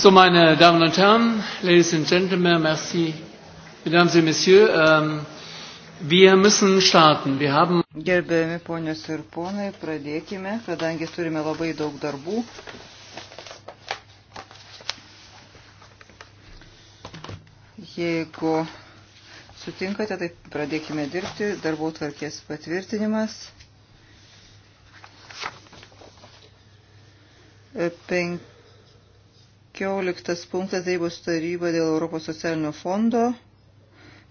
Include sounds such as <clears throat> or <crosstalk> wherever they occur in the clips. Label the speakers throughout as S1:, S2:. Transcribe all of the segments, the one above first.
S1: So, meine Damen und Herren, Ladies and Gentlemen, merci, Mesdames et Messieurs. Ähm, wir müssen starten. Wir haben Gerbiami ponios
S2: ir ponai, pradėkime, kadangi turime labai daug darbų. Jeigu sutinkate, tai pradėkime dirbti. Darbų tvarkės patvirtinimas. Penk 15 punktas darybos taryba dėl Europos socialinio fondo.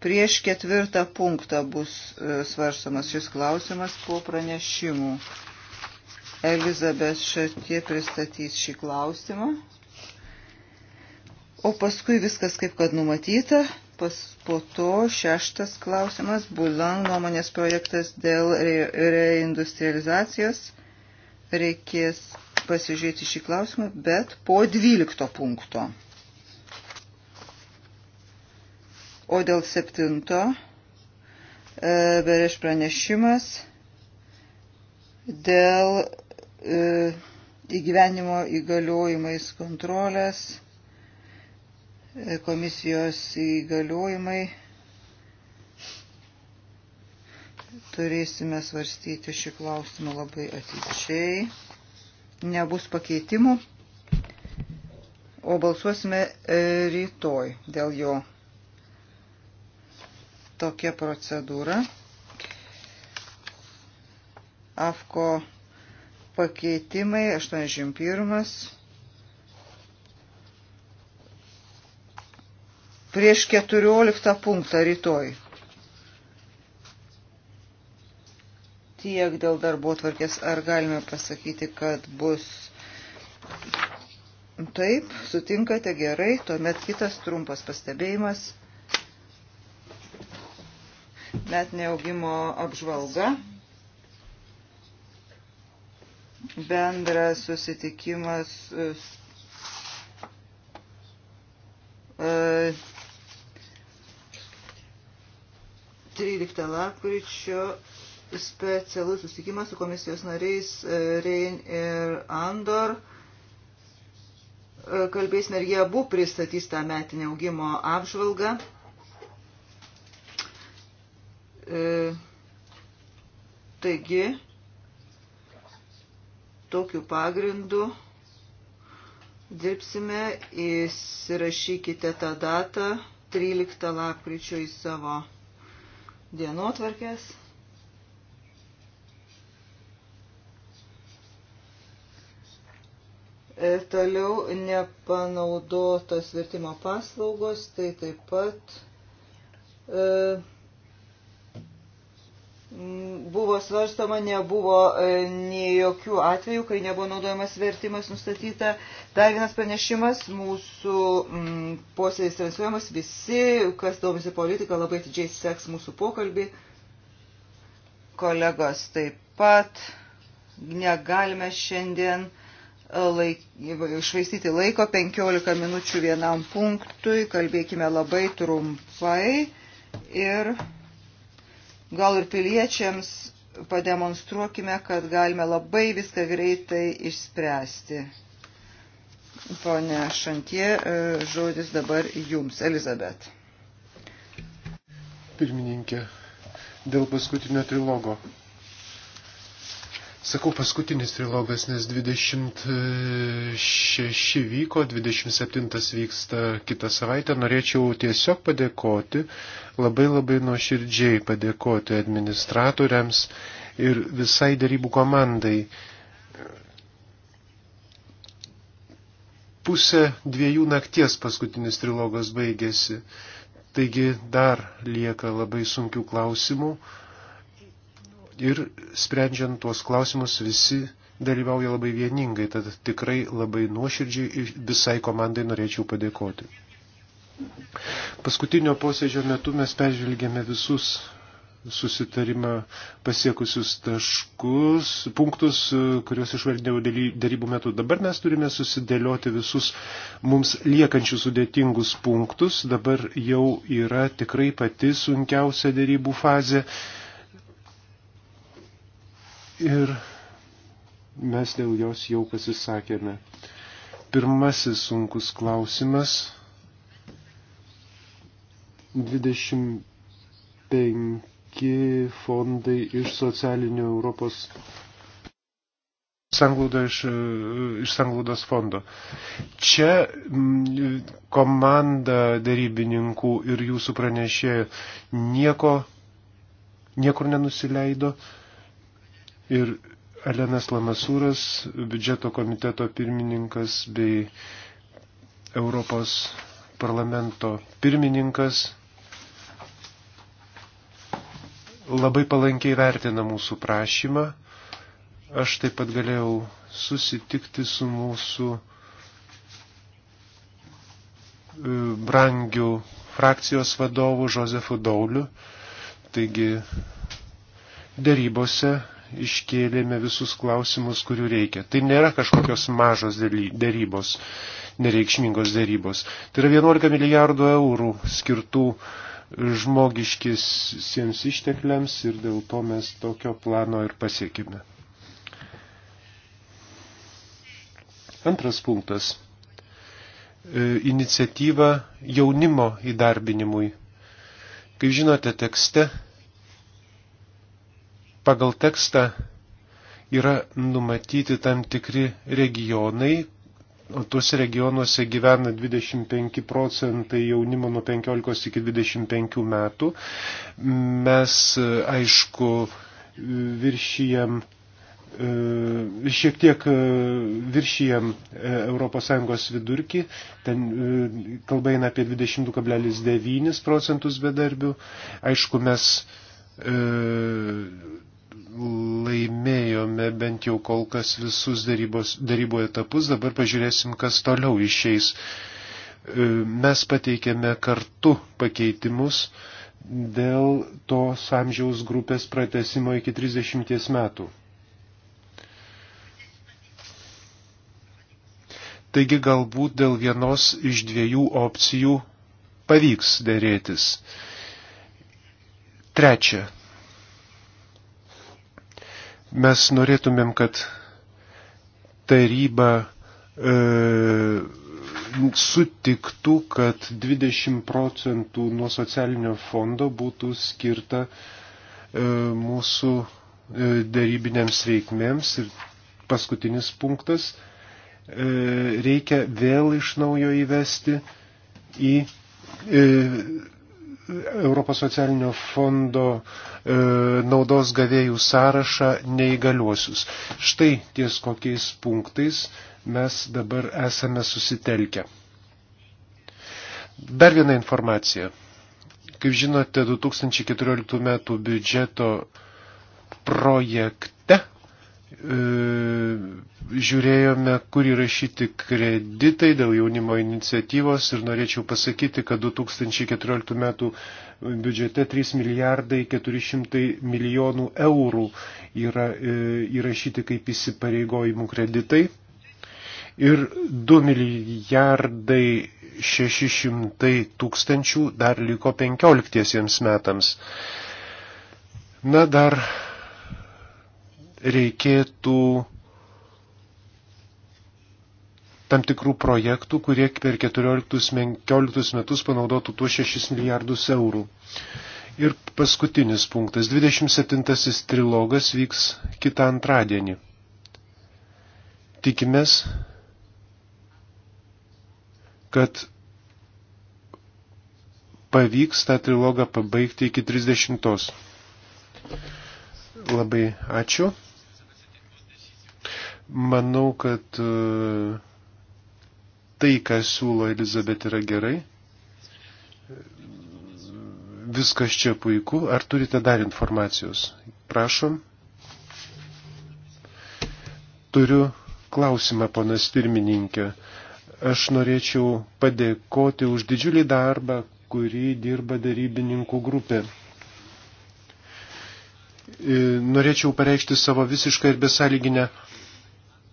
S2: Prieš ketvirtą punktą bus e, svarstamas šis klausimas po pranešimų. Elizabeth Šartie pristatys šį klausimą. O paskui viskas kaip kad numatyta. Pas, po to šeštas klausimas - Bulan nuomonės projektas dėl re, reindustrializacijos. Reikės pasižiūrėti šį klausimą, bet po 12 punkto. O dėl 7 e, bereš pranešimas dėl e, įgyvenimo įgaliojimais kontrolės, e, komisijos įgaliojimai turėsime svarstyti šį klausimą labai atidžiai nebus pakeitimų, o balsuosime e, rytoj dėl jo. Tokia procedūra. AFKO pakeitimai 81. Prieš 14 punktą rytoj. tiek dėl darbo tvarkės. Ar galime pasakyti, kad bus taip, sutinkate gerai, tuomet kitas trumpas pastebėjimas. Metinė augimo apžvalga. Bendras susitikimas e, 13 lapkričio specialus susitikimas su komisijos nariais e, Rein ir Andor. E, kalbėsime ir jie abu pristatys tą metinę augimo apžvalgą. E, taigi, tokiu pagrindu dirbsime, įsirašykite tą datą 13 lapkričio į savo dienotvarkės. E, toliau nepanaudotos vertimo paslaugos, tai taip pat e, buvo svarstama, nebuvo e, nei jokių atvejų, kai nebuvo naudojamas vertimas nustatyta. Dar vienas pranešimas, mūsų mm, posėdis transliuojamas, visi, kas domisi politika, labai didžiai seks mūsų pokalbį. Kolegos taip pat negalime šiandien laik, išvaistyti laiko 15 minučių vienam punktui, kalbėkime labai trumpai ir gal ir piliečiams pademonstruokime, kad galime labai viską greitai išspręsti. Pone Šantie, e, žodis dabar jums, Elizabet.
S3: Pirmininkė, dėl paskutinio trilogo Sakau paskutinis trilogas, nes 26 vyko, 27 vyksta kitą savaitę. Norėčiau tiesiog padėkoti, labai labai nuoširdžiai padėkoti administratoriams ir visai darybų komandai. Pusę dviejų nakties paskutinis trilogas baigėsi. Taigi dar lieka labai sunkių klausimų ir sprendžiant tuos klausimus visi dalyvauja labai vieningai, tad tikrai labai nuoširdžiai visai komandai norėčiau padėkoti. Paskutinio posėdžio metu mes peržvelgėme visus susitarimą pasiekusius taškus, punktus, kuriuos išvardinėjau darybų metu. Dabar mes turime susidėlioti visus mums liekančius sudėtingus punktus. Dabar jau yra tikrai pati sunkiausia darybų fazė. Uh, ir mes dėl jos jau pasisakėme. Pirmasis sunkus klausimas. 25 fondai iš socialinio Europos sanglaudo iš, iš sanglaudos fondo. Čia komanda darybininkų ir jūsų pranešė nieko, niekur nenusileido. Uh, ir Elenas Lamasūras, biudžeto komiteto pirmininkas bei Europos parlamento pirmininkas labai palankiai vertina mūsų prašymą. Aš taip pat galėjau susitikti su mūsų e, brangių frakcijos vadovu Josefu Dauliu. Taigi dėrybose iškėlėme visus klausimus, kurių reikia. Tai nėra kažkokios mažos dėrybos, nereikšmingos dėrybos. Tai yra 11 milijardų eurų skirtų žmogiškisiems ištekliams ir dėl to mes tokio plano ir pasiekime. Antras punktas. E, iniciatyva jaunimo įdarbinimui. Kaip žinote, tekste pagal tekstą yra numatyti tam tikri regionai, o tuose regionuose gyvena 25 procentai jaunimo nuo 15 iki 25 metų. Mes, aišku, viršijam e, šiek tiek e, viršijam ES vidurkį, ten e, kalba eina apie 22,9 procentus bedarbių. Aišku, mes laimėjome bent jau kol kas visus darybos, darybo etapus, dabar pažiūrėsim, kas toliau išeis. E, mes pateikėme kartu pakeitimus dėl tos amžiaus grupės pratesimo iki 30 metų. Taigi galbūt dėl vienos iš dviejų opcijų pavyks dėrėtis. Trečia, Mes norėtumėm, kad taryba e, sutiktų, kad 20 procentų nuo socialinio fondo būtų skirta e, mūsų e, darybinėms veikmėms. Ir paskutinis punktas e, reikia vėl iš naujo įvesti į e, Europos socialinio fondo e, naudos gavėjų sąrašą neįgaliuosius. Štai ties kokiais punktais mes dabar esame susitelkę. Dar viena informacija. Kaip žinote, 2014 m. biudžeto projekte E, žiūrėjome, kur įrašyti kreditai dėl jaunimo iniciatyvos ir norėčiau pasakyti, kad 2014 metų biudžete 3 milijardai 400 milijonų eurų yra e, įrašyti kaip įsipareigojimų kreditai ir 2 milijardai 600 tūkstančių dar liko 15 metams. Na, dar reikėtų tam tikrų projektų, kurie per 14-15 metus panaudotų tuos 6 milijardus eurų. Ir paskutinis punktas. 27 trilogas vyks kitą antradienį. Tikimės, kad pavyks tą trilogą pabaigti iki 30. Labai ačiū. Manau, kad e, tai, ką siūlo Elizabet, yra gerai. Viskas čia puiku. Ar turite dar informacijos? Prašom. Turiu klausimą, ponas pirmininkė. Aš norėčiau padėkoti už didžiulį darbą, kurį dirba darybininkų grupė. E, norėčiau pareikšti savo visišką ir besąlyginę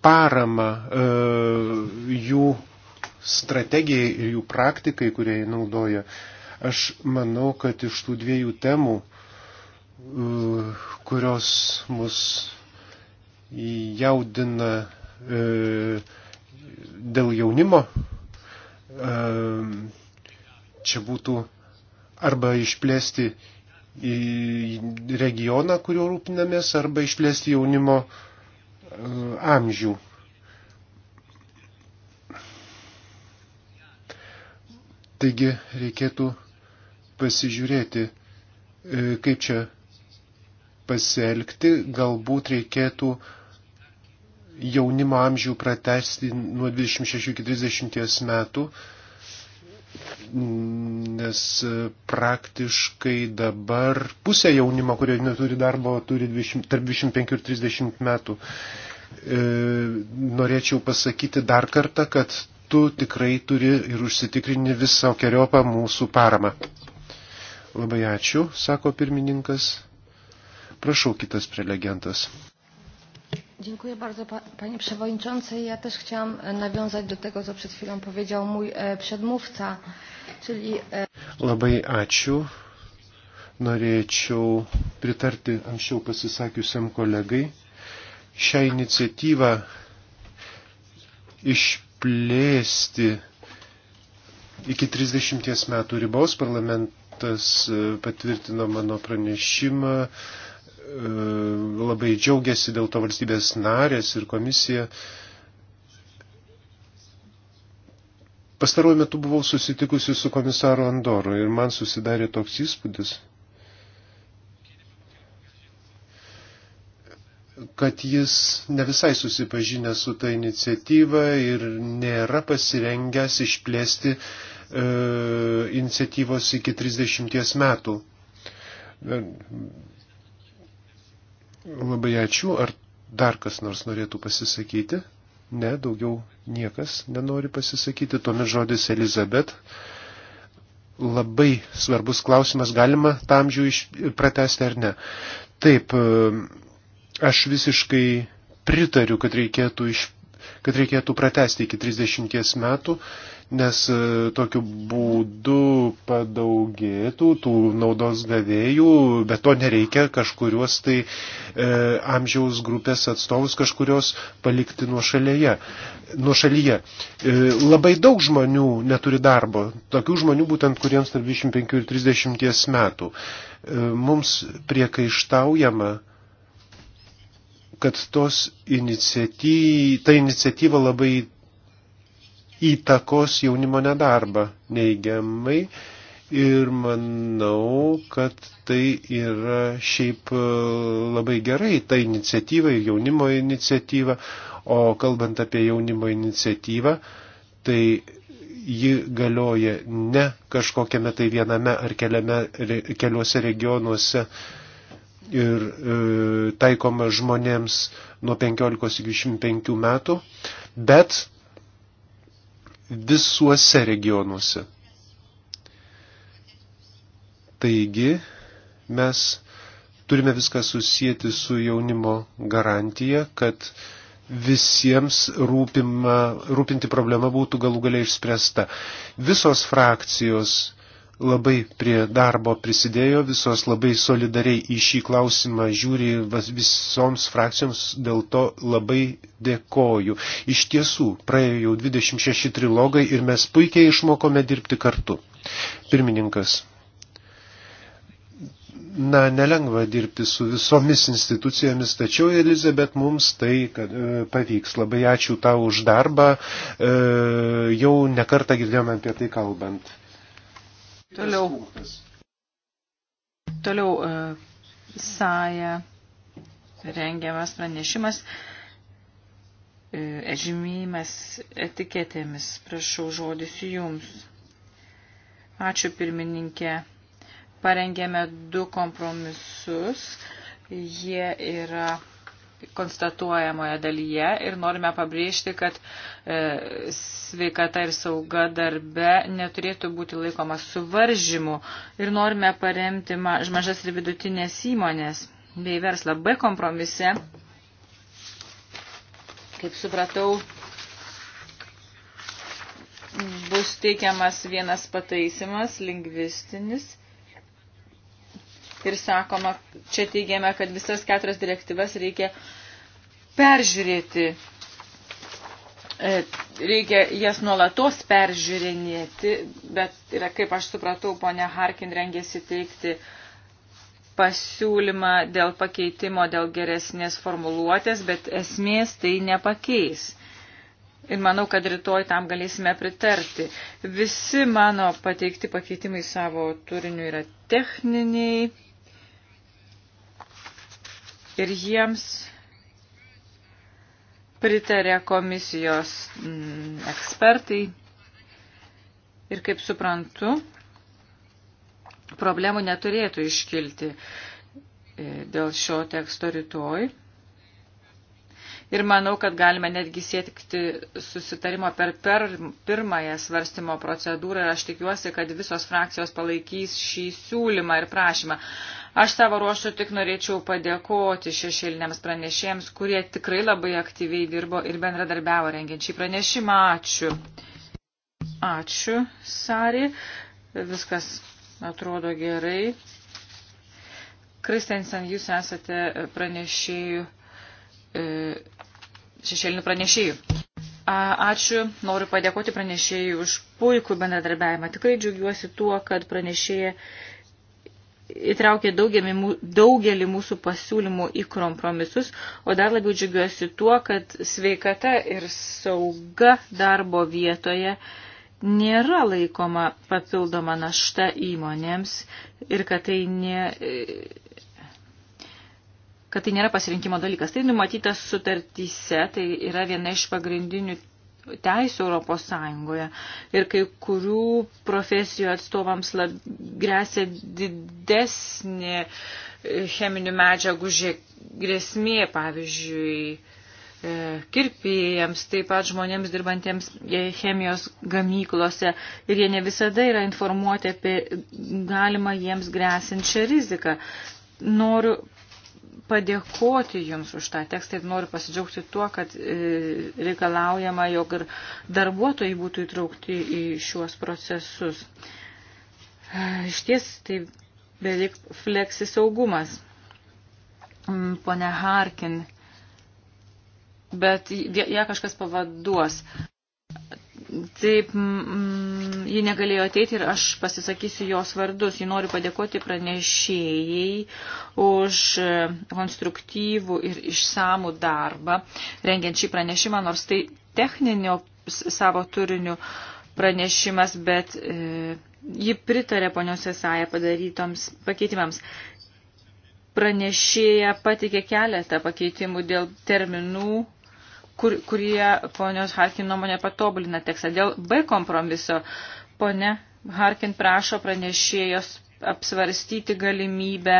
S3: paramą e, jų strategijai ir jų praktikai, kurie jį naudoja. Aš manau, kad iš tų dviejų temų, e, kurios mus jaudina e, dėl jaunimo, čia būtų arba išplėsti į regioną, kuriuo rūpinamės, arba išplėsti jaunimo uh, E, amžių. Taigi reikėtų pasižiūrėti, e, kaip čia pasielgti, galbūt reikėtų jaunimo amžių pratesti nuo 26 iki 30 metų, nes e, praktiškai dabar pusė jaunimo, kurie neturi darbo, turi 20, tarp 25 ir 30 metų. E, norėčiau pasakyti dar kartą, kad tu tikrai turi ir užsitikrini visą keriopą mūsų paramą. Labai ačiū, sako pirmininkas. Prašau kitas prelegentas. Dziękuję bardzo
S4: pa, Panie Przewodniczący. Ja też chciałam e, nawiązać do tego, co przed chwilą powiedział mój e, przedmówca, czyli... E...
S3: Labai ačiū. Norėčiau pritarti anksčiau pasisakiusiam kolegai. Šią iniciatyvą išplėsti iki 30 metų ribos parlamentas e, patvirtino mano pranešimą E, labai džiaugiasi dėl to valstybės narės ir komisija. Pastaruoju metu buvau susitikusi su komisaru Andoru ir man susidarė toks įspūdis, kad jis ne visai susipažinęs su ta iniciatyva ir nėra pasirengęs išplėsti e, iniciatyvos iki 30 metų Labai ačiū. Ar dar kas nors norėtų pasisakyti? Ne, daugiau niekas nenori pasisakyti. Tuomet žodis Elizabet. Labai svarbus klausimas, galima tam žiūrį pratesti ar ne. Taip, e, aš visiškai pritariu, kad reikėtų, iš, kad reikėtų pratesti iki 30 metų. Uh, nes e, tokiu būdu padaugėtų tų naudos gavėjų, bet to nereikia kažkurios tai e, amžiaus grupės atstovus kažkurios palikti nuo šalyje. Nuo šalyje. E, labai daug žmonių neturi darbo, tokių žmonių būtent kuriems tarp 25 ir 30 metų. E, mums priekaištaujama kad tos iniciaty, ta iniciatyva labai įtakos jaunimo nedarbą neigiamai ir manau, kad tai yra šiaip e, labai gerai, ta iniciatyva ir jaunimo iniciatyva, o kalbant apie jaunimo iniciatyvą, tai ji galioja ne kažkokiame tai viename ar keliame, keliuose regionuose ir e, taikoma žmonėms nuo 15 iki 25 metų, bet visuose regionuose. Taigi mes turime viską susijęti su jaunimo garantija, kad visiems rūpima, rūpinti problema būtų galų galiai išspręsta. Visos frakcijos labai prie darbo prisidėjo, visos labai solidariai į šį klausimą žiūri visoms frakcijoms, dėl to labai dėkoju. Iš tiesų, praėjo jau 26 trilogai ir mes puikiai išmokome dirbti kartu. Pirmininkas. Na, nelengva dirbti su visomis institucijomis, tačiau, Elizabet, mums tai kad, e, pavyks. Labai ačiū tau už darbą. E, jau nekartą girdėjome apie tai kalbant.
S4: Toliau. Punktas. Toliau uh, e, sąja rengiamas pranešimas. Uh, e, žymėjimas etiketėmis. Prašau žodis jums. Ačiū pirmininkė. Parengėme du kompromisus. Jie yra konstatuojamoje dalyje ir norime pabrėžti, kad e, sveikata ir sauga darbe neturėtų būti laikoma suvaržymu ir norime paremti mažas ir vidutinės įmonės bei verslą B kompromise. Kaip supratau, bus teikiamas vienas pataisimas, lingvistinis ir sakoma, čia teigiame, kad visas keturias direktyvas reikia peržiūrėti. E, reikia jas nuolatos peržiūrinėti, bet yra, kaip aš supratau, ponia Harkin rengėsi teikti pasiūlymą dėl pakeitimo, dėl geresnės formuluotės, bet esmės tai nepakeis. Ir manau, kad rytoj tam galėsime pritarti. Visi mano pateikti pakeitimai savo turiniu yra techniniai ir jiems pritarė komisijos mm, ekspertai. Ir kaip suprantu, problemų neturėtų iškilti e, dėl šio teksto rytoj ir manau, kad galime netgi siekti susitarimo per, per pirmąją svarstymo procedūrą ir aš tikiuosi, kad visos frakcijos palaikys šį siūlymą ir prašymą. Aš savo ruoštų tik norėčiau padėkoti šešėliniams pranešėjams, kurie tikrai labai aktyviai dirbo ir bendradarbiavo rengiant šį pranešimą. Ačiū. Ačiū, Sari. Viskas atrodo gerai. Kristensen, jūs esate pranešėjų E, šešėlinių pranešėjų. Ačiū, noriu padėkoti pranešėjai už puikų bendradarbiavimą. Tikrai džiaugiuosi tuo, kad pranešėja įtraukė daugelį, daugelį mūsų pasiūlymų į kompromisus, o dar labiau džiaugiuosi tuo, kad sveikata ir sauga darbo vietoje nėra laikoma papildoma našta įmonėms ir kad tai ne, kad tai nėra pasirinkimo dalykas. Tai numatytas sutartyse, tai yra viena iš pagrindinių teisų Europos Sąjungoje ir kai kurių profesijų atstovams lab, grėsia didesnė e, cheminių medžiagų grėsmė, pavyzdžiui, e, kirpėjams, taip pat žmonėms dirbantiems e, chemijos gamyklose ir jie ne visada yra informuoti apie galimą jiems grėsinčią riziką. Noriu padėkoti Jums už tą tekstą ir noriu pasidžiaugti tuo, kad e, reikalaujama, jog ir darbuotojai būtų įtraukti į šiuos procesus. E, iš ties tai beveik fleksi saugumas, pone Harkin, bet ją kažkas pavaduos. Taip, mm, ji negalėjo ateiti ir aš pasisakysiu jos vardus. Ji noriu padėkoti pranešėjai už e, konstruktyvų ir išsamų darbą, rengiant šį pranešimą, nors tai techninio savo turinių pranešimas, bet e, ji pritarė ponios Esaja padarytoms pakeitimams. Pranešėja patikė keletą pakeitimų dėl terminų kur, kurie ponios Harkin nuomonė patobulina tekstą. Dėl B kompromiso ponė Harkin prašo pranešėjos apsvarstyti galimybę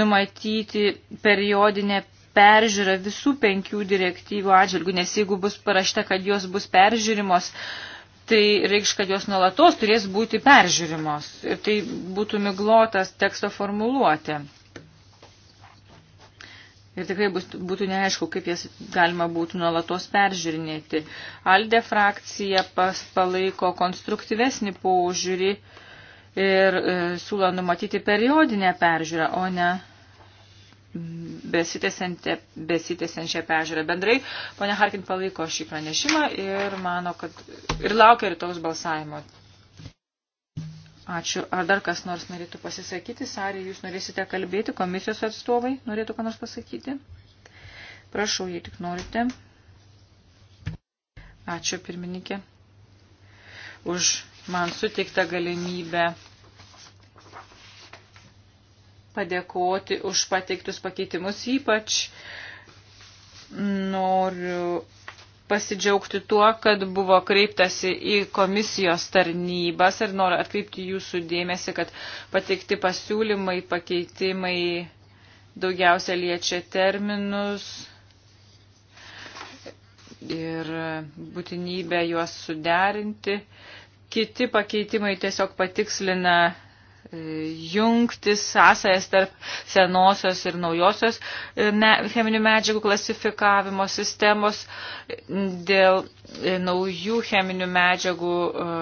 S4: numatyti periodinę peržiūrą visų penkių direktyvų atžvilgių, nes jeigu bus parašta, kad jos bus peržiūrimos, tai reikš, kad jos nuolatos turės būti peržiūrimos. Ir tai būtų miglotas teksto formuluoti. Ir tikrai bus, būtų neaišku, kaip jas galima būtų nuolatos peržiūrinėti. Alde frakcija pas, palaiko konstruktyvesnį požiūrį ir e, siūlo numatyti periodinę peržiūrą, o ne besitėsiančią peržiūrą. Bendrai, ponia Harkin palaiko šį pranešimą ir mano, kad ir laukia rytaus balsavimo. Ačiū. Ar dar kas nors norėtų pasisakyti? Sarė, jūs norėsite kalbėti? Komisijos atstovai norėtų ką nors pasakyti? Prašau, jei tik norite. Ačiū, pirmininkė, už man suteiktą galimybę padėkoti už pateiktus pakeitimus. Ypač noriu pasidžiaugti tuo, kad buvo kreiptasi į komisijos tarnybas ir noriu atkreipti jūsų dėmesį, kad pateikti pasiūlymai, pakeitimai daugiausia liečia terminus ir būtinybę juos suderinti. Kiti pakeitimai tiesiog patikslina jungtis, sąsajas tarp senosios ir naujosios ne, cheminių medžiagų klasifikavimo sistemos dėl e, naujų cheminių medžiagų e,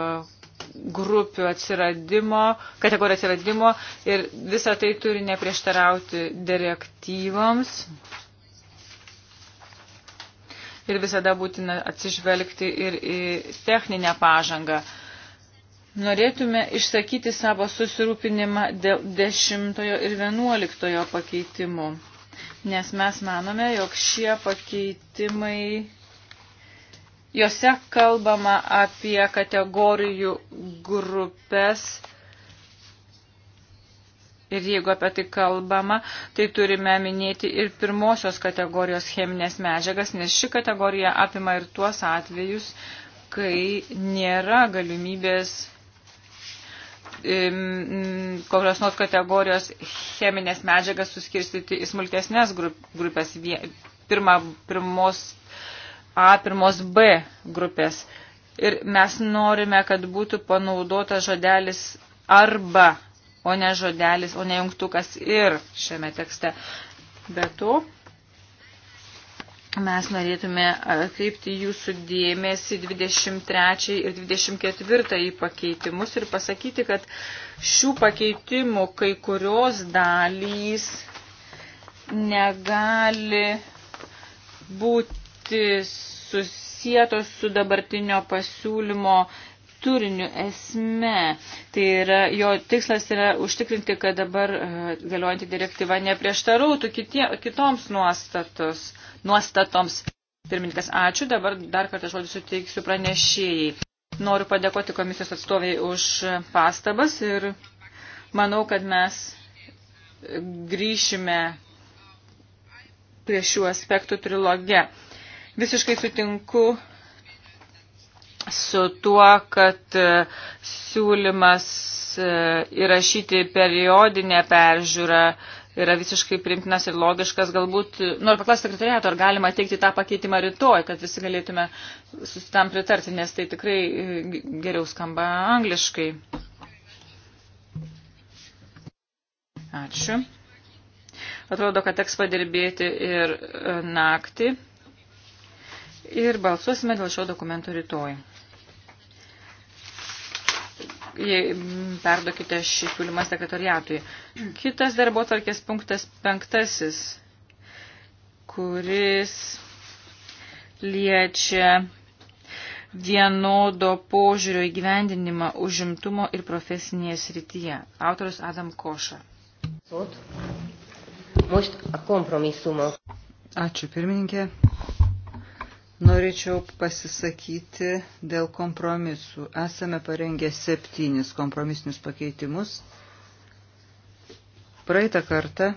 S4: grupių atsiradimo, kategorijų atsiradimo ir visą tai turi neprieštarauti direktyvams. Ir visada būtina atsižvelgti ir į techninę pažangą. Norėtume išsakyti savo susirūpinimą dėl 10 ir 11 pakeitimų, nes mes manome, jog šie pakeitimai, juose kalbama apie kategorijų grupės Ir jeigu apie tai kalbama, tai turime minėti ir pirmosios kategorijos cheminės medžiagas, nes ši kategorija apima ir tuos atvejus, kai nėra galimybės kokios nors kategorijos cheminės medžiagas suskirstyti į smulkesnės grupės, pirma, pirmos A, pirmos B grupės. Ir mes norime, kad būtų panaudotas žodelis arba, o ne žodelis, o ne jungtukas ir šiame tekste. Be to, Mes norėtume atkreipti jūsų dėmesį 23 ir 24 pakeitimus ir pasakyti, kad šių pakeitimų kai kurios dalys negali būti susijęto su dabartinio pasiūlymo turiniu esme. Tai yra, jo tikslas yra užtikrinti, kad dabar e, galiojanti direktyva neprieštarautų kitie, kitoms nuostatos, nuostatoms. Pirmininkas, ačiū. Dabar dar kartą žodį suteiksiu pranešėjai. Noriu padėkoti komisijos atstoviai už pastabas ir manau, kad mes grįšime prie šių aspektų trilogė. Visiškai sutinku su tuo, kad e, siūlymas e, įrašyti periodinę peržiūrą yra visiškai primtinas ir logiškas. Galbūt, noriu paklausti sekretariato, ar galima teikti tą pakeitimą rytoj, kad visi galėtume susitam pritarti, nes tai tikrai e, geriau skamba angliškai. Ačiū. Atrodo, kad teks padirbėti ir naktį. Ir balsuosime dėl šio dokumento rytoj perduokite šį siūlymą sekretariatui. Kitas darbo tvarkės punktas penktasis, kuris liečia vienodo požiūrio įgyvendinimą užimtumo ir profesinėje srityje. Autorius Adam Koša.
S2: Ačiū pirmininkė. Norėčiau pasisakyti dėl kompromisų. Esame parengę septynis kompromisinius pakeitimus. Praeitą kartą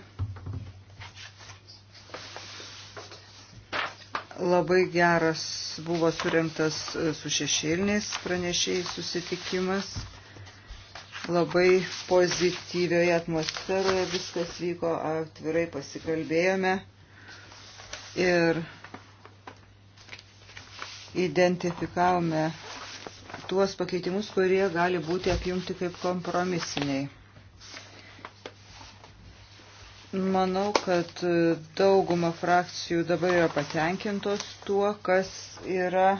S2: labai geras buvo surinktas su šešėliniais pranešėjais susitikimas. Labai pozityvioje atmosferoje viskas vyko, atvirai pasikalbėjome. Ir identifikavome tuos pakeitimus, kurie gali būti apjungti kaip kompromisiniai. Manau, kad dauguma frakcijų dabar yra patenkintos tuo, kas yra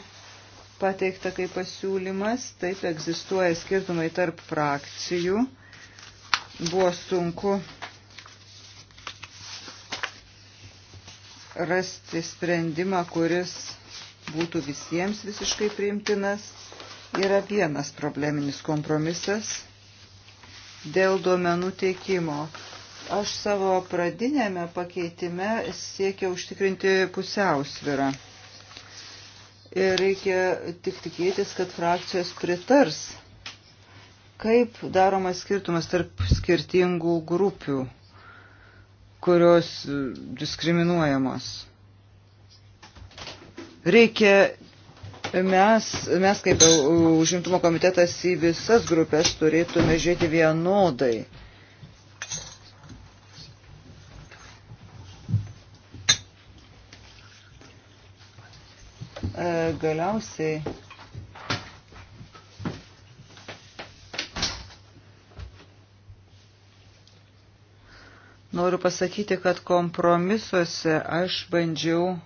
S2: pateikta kaip pasiūlymas. Taip egzistuoja skirtumai tarp frakcijų. Buvo sunku rasti sprendimą, kuris būtų visiems visiškai priimtinas. Yra vienas probleminis kompromisas dėl duomenų teikimo. Aš savo pradinėme pakeitime siekiau užtikrinti pusiausvirą. Ir reikia tik tikėtis, kad frakcijos pritars, kaip daromas skirtumas tarp skirtingų grupių, kurios diskriminuojamos. Reikia mes, mes kaip užimtumo komitetas į visas grupės turėtume žiūrėti vienodai. E, galiausiai noriu pasakyti, kad kompromisuose aš bandžiau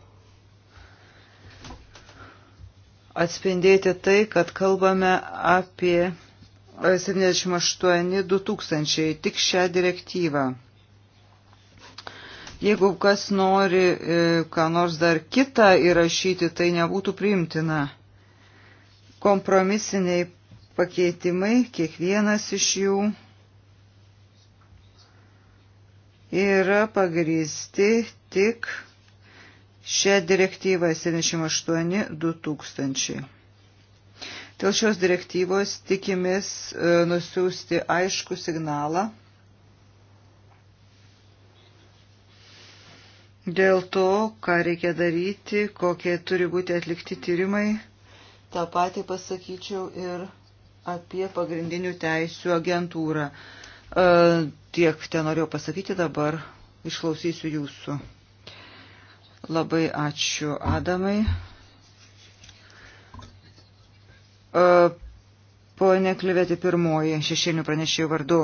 S2: atspindėti tai, kad kalbame apie 78-2000, tik šią direktyvą. Jeigu kas nori, e, ką nors dar kitą įrašyti, tai nebūtų priimtina. Kompromisiniai pakeitimai, kiekvienas iš jų yra pagristi tik Šią direktyvą 78-2000. Dėl šios direktyvos tikimės e, nusiųsti aišku signalą dėl to, ką reikia daryti, kokie turi būti atlikti tyrimai. Ta pati pasakyčiau ir apie pagrindinių teisų agentūrą. E, tiek ten norėjau pasakyti dabar, išklausysiu jūsų. Labai ačiū Adamai. E, Pone Kliuvėti pirmoji, šešėlinių pranešėjų vardu.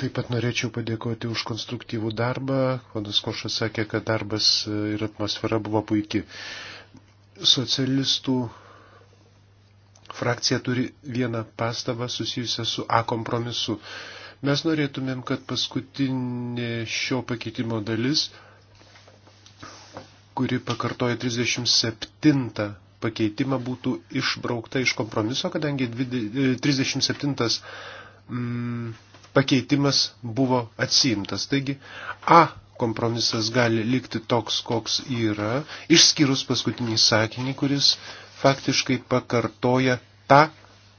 S3: Taip pat norėčiau padėkoti už konstruktyvų darbą. Ponas Košas sakė, kad darbas ir atmosfera buvo puikiai. Socialistų Frakcija turi vieną pastabą susijusią su A kompromisu. Mes norėtumėm, kad paskutinė šio pakeitimo dalis, kuri pakartoja 37 pakeitimą būtų išbraukta iš kompromiso, kadangi 37 e, mm, pakeitimas buvo atsiimtas. Taigi A kompromisas gali likti toks, koks yra, išskyrus paskutinį sakinį, kuris faktiškai pakartoja tą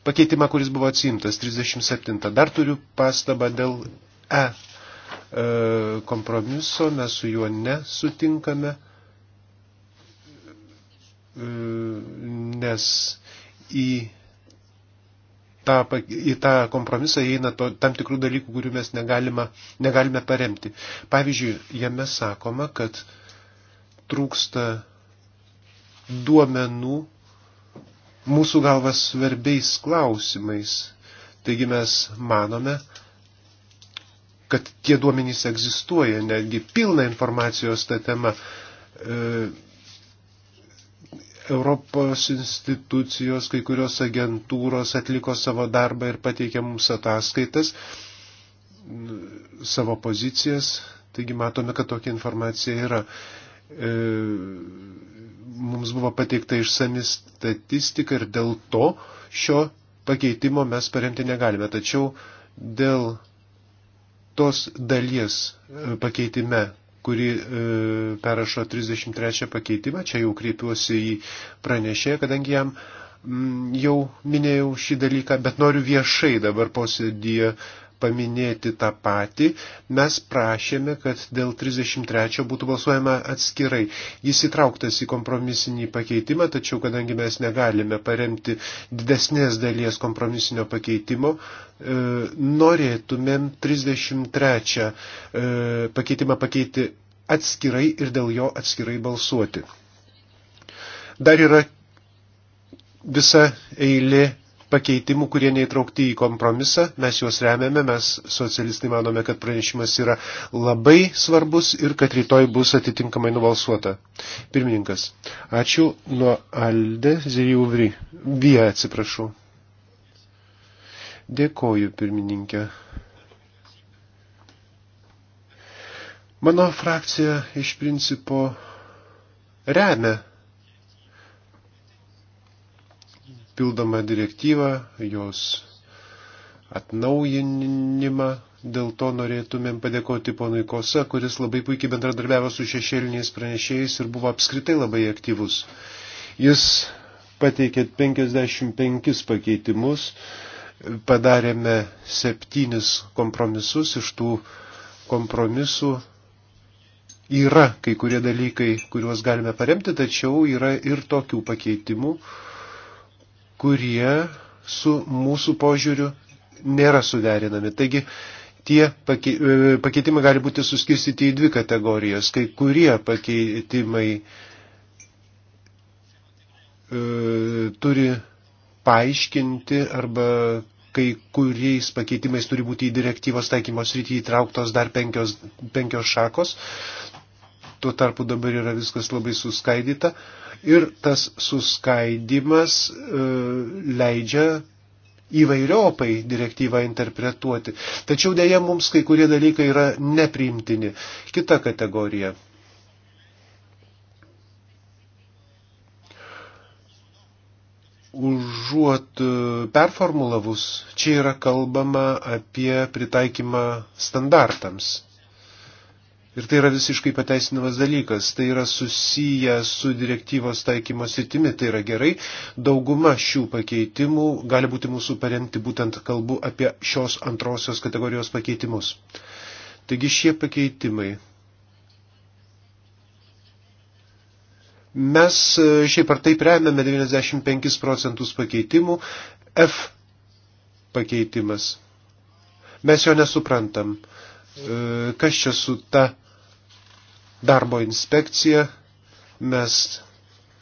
S3: pakeitimą, kuris buvo atsimtas 37. Dar turiu pastabą dėl e, e kompromiso, mes su juo nesutinkame, e, nes į tą, į tą kompromisą įeina to, tam tikrų dalykų, kurių mes negalima, negalime paremti. Pavyzdžiui, jame sakoma, kad trūksta duomenų mūsų galvas svarbiais klausimais. Taigi mes manome, kad tie duomenys egzistuoja, netgi pilna informacijos tą temą. E, Europos institucijos, kai kurios agentūros atliko savo darbą ir pateikė mums ataskaitas, savo pozicijas, taigi matome, kad tokia informacija yra. E, mums buvo pateikta išsami statistika ir dėl to šio pakeitimo mes paremti negalime. Tačiau dėl tos dalies e, pakeitime, kuri e, perrašo 33 pakeitimą, čia jau kreipiuosi į pranešėją, kadangi jam m, mm, jau minėjau šį dalyką, bet noriu viešai dabar posėdėje paminėti tą patį, mes prašėme, kad dėl 33 būtų balsuojama atskirai. Jis įtrauktas į kompromisinį pakeitimą, tačiau kadangi mes negalime paremti didesnės dalies kompromisinio pakeitimo, e, norėtumėm 33 e, pakeitimą pakeiti atskirai ir dėl jo atskirai balsuoti. Dar yra visa eilė pakeitimų, kurie neįtraukti į kompromisą. Mes juos remiame, mes socialistai manome, kad pranešimas yra labai svarbus ir kad rytoj bus atitinkamai nubalsuota. Pirmininkas, ačiū nuo Alde Zirijuvri. Vyja, atsiprašau. Dėkoju, pirmininkė. Mano frakcija iš principo remia papildomą direktyvą, jos atnaujinimą. Dėl to norėtumėm padėkoti ponui Kosa, kuris labai puikiai bendradarbiavo su šešėliniais pranešėjais ir buvo apskritai labai aktyvus. Jis pateikė 55 pakeitimus, padarėme septynis kompromisus, iš tų kompromisų yra kai kurie dalykai, kuriuos galime paremti, tačiau yra ir tokių pakeitimų, kurie su mūsų požiūriu nėra suderinami. Taigi tie e, pakeitimai gali būti suskirstyti į dvi kategorijas. Kai kurie pakeitimai e, turi paaiškinti arba kai kuriais pakeitimais turi būti į direktyvos taikymos rytį įtrauktos dar penkios, penkios šakos. Tuo tarpu dabar yra viskas labai suskaidyta ir tas suskaidimas e, leidžia įvairiopai direktyvą interpretuoti. Tačiau dėja mums kai kurie dalykai yra nepriimtini. Kita kategorija. Užuot e, performulavus, čia yra kalbama apie pritaikymą standartams. Ir tai yra visiškai pateisinamas dalykas. Tai yra susiję su direktyvos taikymo sritimi. Tai yra gerai. Dauguma šių pakeitimų gali būti mūsų paremti būtent kalbu apie šios antrosios kategorijos pakeitimus. Taigi šie pakeitimai. Mes e, šiaip ar taip remiame 95 procentus pakeitimų. F pakeitimas. Mes jo nesuprantam E, kas čia su ta darbo inspekcija. Mes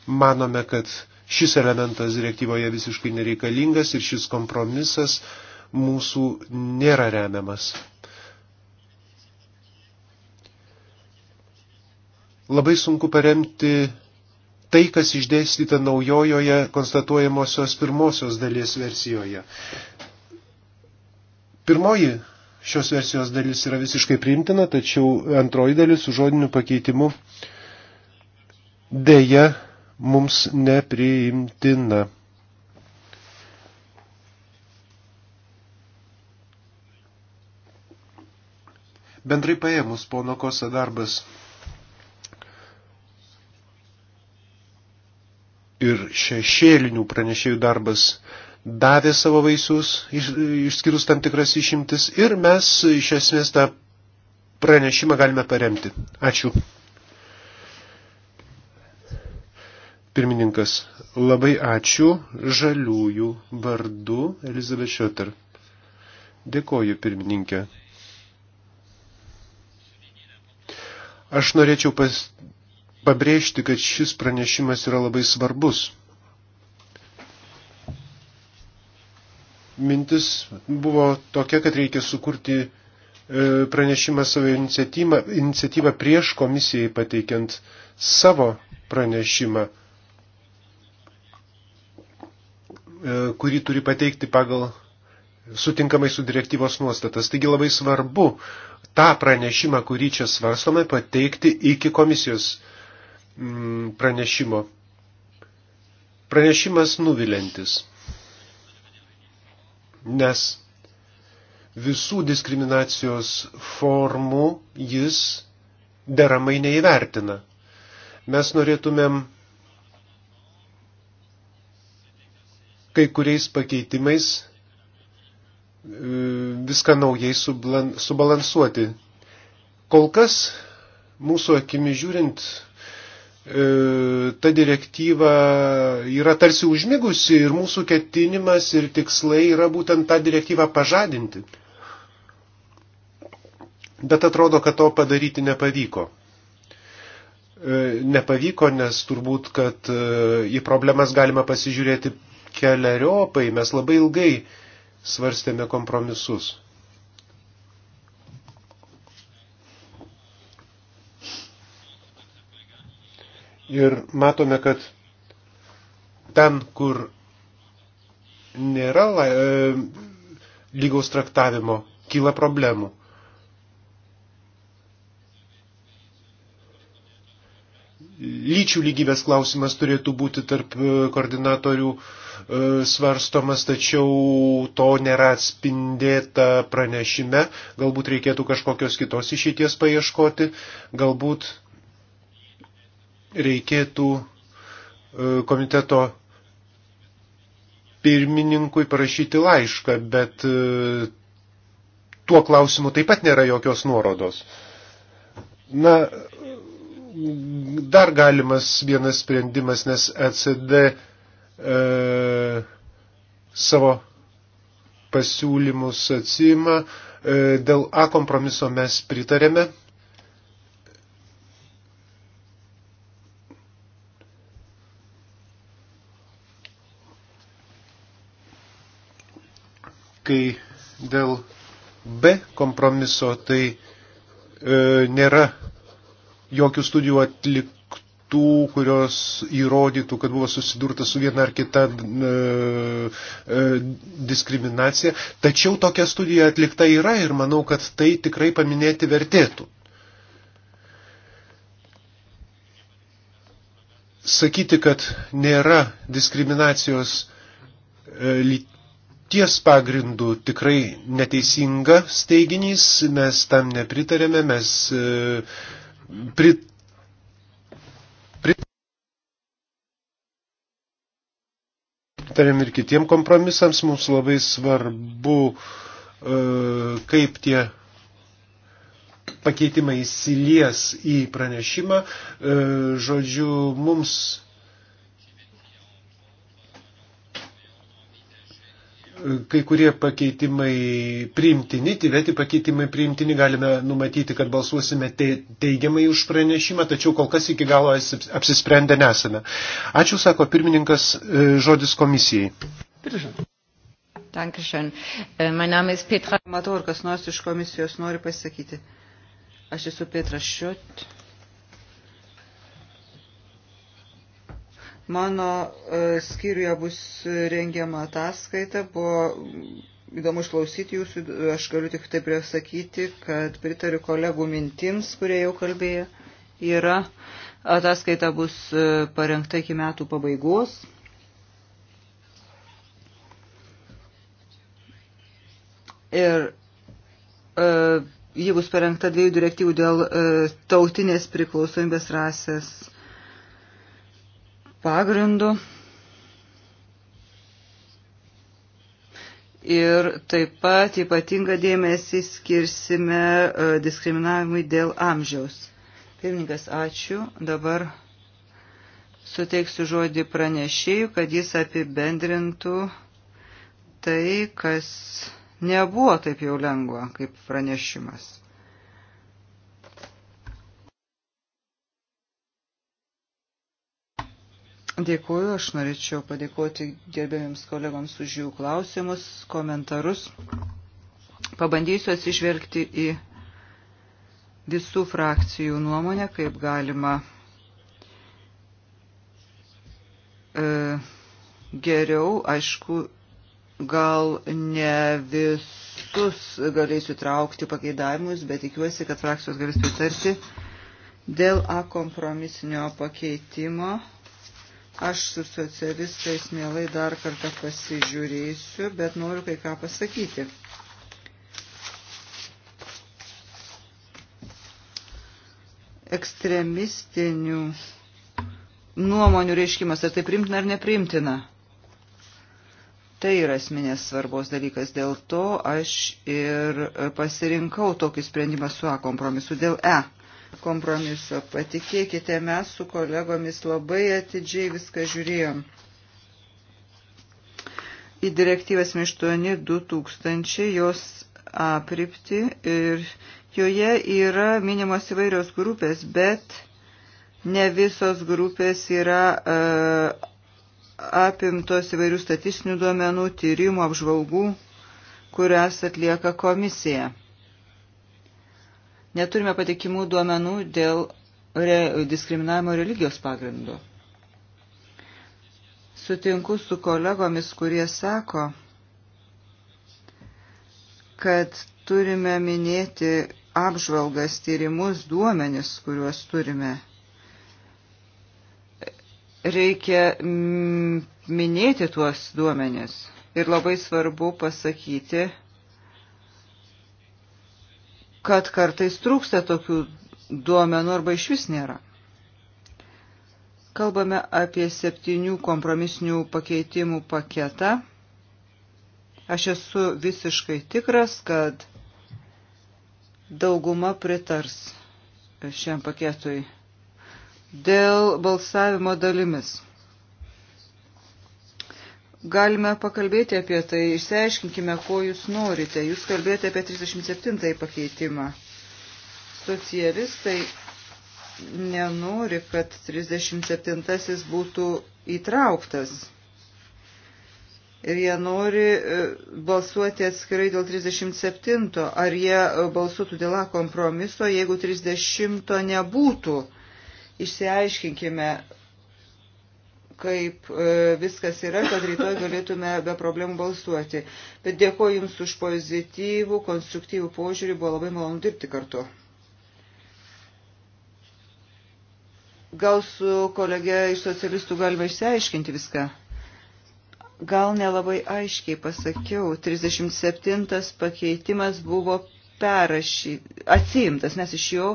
S3: manome, kad šis elementas direktyvoje visiškai nereikalingas ir šis kompromisas mūsų nėra remiamas. Labai sunku paremti tai, kas išdėstyta naujojoje konstatuojamosios pirmosios dalies versijoje. Pirmoji šios versijos dalis yra visiškai priimtina, tačiau antroji dalis su žodiniu pakeitimu dėja mums nepriimtina. Bendrai paėmus pono Kosa darbas ir šešėlinių pranešėjų darbas davė savo vaisius, iš, išskyrus tam tikras išimtis ir mes iš esmės tą pranešimą galime paremti. Ačiū. Pirmininkas, labai ačiū žaliųjų vardu Elizabeth Šiotar. Dėkoju, pirmininkė. Aš norėčiau pas, pabrėžti, kad šis pranešimas yra labai svarbus. mintis buvo tokia, kad reikia sukurti e, pranešimą savo iniciatyvą, iniciatyvą prieš komisijai pateikiant savo pranešimą, e, kurį turi pateikti pagal sutinkamai su direktyvos nuostatas. Taigi labai svarbu tą pranešimą, kurį čia svarstome, pateikti iki komisijos mm, pranešimo. Pranešimas nuvilintis nes visų diskriminacijos formų jis deramai neįvertina. Mes norėtumėm kai kuriais pakeitimais e, viską naujai subalansuoti. Kol kas mūsų akimi žiūrint E, ta direktyva yra tarsi užmigusi ir mūsų ketinimas ir tikslai yra būtent tą direktyvą pažadinti. Bet atrodo, kad to padaryti nepavyko. E, nepavyko, nes turbūt, kad e, į problemas galima pasižiūrėti keliariopai, mes labai ilgai svarstėme kompromisus. Ir matome, kad ten, kur nėra lai, e, lygaus traktavimo, kyla problemų. Lyčių lygybės klausimas turėtų būti tarp e, koordinatorių e, svarstomas, tačiau to nėra atspindėta pranešime. Galbūt reikėtų kažkokios kitos išeities paieškoti. Galbūt reikėtų e, komiteto pirmininkui parašyti laišką, bet e, tuo klausimu taip pat nėra jokios nuorodos. Na, dar galimas vienas sprendimas, nes ECD e, savo pasiūlymus atsima. E, dėl A kompromiso mes pritarėme. kai dėl B kompromiso tai e, nėra jokių studijų atliktų, kurios įrodytų, kad buvo susidurta su viena ar kita e, e, diskriminacija. Tačiau tokia studija atlikta yra ir manau, kad tai tikrai paminėti vertėtų. Sakyti, kad nėra diskriminacijos e, lyties pagrindų tikrai neteisinga steiginys, mes tam nepritarėme, mes e, prit. Pritarėm ir kitiem kompromisams, mums labai svarbu, e, kaip tie pakeitimai įsilies į pranešimą. E, žodžiu, mums kai kurie pakeitimai priimtini, tiveti pakeitimai priimtini, galime numatyti, kad balsuosime te, teigiamai už pranešimą, tačiau kol kas iki galo apsisprendę nesame. Ačiū, sako pirmininkas, e, žodis komisijai.
S2: Dankeschön. E, mein Name ist Petra. Matau, ar kas nors iš komisijos nori pasakyti. Aš esu Petra Šiot Mano e, skyriuje bus rengiama ataskaita, buvo įdomu išklausyti jūsų, aš galiu tik taip ir sakyti, kad pritariu kolegų mintims, kurie jau kalbėjo, yra ataskaita bus e, parengta iki metų pabaigos. Ir e, ji bus parengta dviejų direktyvų dėl e, tautinės priklausomybės rasės pagrindu. Ir taip pat ypatingą dėmesį skirsime e, diskriminavimui dėl amžiaus. Pirmininkas, ačiū. Dabar suteiksiu žodį pranešėjų, kad jis apibendrintų tai, kas nebuvo taip jau lengva kaip pranešimas. Dėkuoju, aš norėčiau padėkoti gerbėjams kolegoms už jų klausimus, komentarus. Pabandysiu atsižvelgti į visų frakcijų nuomonę, kaip galima e, geriau, aišku, gal ne visus galėsiu traukti pakeidavimus, bet tikiuosi, kad frakcijos galės pritarti dėl A kompromisinio pakeitimo Aš su socialistais mielai dar kartą pasižiūrėsiu, bet noriu kai ką pasakyti. Ekstremistinių nuomonių reiškimas, ar tai primtina ar neprimtina. Tai yra asmenės svarbos dalykas, dėl to aš ir pasirinkau tokį sprendimą su A kompromisu dėl E kompromiso. Patikėkite, mes su kolegomis labai atidžiai viską žiūrėjom. Į direktyvą 8.2000 jos apripti ir joje yra minimos įvairios grupės, bet ne visos grupės yra uh, apimtos įvairių statistinių duomenų, tyrimų, apžvalgų, kurias atlieka komisija. Neturime patikimų duomenų dėl re, diskriminavimo religijos pagrindo. Sutinku su kolegomis, kurie sako, kad turime minėti apžvalgas, tyrimus, duomenis, kuriuos turime. Reikia mm, minėti tuos duomenis. Ir labai svarbu pasakyti, kad kartais trūksta tokių duomenų arba iš vis nėra. Kalbame apie septynių kompromisinių pakeitimų paketą. Aš esu visiškai tikras, kad dauguma pritars šiam paketui dėl balsavimo dalimis. Galime pakalbėti apie tai, išsiaiškinkime, ko jūs norite. Jūs kalbėjote apie 37 pakeitimą. Socialistai nenori, kad 37 būtų įtrauktas. Ir jie nori e, balsuoti atskirai dėl 37, ar jie e, balsuotų dėl A kompromiso, jeigu 30 nebūtų. Išsiaiškinkime, kaip e, viskas yra, kad rytoj galėtume be problemų balsuoti. Bet dėkoju Jums už pozityvų, konstruktyvų požiūrį, buvo labai malonu dirbti kartu. Gal su kolege iš socialistų galima išsiaiškinti viską? Gal nelabai aiškiai pasakiau, 37 pakeitimas buvo perrašy, atsiimtas, mes iš jo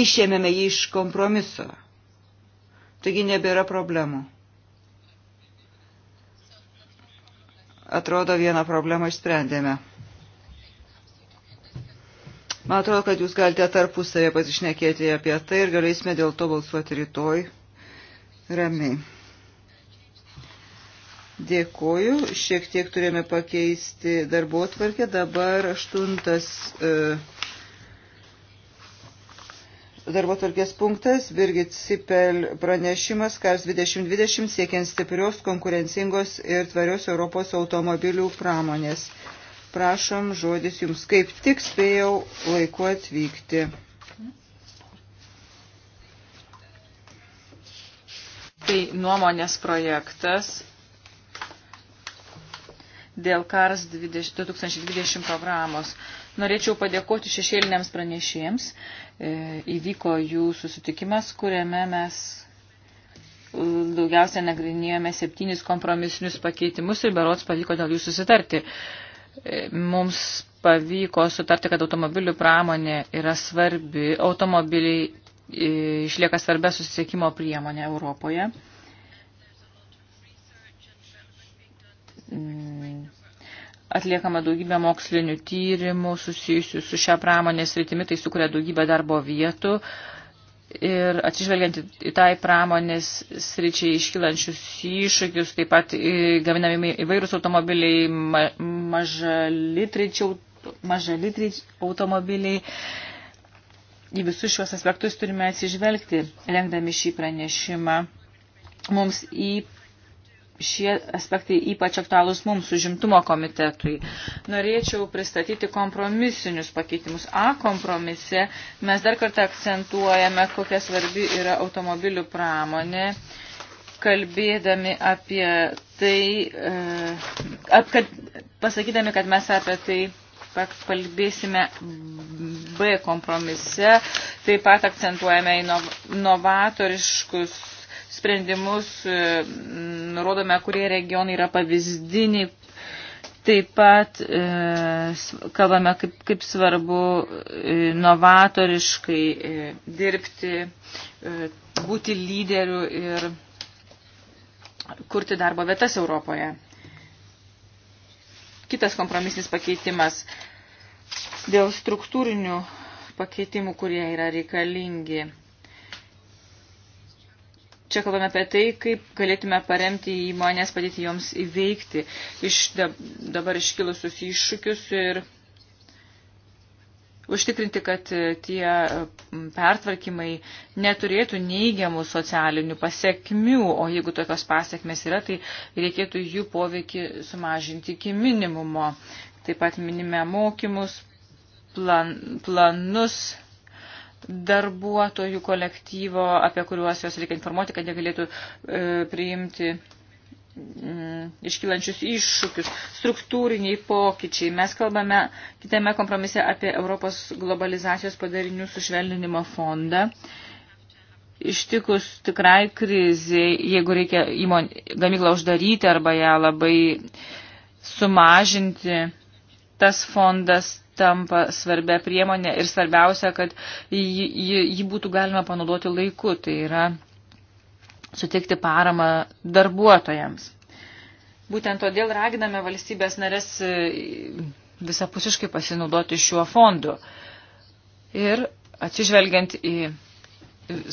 S2: išėmėme jį iš kompromiso. Taigi nebėra problemų. atrodo, vieną problemą išsprendėme. Man atrodo, kad jūs galite tarpusavėje pasišnekėti apie tai ir galėsime dėl to balsuoti rytoj ramiai. Dėkoju, šiek tiek turėjome pakeisti darbo tvarkę, dabar aštuntas. E, darbo tvarkės punktas Birgit Sipel pranešimas Kars 2020 siekiant stiprios, konkurencingos ir tvarios Europos automobilių pramonės. Prašom žodis jums, kaip tik spėjau laiku atvykti.
S4: Tai nuomonės projektas dėl KARS 2020 programos. Norėčiau padėkoti šešėliniams pranešėjams. E, įvyko jų susitikimas, kuriame mes e, daugiausia nagrinėjome septynis kompromisinius pakeitimus ir berots pavyko dėl jų susitarti. E, mums pavyko sutarti, kad automobilių pramonė yra svarbi, automobiliai išlieka svarbia susisiekimo priemonė Europoje atliekama daugybė mokslinių tyrimų susijusių su šią pramonės rytimi, tai sukuria daugybę darbo vietų. Ir atsižvelgiant į tai pramonės sričiai iškilančius iššūkius, taip pat gaminami įvairūs automobiliai, ma, mažalitričiai mažalitri automobiliai. Į visus šios aspektus turime atsižvelgti, rengdami šį pranešimą. Mums į šie aspektai ypač aktualūs mums, užimtumo komitetui. Norėčiau pristatyti kompromisinius pakeitimus. A kompromise mes dar kartą akcentuojame, kokia svarbi yra automobilių pramonė, kalbėdami apie tai, e, kad, pasakydami, kad mes apie tai kalbėsime B kompromise, taip pat akcentuojame inovatoriškus sprendimus, e, nurodome, kurie regionai yra pavyzdiniai. Taip pat e, kalbame, kaip, kaip svarbu e, novatoriškai e, dirbti, e, būti lyderių ir kurti darbo vietas Europoje. Kitas kompromisinis pakeitimas dėl struktūrinių pakeitimų, kurie yra reikalingi. Čia kalbame apie tai, kaip galėtume paremti įmonės, padėti joms įveikti iš dabar iškilusius iššūkius ir užtikrinti, kad tie pertvarkymai neturėtų neigiamų socialinių pasiekmių, o jeigu tokios pasiekmes yra, tai reikėtų jų poveikį sumažinti iki minimumo. Taip pat minime mokymus, plan, planus darbuotojų kolektyvo, apie kuriuos jos reikia informuoti, kad jie galėtų e, priimti mm, iškylančius iššūkius, struktūriniai pokyčiai. Mes kalbame kitame kompromise apie Europos globalizacijos padarinių sušvelninimo fondą. Ištikus tikrai kriziai, jeigu reikia įmon, gamyklą uždaryti arba ją labai sumažinti, tas fondas tampa svarbia priemonė ir svarbiausia, kad jį, jį, jį būtų galima panaudoti laiku, tai yra suteikti paramą darbuotojams. Būtent todėl raginame valstybės narės e, visapusiškai pasinaudoti šiuo fondu. Ir atsižvelgiant į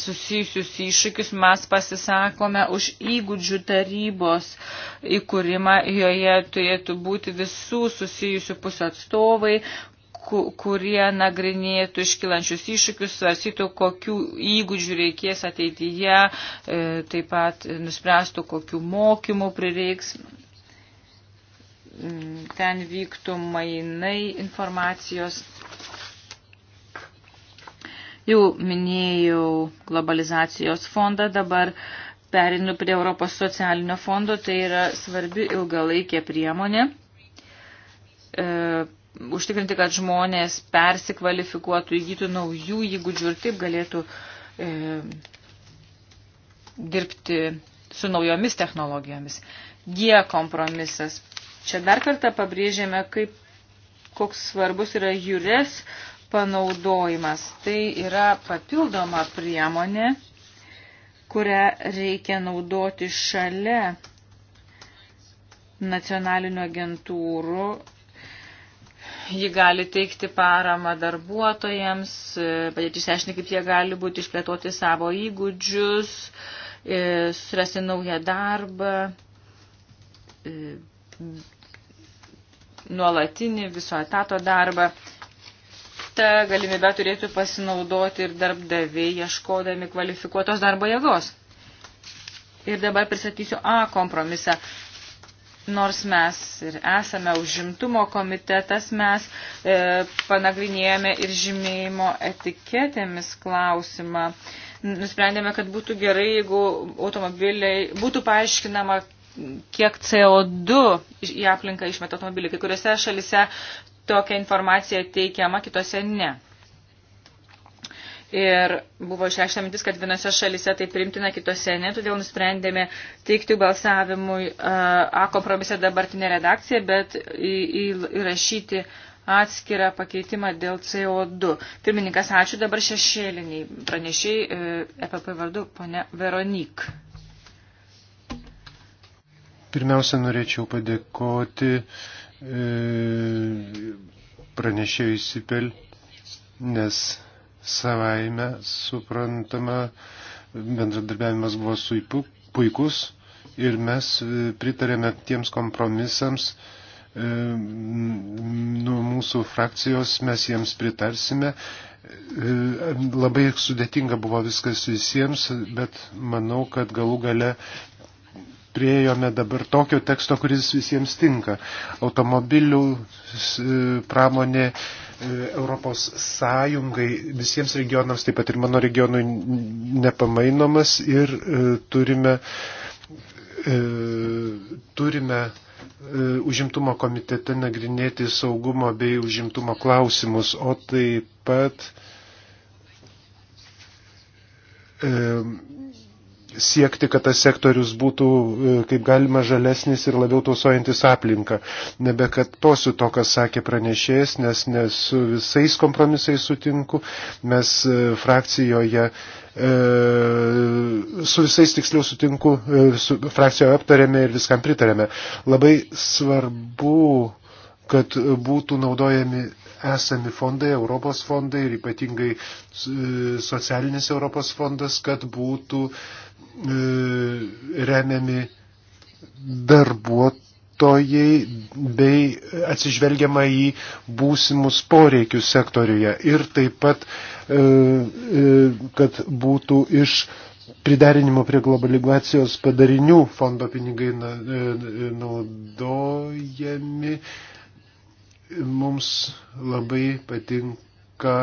S4: susijusius iššūkius mes pasisakome už įgūdžių tarybos įkūrimą. Joje turėtų būti visų susijusių pusių atstovai, kurie nagrinėtų iškilančius iššūkius, svarstytų, kokių įgūdžių reikės ateityje, e, taip pat nuspręstų, kokių mokymų prireiks. Mm, ten vyktų mainai informacijos. Jau minėjau globalizacijos fondą, dabar perinu prie Europos socialinio fondo, tai yra svarbi ilgalaikė priemonė e, užtikrinti, kad žmonės persikvalifikuotų, įgytų naujų įgūdžių ir taip galėtų e, dirbti su naujomis technologijomis. G kompromisas. Čia dar kartą pabrėžėme, kaip, koks svarbus yra jūres panaudojimas. Tai yra papildoma priemonė, kurią reikia naudoti šalia nacionalinių agentūrų Ji gali teikti paramą darbuotojams, e, padėti išsiaiškinti, kaip jie gali būti išplėtoti savo įgūdžius, e, surasti naują darbą, e, nuolatinį viso etato darbą. Ta galimybė turėtų pasinaudoti ir darbdaviai, ieškodami kvalifikuotos darbo jėgos. Ir dabar pristatysiu A kompromisą nors mes ir esame užimtumo komitetas, mes e, panagrinėjome ir žymėjimo etiketėmis klausimą. Nusprendėme, kad būtų gerai, jeigu automobiliai būtų paaiškinama, kiek CO2 į aplinką išmeta automobiliai. Kai kuriuose šalise tokia informacija teikiama, kitose ne. Ir buvo išreikšta mintis, kad vienose šalise tai primtina, kitose ne, todėl nusprendėme teikti balsavimui A kompromise dabartinę redakciją, bet į, į, įrašyti atskirą pakeitimą dėl CO2. Pirmininkas, ačiū dabar šešėliniai. Pranešiai EPP e vardu, ponė Veronik.
S3: Pirmiausia, norėčiau padėkoti e, pranešėjui Sipel, nes savaime suprantama, bendradarbiavimas buvo su puikus ir mes e, pritarėme tiems kompromisams. E, nuo mūsų frakcijos mes jiems pritarsime. E, labai sudėtinga buvo viskas visiems, bet manau, kad galų gale priejome dabar tokio teksto, kuris visiems tinka. Automobilių pramonė E, Europos Sąjungai, visiems regionams, taip pat ir mano regionui nepamainomas ir e, turime, e, turime užimtumo komitete nagrinėti saugumo bei užimtumo klausimus, o taip pat siekti, kad tas sektorius būtų e, kaip galima žalesnis ir labiau tausojantis aplinką. Nebekartosiu to, kas sakė pranešėjas, nes nesu visais kompromisais sutinku. Mes e, frakcijoje e, su visais tiksliau sutinku, su frakcijoje aptarėme ir viskam pritarėme. Labai svarbu, kad būtų naudojami esami fondai, Europos fondai ir ypatingai socialinis Europos fondas, kad būtų uh, E, remiami darbuotojai bei atsižvelgiama į būsimus poreikius sektoriuje ir taip pat, e, e, kad būtų iš priderinimo prie globalizacijos padarinių fondo pinigai naudojami. Mums labai patinka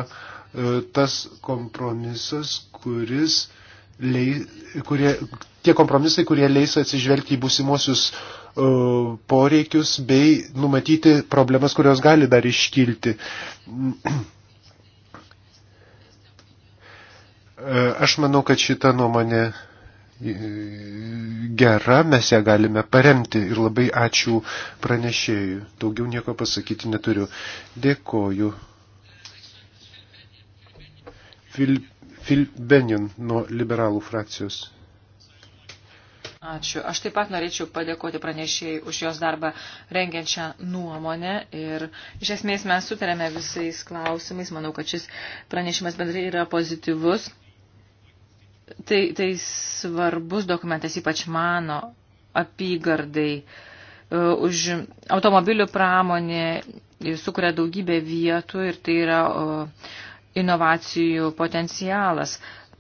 S3: tas kompromisas, kuris uh, leis, kurie, tie kompromisai, kurie leis atsižvelgti į būsimuosius uh, poreikius bei numatyti problemas, kurios gali dar iškilti. E, aš manau, kad šita nuomonė e, gera, mes ją galime paremti ir labai ačiū pranešėjui. Daugiau nieko pasakyti neturiu. Dėkoju. Filip Phil Benjon nuo liberalų frakcijos.
S4: Ačiū. Aš taip pat norėčiau padėkoti pranešėjai už jos darbą rengiančią nuomonę ir iš esmės mes sutarėme visais klausimais. Manau, kad šis pranešimas bendrai yra pozityvus. Tai, tai svarbus dokumentas ypač mano apygardai. E, už automobilių pramonė sukuria daugybę vietų ir tai yra inovacijų potencialas.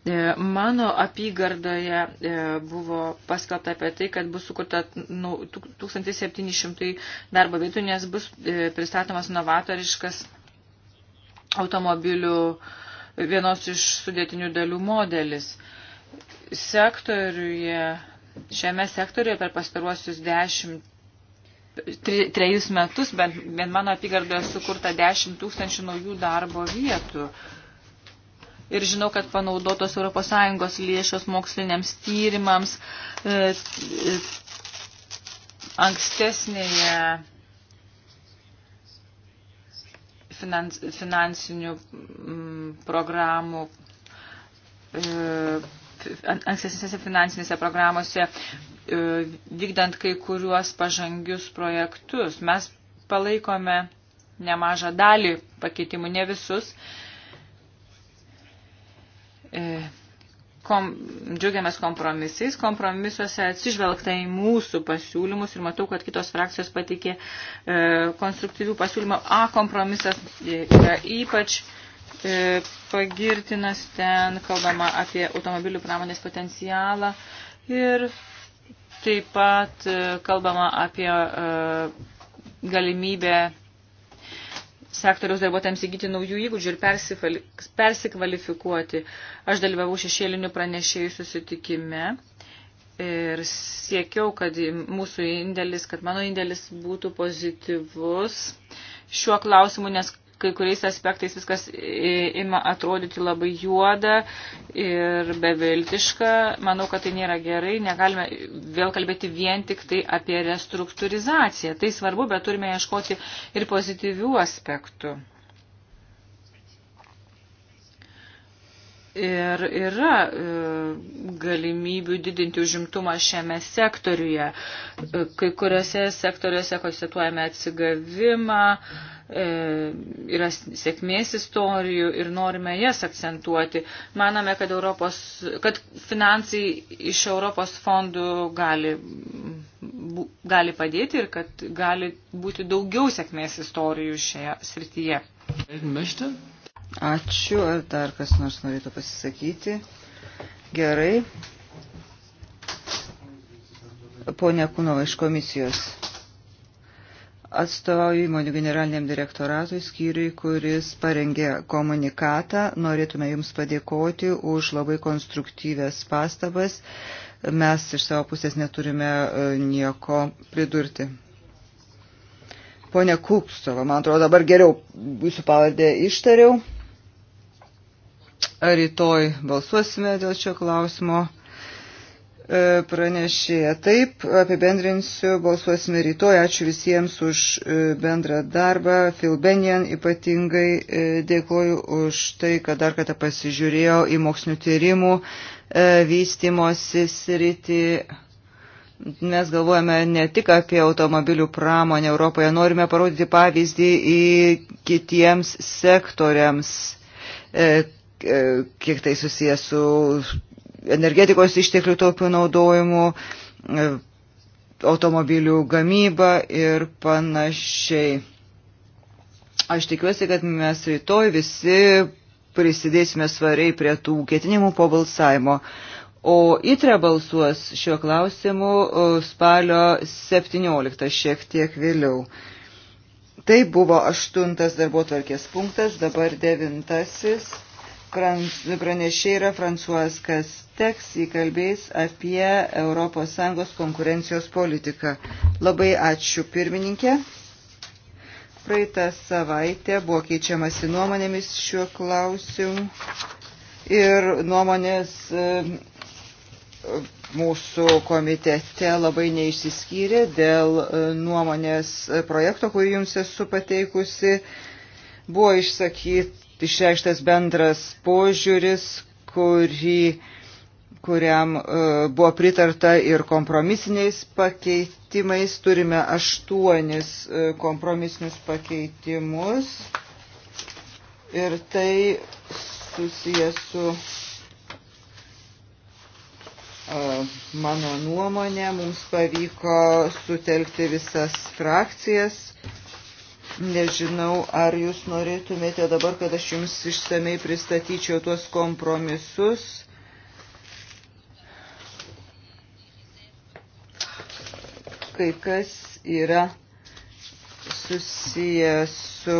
S4: E, mano apygardoje e, buvo paskelbta apie tai, kad bus sukurta 1700 nu, darbo vietų, nes bus e, pristatomas novatoriškas automobilių vienos iš sudėtinių dalių modelis. Sektoriuje, šiame sektoriuje per pastaruosius dešimt trejus metus, bent, bent mano apygardoje sukurta 10 tūkstančių naujų darbo vietų. Ir žinau, kad panaudotos ES lėšos moksliniams tyrimams e, e, ankstesnėje finans, finansinių m, mm, programų e, ankstesnėse finansinėse programuose E, vykdant kai kuriuos pažangius projektus. Mes palaikome nemažą dalį pakeitimų, ne visus. E, kom, džiugiamės kompromisais. Kompromisuose atsižvelgta į mūsų pasiūlymus ir matau, kad kitos frakcijos patikė e, konstruktyvių pasiūlymų. A kompromisas e, yra ypač e, pagirtinas, ten kalbama apie automobilių pramonės potencialą ir Taip pat e, kalbama apie e, galimybę sektoriaus darbuotojams įgyti naujų įgūdžių ir persikvalifikuoti. Aš dalyvavau šešėlinių pranešėjų susitikime ir siekiau, kad mūsų indėlis, kad mano indėlis būtų pozityvus šiuo klausimu, nes kai kuriais aspektais viskas ima atrodyti labai juoda ir beviltiška. Manau, kad tai nėra gerai. Negalime vėl kalbėti vien tik tai apie restruktūrizaciją. Tai svarbu, bet turime ieškoti ir pozityvių aspektų. Ir yra e, galimybių didinti užimtumą šiame sektoriuje. E, kai kuriuose sektoriuose konstatuojame atsigavimą, e, yra sėkmės istorijų ir norime jas akcentuoti. Manome, kad, Europos, kad finansai iš Europos fondų gali, gali padėti ir kad gali būti daugiau sėkmės istorijų šioje srityje.
S2: Möchte? Ačiū. Ar dar kas nors norėtų pasisakyti? Gerai. Pone Kunova iš komisijos. Atstovauju įmonių generaliniam direktoratui skyriui, kuris parengė komunikatą. Norėtume Jums padėkoti už labai konstruktyvės pastabas. Mes iš savo pusės neturime e, nieko pridurti. Pone Kupstova, man atrodo, dabar geriau jūsų pavardę ištariau. Rytoj balsuosime dėl šio klausimo e, pranešėja. Taip, apibendrinsiu, balsuosime rytoj. Ačiū visiems už e, bendrą darbą. Filbenian ypatingai e, dėkoju už tai, kad dar kartą pasižiūrėjau į mokslinių tyrimų vystimosi sritį. Mes galvojame ne tik apie automobilių pramonę Europoje, norime parodyti pavyzdį į kitiems sektoriams E, kiek tai susijęs su energetikos išteklių taupių naudojimu, e, automobilių gamyba ir panašiai. Aš tikiuosi, kad mes rytoj visi prisidėsime svariai prie tų ketinimų po balsavimo. O ITRE balsuos šiuo klausimu e, spalio 17 šiek tiek vėliau. Tai buvo aštuntas darbo tvarkės punktas, dabar devintasis pranešė yra Fransuas Kasteks, įkalbės apie ES konkurencijos politiką. Labai ačiū pirmininkė. Praeitą savaitę buvo keičiamasi nuomonėmis šiuo klausimu ir nuomonės e, mūsų komitete labai neišsiskyrė dėl e, nuomonės projekto, kurį jums esu pateikusi. Buvo išsakyt Tai išreikštas bendras požiūris, kurį, kuriam e, buvo pritarta ir kompromisiniais pakeitimais. Turime aštuonis e, kompromisinius pakeitimus. Ir tai susijęs su e, mano nuomonė, mums pavyko sutelkti visas frakcijas Nežinau, ar jūs norėtumėte dabar, kad aš jums išsamei pristatyčiau tuos kompromisus. Kai kas yra susiję su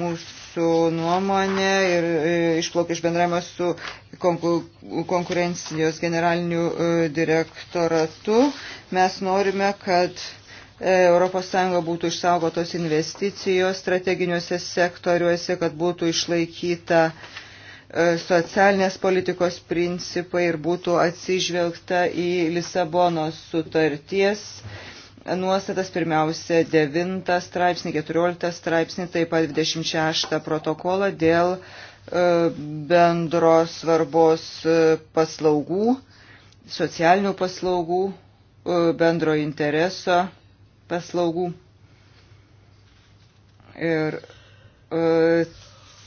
S2: mūsų nuomonė ir e, išplaukia iš bendravimo su konkurencijos generaliniu e, direktoratu. Mes norime, kad ES būtų išsaugotos investicijos strateginiuose sektoriuose, kad būtų išlaikyta e, socialinės politikos principai ir būtų atsižvelgta į Lisabonos sutarties nuostatas, pirmiausia, 9 straipsnį, 14 straipsnį, taip pat 26 protokolą dėl e, bendros svarbos e, paslaugų, socialinių paslaugų, bendro intereso paslaugų. Ir e,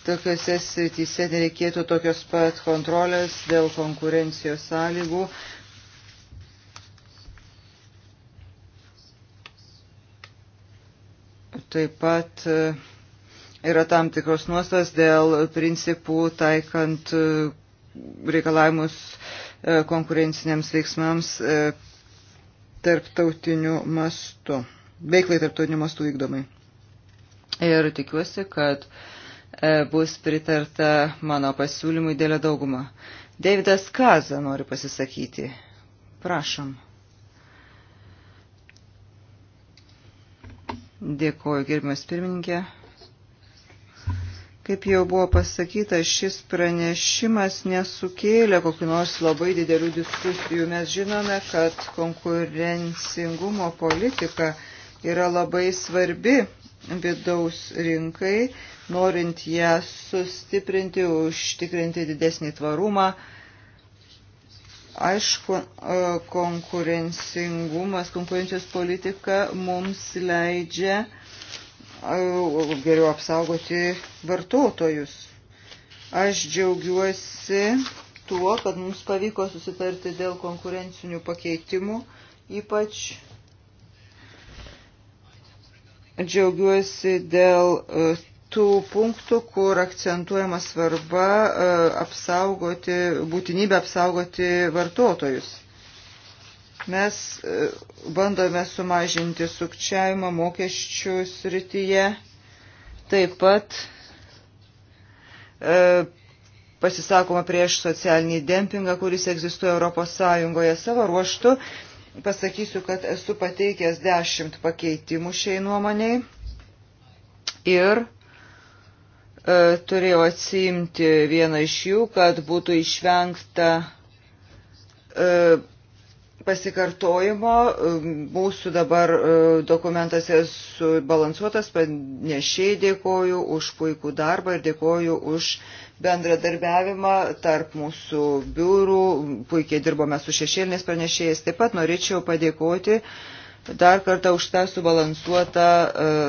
S2: tokiuose srityse nereikėtų tokios pat kontrolės dėl konkurencijos sąlygų. Taip pat e, yra tam tikros nuostas dėl principų taikant e, reikalavimus e, konkurenciniams veiksmams tarptautiniu mastu, veiklai tarptautiniu mastu vykdomai. Ir tikiuosi, kad e, bus pritarta mano pasiūlymui dėlė dauguma. Davidas Kaza nori pasisakyti. Prašom. Dėkuoju, gerbimas pirmininkė. Kaip jau buvo pasakyta, šis pranešimas nesukėlė kokiu nors labai didelių diskusijų. Mes žinome, kad konkurencingumo politika yra labai svarbi vidaus rinkai, norint ją sustiprinti, užtikrinti didesnį tvarumą. Aišku, e, konkurencingumas, konkurencijos politika mums leidžia uh, geriau apsaugoti vartotojus. Aš džiaugiuosi tuo, kad mums pavyko susitarti dėl konkurencinių pakeitimų, ypač džiaugiuosi dėl e, tų punktų, kur akcentuojama svarba e, apsaugoti, būtinybė apsaugoti vartotojus. Mes e, bandome sumažinti sukčiavimą mokesčių srityje. Taip pat e, pasisakoma prieš socialinį dempingą, kuris egzistuoja Europos Sąjungoje savo ruoštų. Pasakysiu, kad esu pateikęs dešimt pakeitimų šiai nuomoniai ir e, turėjau atsiimti vieną iš jų, kad būtų išvengta e, pasikartojimo. Mūsų dabar e, dokumentuose subalansuotas, panešiai dėkoju už puikų darbą ir dėkoju už bendradarbiavimą tarp mūsų biurų. Puikiai dirbome su šešėlinės pranešėjais. Taip pat norėčiau padėkoti dar kartą už tą subalansuotą e,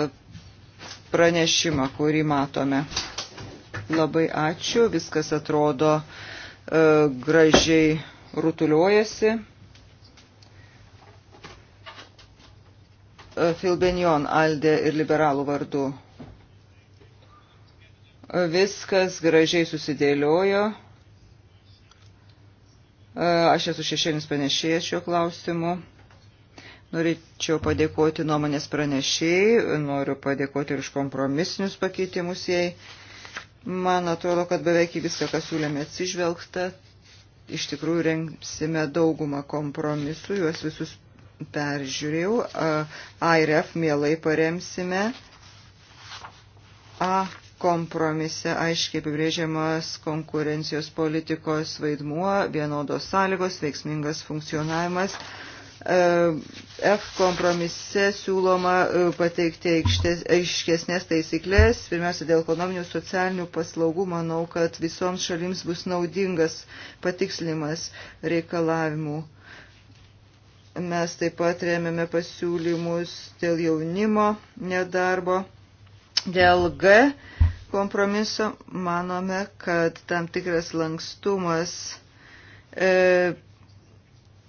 S2: pranešimą, kurį matome. Labai ačiū, viskas atrodo e, gražiai rutuliuojasi. E, Filbenion Aldė ir liberalų vardu. E, viskas gražiai susidėliojo. E, aš esu šešėlis panešėjęs šiuo klausimu. Norėčiau padėkoti nuomonės pranešėjai, noriu padėkoti ir už kompromisinius pakeitimus jai. Man atrodo, kad beveik į viską, ką siūlėme atsižvelgta, iš tikrųjų rengsime daugumą kompromisų, juos visus peržiūrėjau. AIREF mielai paremsime. A kompromise aiškiai apibrėžiamas konkurencijos politikos vaidmuo, vienodos sąlygos, veiksmingas funkcionavimas. E, F kompromise siūloma e, pateikti aiškesnės taisyklės. Pirmiausia, dėl ekonominių socialinių paslaugų manau, kad visoms šalims bus naudingas patikslimas reikalavimų Mes taip pat remiame pasiūlymus dėl jaunimo nedarbo. Dėl G kompromiso manome, kad tam tikras lankstumas e,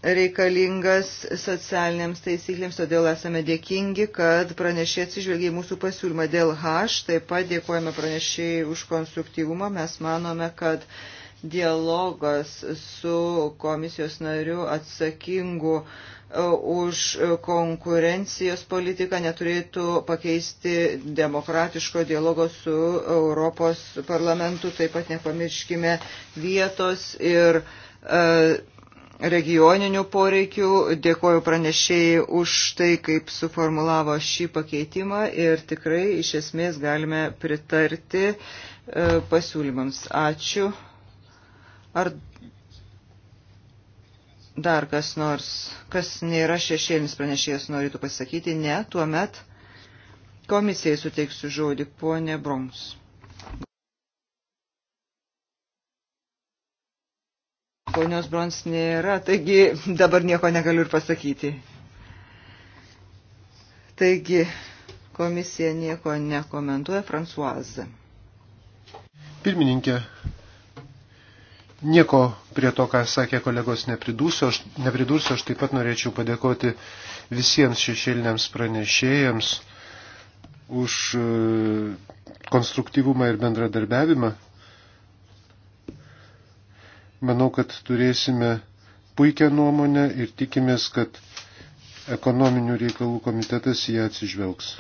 S2: reikalingas socialiniams taisyklėms, todėl esame dėkingi, kad pranešė atsižvelgiai mūsų pasiūlymą dėl H. Taip pat dėkojame pranešėjai už konstruktyvumą. Mes manome, kad dialogas su komisijos nariu atsakingu e, už konkurencijos politiką neturėtų pakeisti demokratiško dialogo su Europos parlamentu. Taip pat nepamirškime vietos ir e, regioninių poreikių. Dėkoju pranešėjai už tai, kaip suformulavo šį pakeitimą ir tikrai iš esmės galime pritarti e, pasiūlymams. Ačiū. Ar dar kas nors, kas nėra šešėlinis pranešėjas, norėtų pasakyti, ne, tuomet komisijai suteiksiu žodį, ponė Broms. Ponios Brons nėra, taigi dabar nieko negaliu ir pasakyti. Taigi, komisija nieko nekomentuoja, Fransuazė.
S3: Pirmininkė, Nieko prie to, ką sakė kolegos, nepridursiu. Aš, nepridursiu, aš taip pat norėčiau padėkoti visiems šešėliniams pranešėjams už e, konstruktyvumą ir bendradarbiavimą. Manau, kad turėsime puikią nuomonę ir tikimės, kad ekonominių reikalų komitetas ją atsižvelgs.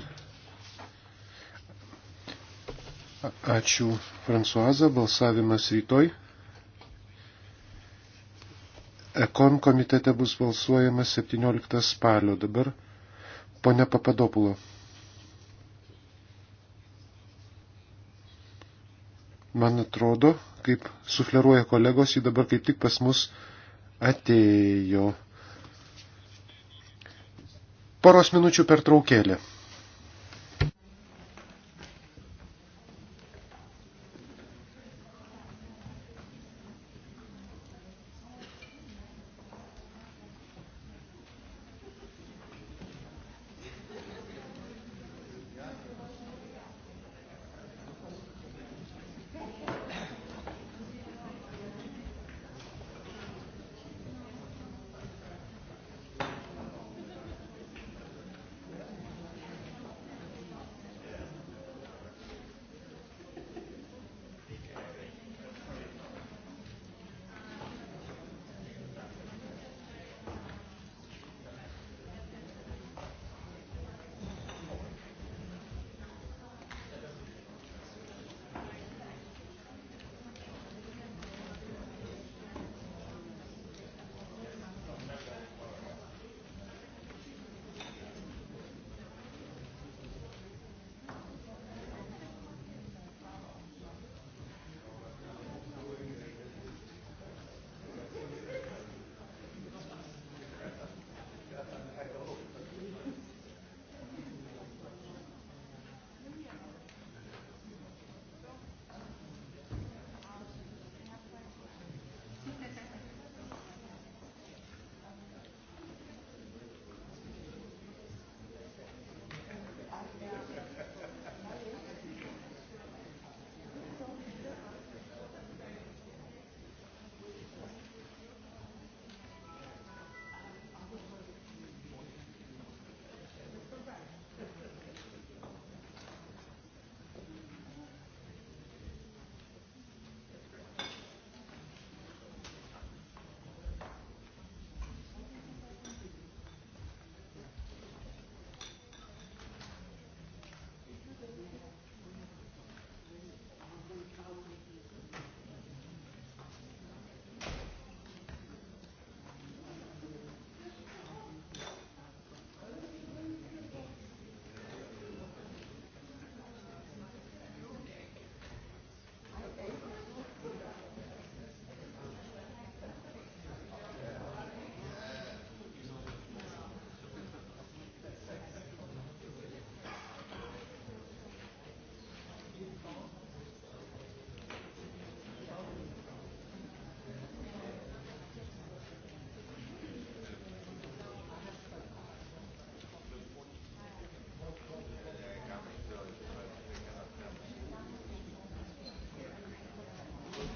S3: Ačiū Fransuaza, balsavimas rytoj. Ekon komitete bus balsuojama 17 spalio. Dabar ponia Papadopulo. Man atrodo, kaip sufleruoja kolegos, ji dabar kaip tik pas mus atėjo. Poros minučių per traukėlę.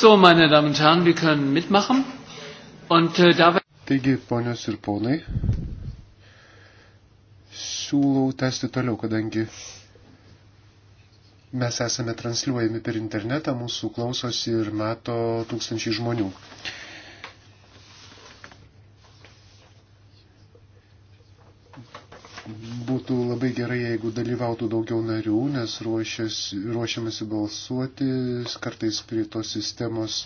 S1: So, meine Damen und Herren, wir können mitmachen.
S3: Und äh, da Taigi, ponios ir ponai, siūlau tęsti toliau, kadangi mes esame transliuojami per internetą, mūsų klausosi ir mato tūkstančiai žmonių. dalyvautų daugiau narių, nes ruošias, ruošiamasi balsuoti, kartais prie tos sistemos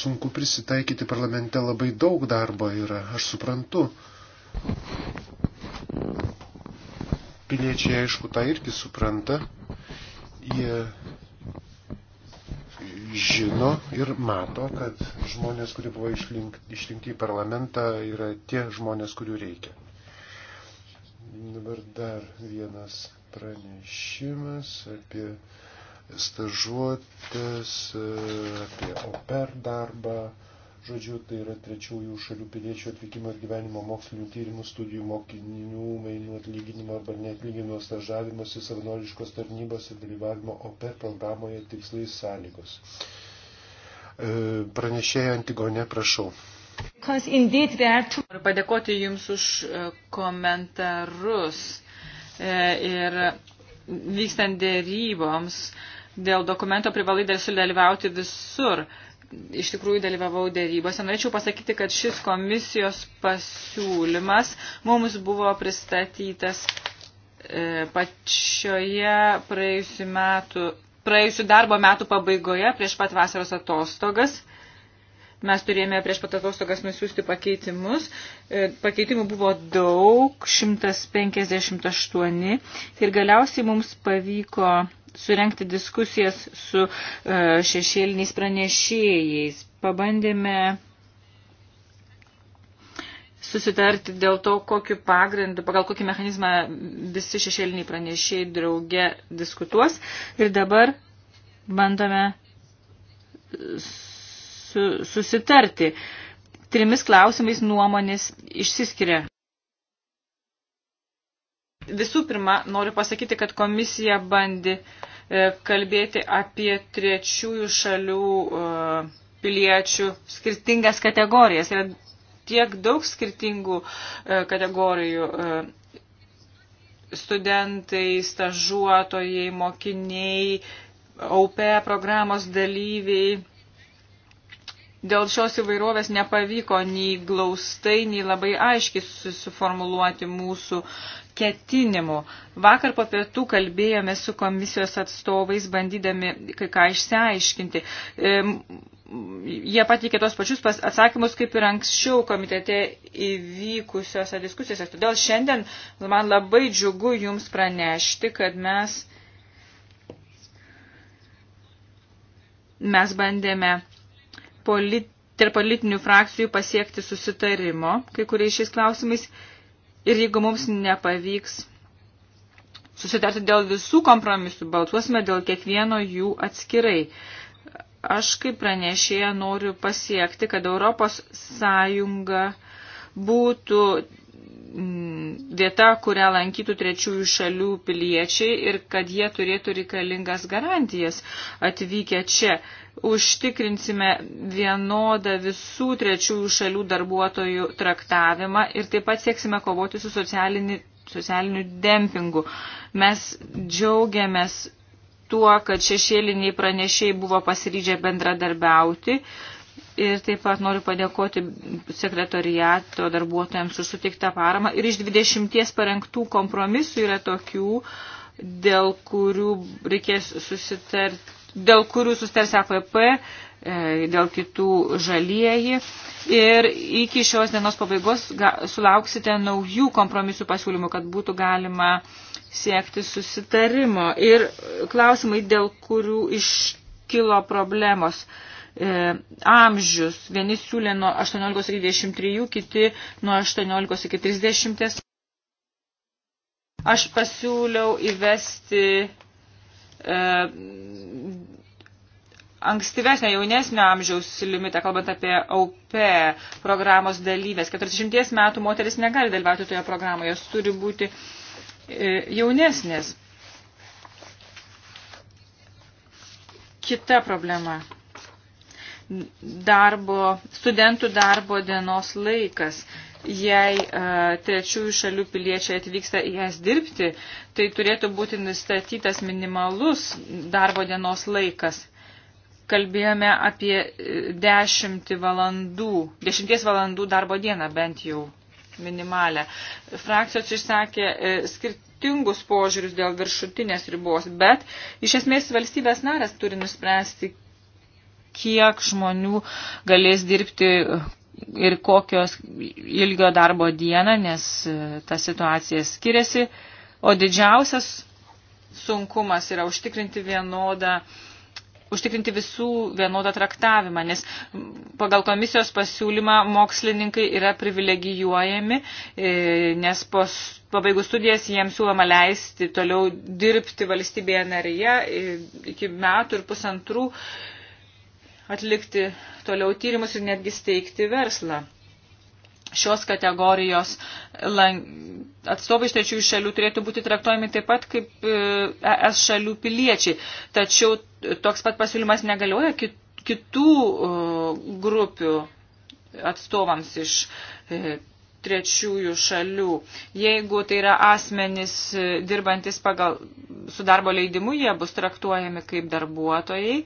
S3: sunku prisitaikyti parlamente labai daug darbo yra, aš suprantu. Piliečiai, aišku, tą irgi supranta. Jie žino ir mato, kad žmonės, kurie buvo išrinkti į parlamentą, yra tie žmonės, kurių reikia. Vienas pranešimas apie stažuotės, apie oper darbą. Žodžiu, tai yra trečiųjų šalių piliečių atvykimo ir gyvenimo mokslinių tyrimų, studijų mokinių, mainų atlyginimo arba neatlyginimo stažavimosi, savanoriškos tarnybos ir dalyvavimo OPER programoje tikslais sąlygos. E, pranešėja Antigonė, prašau.
S4: Noriu padėkoti Jums už e, komentarus E, ir vykstant dėryboms dėl dokumento privalai dar sudalyvauti visur. Iš tikrųjų dalyvavau dėrybose. Norėčiau pasakyti, kad šis komisijos pasiūlymas mums buvo pristatytas e, pačioje praėjusių metų praėjusių darbo metų pabaigoje, prieš pat vasaros atostogas. Mes turėjome prieš pat atostogas nusiųsti pakeitimus. E, pakeitimų buvo daug, 158. Tai ir galiausiai mums pavyko surenkti diskusijas su e, šešėliniais pranešėjais. Pabandėme susitarti dėl to, kokiu pagrindu, pagal kokį mechanizmą visi šešėliniai pranešėjai drauge diskutuos. Ir dabar bandome su, susitarti. Trimis klausimais nuomonės išsiskiria. Visų pirma, noriu pasakyti, kad komisija bandė e, kalbėti apie trečiųjų šalių e, piliečių skirtingas kategorijas. Yra tiek daug skirtingų e, kategorijų studentai, stažuotojai, mokiniai, AUP programos dalyviai dėl šios įvairovės nepavyko nei glaustai, nei labai aiškiai susiformuluoti mūsų ketinimų. Vakar po pietų kalbėjome su komisijos atstovais, bandydami kai ką išsiaiškinti. Jie patikė tos pačius atsakymus, kaip ir anksčiau komitete įvykusiose diskusijose. Todėl šiandien man labai džiugu Jums pranešti, kad mes, mes bandėme polit, tarp politinių frakcijų pasiekti susitarimo kai kuriais šiais klausimais. Ir jeigu mums nepavyks susitarti dėl visų kompromisų, balsuosime dėl kiekvieno jų atskirai. Aš kaip pranešėja noriu pasiekti, kad Europos Sąjunga būtų Mm, vieta, kurią lankytų trečiųjų šalių piliečiai ir kad jie turėtų reikalingas garantijas atvykę čia. Užtikrinsime vienodą visų trečiųjų šalių darbuotojų traktavimą ir taip pat sieksime kovoti su socialiniu dempingu. Mes džiaugiamės tuo, kad šešėliniai pranešiai buvo pasiryžę bendradarbiauti. Uh, Ir taip pat noriu padėkoti sekretoriato darbuotojams už sutiktą paramą. Ir iš 20 parengtų kompromisų yra tokių, dėl kurių reikės susitarti, dėl kurių susitars APP, e, dėl kitų žalieji. Ir iki šios dienos pabaigos sulauksite naujų kompromisų pasiūlymų, kad būtų galima siekti susitarimo. Ir klausimai, dėl kurių iškilo problemos. Uh, e, amžius. Vieni siūlė nuo 18 iki 23, kiti nuo 18 iki 30. Aš pasiūliau įvesti e, ankstyvesnio jaunesnio amžiaus limitą, kalbant apie AUP programos dalyvės. 40 metų moteris negali dalyvauti toje programoje, jos turi būti e, jaunesnės. Kita problema – darbo, studentų darbo dienos laikas. Jei a, e, trečiųjų šalių piliečiai atvyksta į jas dirbti, tai turėtų būti nustatytas minimalus darbo dienos laikas. Kalbėjome apie 10 e, valandų, 10 valandų darbo dieną bent jau minimalę. Frakcijos išsakė e, skirti skirtingus požiūrius dėl viršutinės ribos, bet iš esmės valstybės narės turi nuspręsti, kiek žmonių galės dirbti ir kokios ilgio darbo dieną, nes e, ta situacija skiriasi. O didžiausias sunkumas yra užtikrinti vienodą užtikrinti visų vienodą traktavimą, nes pagal komisijos pasiūlymą mokslininkai yra privilegijuojami, e, nes po pabaigus studijas jiems siūloma leisti toliau dirbti valstybėje narėje e, iki metų ir pusantrų atlikti toliau tyrimus ir netgi steigti verslą. Šios kategorijos atstovai iš trečiųjų šalių turėtų būti traktuojami taip pat kaip ES e šalių piliečiai. Tačiau toks pat pasiūlymas negalioja kitų e, grupių atstovams iš e, trečiųjų šalių. Jeigu tai yra asmenys dirbantis pagal su darbo leidimu, jie bus traktuojami kaip darbuotojai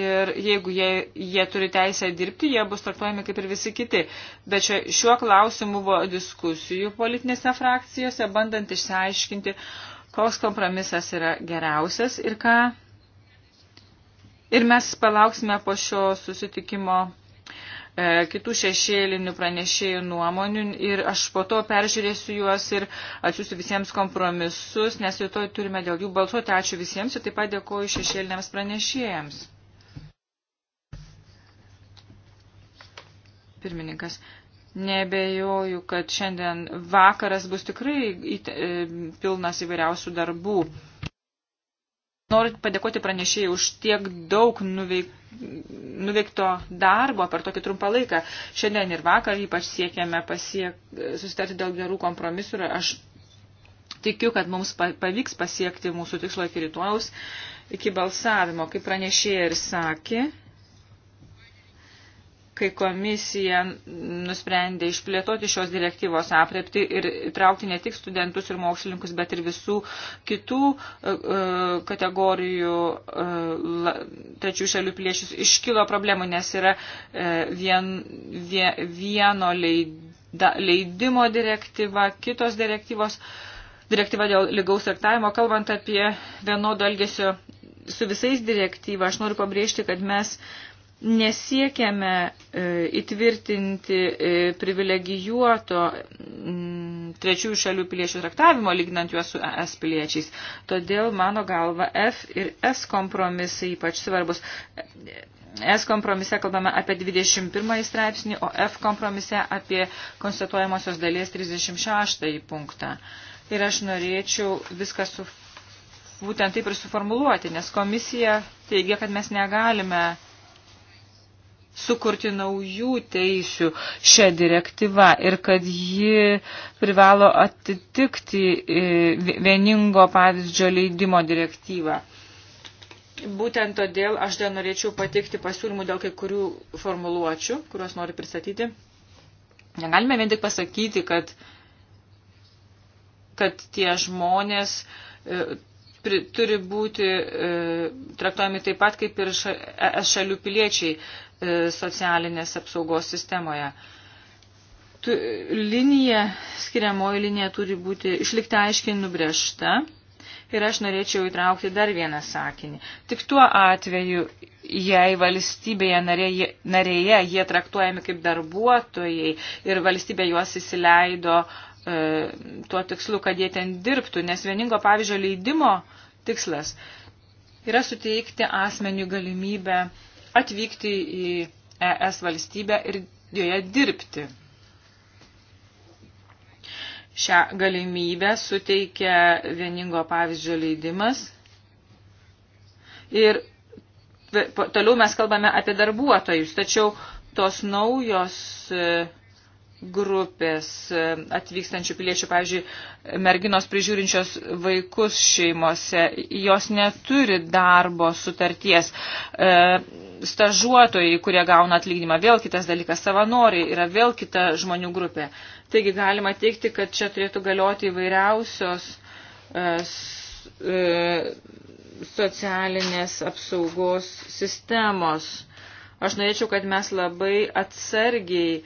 S4: ir jeigu jie, jie turi teisę dirbti, jie bus traktuojami kaip ir visi kiti. Bet čia, šiuo klausimu buvo diskusijų politinėse frakcijose, bandant išsiaiškinti, koks kompromisas yra geriausias ir ką. Ir mes palauksime po šio susitikimo e, kitų šešėlinių pranešėjų nuomonių ir aš po to peržiūrėsiu juos ir atsiųsiu visiems kompromisus, nes rytoj turime dėl jų balsuoti. Ačiū visiems ir taip pat dėkoju šešėliniams pranešėjams. pirmininkas. Nebejoju, kad šiandien vakaras bus tikrai e, pilnas įvairiausių darbų. Noriu padėkoti pranešėjai už tiek daug nuveik, nuveikto darbo per tokį trumpą laiką. Šiandien ir vakar ypač siekėme pasiek, susitarti dėl gerų kompromisų ir aš tikiu, kad mums pavyks pasiekti mūsų tikslo iki rytojaus, iki balsavimo, kaip pranešėjai ir sakė kai komisija nusprendė išplėtoti šios direktyvos aprepti ir traukti ne tik studentus ir mokslininkus, bet ir visų kitų e, e, kategorijų e, trečių šalių piliečius, iškilo problemų, nes yra vien, vieno leidimo direktyva, kitos direktyvos. Direktyva dėl lygaus traktavimo, kalbant apie vienodo elgesio su visais direktyvą, aš noriu pabrėžti, kad mes uh, nesiekiame e, įtvirtinti e, privilegijuoto trečiųjų šalių piliečių traktavimo, lygnant juos su ES piliečiais. Todėl, mano galva, F ir S kompromisai ypač svarbus. E S kompromise kalbame apie 21 straipsnį, o F kompromise apie konstatuojamosios dalies 36 punktą. Ir aš norėčiau viską su, būtent taip ir suformuluoti, nes komisija teigia, kad mes negalime sukurti naujų teisių šią direktyvą ir kad ji privalo atitikti e, vieningo pavyzdžio leidimo direktyvą. Būtent todėl aš dar norėčiau patikti pasiūlymų dėl kai kurių formuluočių, kuriuos noriu pristatyti. Negalime vien tik pasakyti, kad, kad tie žmonės e, pri, turi būti e, traktuojami taip pat kaip ir ša, e, šalių piliečiai. E, E, socialinės apsaugos sistemoje. Linija, skiriamoji linija turi būti išlikti aiškiai nubrėžta ir aš norėčiau įtraukti dar vieną sakinį. Tik tuo atveju, jei valstybėje narėje, narėje jie traktuojami kaip darbuotojai ir valstybė juos įsileido e, tuo tikslu, kad jie ten dirbtų, nes vieningo pavyzdžio leidimo tikslas yra suteikti asmenių galimybę atvykti į ES valstybę ir joje dirbti. Šią galimybę suteikia vieningo pavyzdžio leidimas. Ir toliau mes kalbame apie darbuotojus, tačiau tos naujos grupės e, atvykstančių piliečių, pavyzdžiui, merginos prižiūrinčios vaikus šeimose, jos neturi darbo sutarties. E, stažuotojai, kurie gauna atlyginimą, vėl kitas dalykas, savanoriai yra vėl kita žmonių grupė. Taigi galima teikti, kad čia turėtų galioti įvairiausios e, socialinės apsaugos sistemos. Aš norėčiau, kad mes labai atsargiai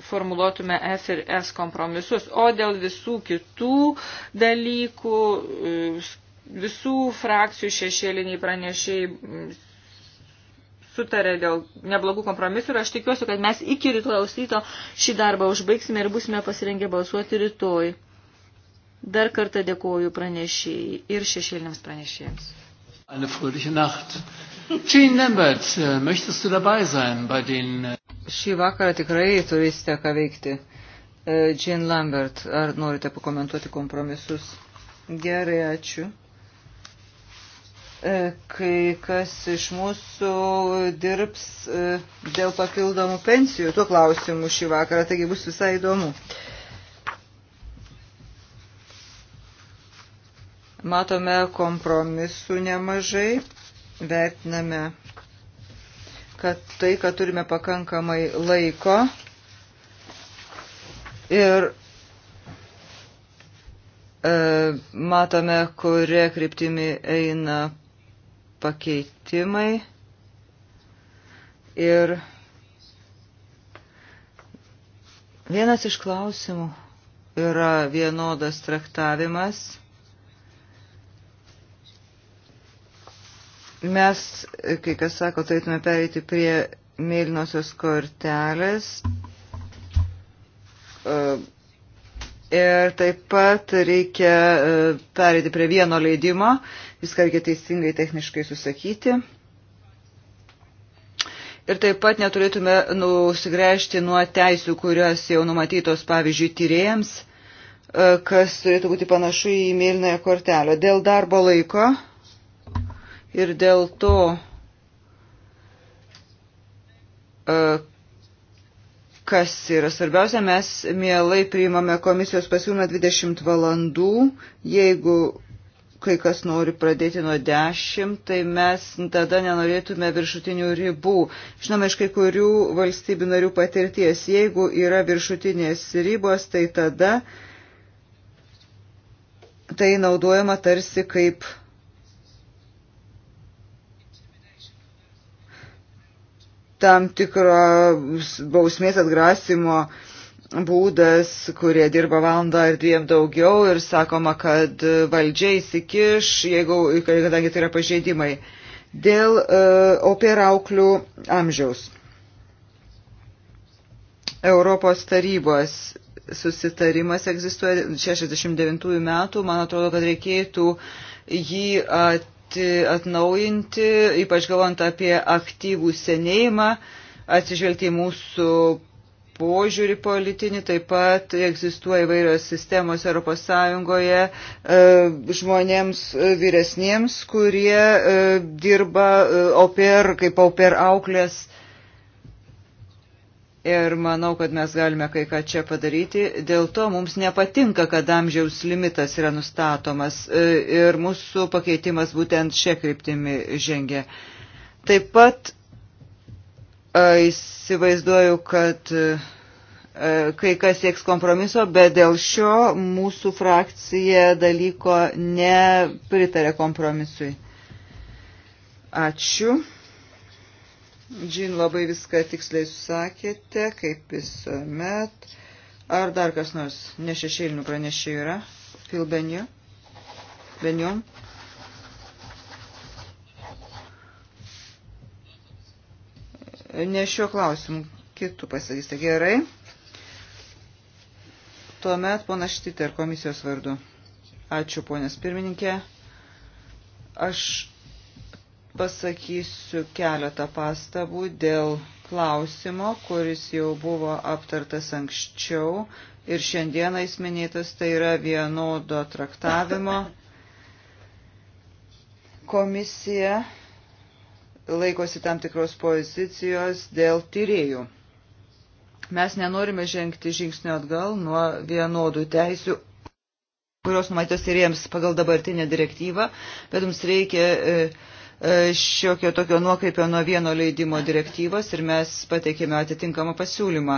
S4: formuluotume F ir S kompromisus, o dėl visų kitų dalykų, e, visų frakcijų šešėliniai pranešėjai mm, sutarė dėl neblogų kompromisų ir aš tikiuosi, kad mes iki rytojaus ryto šį darbą užbaigsime ir būsime pasirengę balsuoti rytoj. Dar kartą dėkoju pranešėjai ir šešėliniams pranešėjams.
S1: Eine fröhliche Nacht. Jean Lambert, äh, möchtest du dabei sein bei den äh,
S2: Šį vakarą tikrai turėsite ką veikti. E, Jane Lambert, ar norite pakomentuoti kompromisus? Gerai, ačiū. E, kai kas iš mūsų dirbs e, dėl papildomų pensijų, tuo klausimu šį vakarą, taigi bus visai įdomu. Matome kompromisų nemažai, vertiname kad tai, kad turime pakankamai laiko ir e, matome, kurie kryptimi eina pakeitimai ir vienas iš klausimų yra vienodas traktavimas Mes, kai kas sako, turėtume pereiti prie mėlynosios kortelės. E, ir taip pat reikia e, pereiti prie vieno leidimo. Viską reikia teisingai techniškai susakyti. Ir taip pat neturėtume nusigręžti nuo teisių, kurios jau numatytos, pavyzdžiui, tyrėjams, e, kas turėtų būti panašu į mėlynąją kortelę. Dėl darbo laiko ir dėl to, e, kas yra svarbiausia, mes mielai priimame komisijos pasiūlymą 20 valandų, jeigu kai kas nori pradėti nuo 10, tai mes tada nenorėtume viršutinių ribų. Žinoma, iš kai kurių valstybių narių patirties, jeigu yra viršutinės ribos, tai tada tai naudojama tarsi kaip tam tikro bausmės atgrasimo būdas, kurie dirba valandą ar dviem daugiau ir sakoma, kad valdžia įsikiš, jeigu, kadangi tai yra pažeidimai, dėl uh, e, operauklių amžiaus. Europos tarybos susitarimas egzistuoja 69 metų, man atrodo, kad reikėtų jį at atnaujinti, ypač galvant apie aktyvų senėjimą, atsižvelgti į mūsų požiūrį politinį, taip pat egzistuoja įvairios sistemos ES e, žmonėms e, vyresniems, kurie e, dirba oper, kaip oper auklės ir manau, kad mes galime kai ką čia padaryti. Dėl to mums nepatinka, kad amžiaus limitas yra nustatomas e, ir mūsų pakeitimas būtent šia kryptimi žengia. Taip pat e, įsivaizduoju, kad e, kai kas sieks kompromiso, bet dėl šio mūsų frakcija dalyko nepritarė kompromisui. Ačiū. Džin labai viską tiksliai susakėte, kaip visuomet. Ar dar kas nors nešešėlinių pranešėjų yra? Phil Benio? Benjom? Ne šiuo klausimu, kitų pasakysite. Gerai. Tuomet pona Štiter komisijos vardu. Ačiū, ponės pirmininkė. Aš pasakysiu keletą pastabų dėl klausimo, kuris jau buvo aptartas anksčiau ir šiandieną jis minėtas, tai yra vienodo traktavimo komisija laikosi tam tikros pozicijos dėl tyriejų. Mes nenorime žengti žingsnio atgal nuo vienodų teisių kurios numatytos tyriems pagal dabartinę direktyvą, bet mums reikia e, E, šiokio tokio nuokreipio nuo vieno leidimo direktyvos ir mes pateikėme atitinkamą pasiūlymą.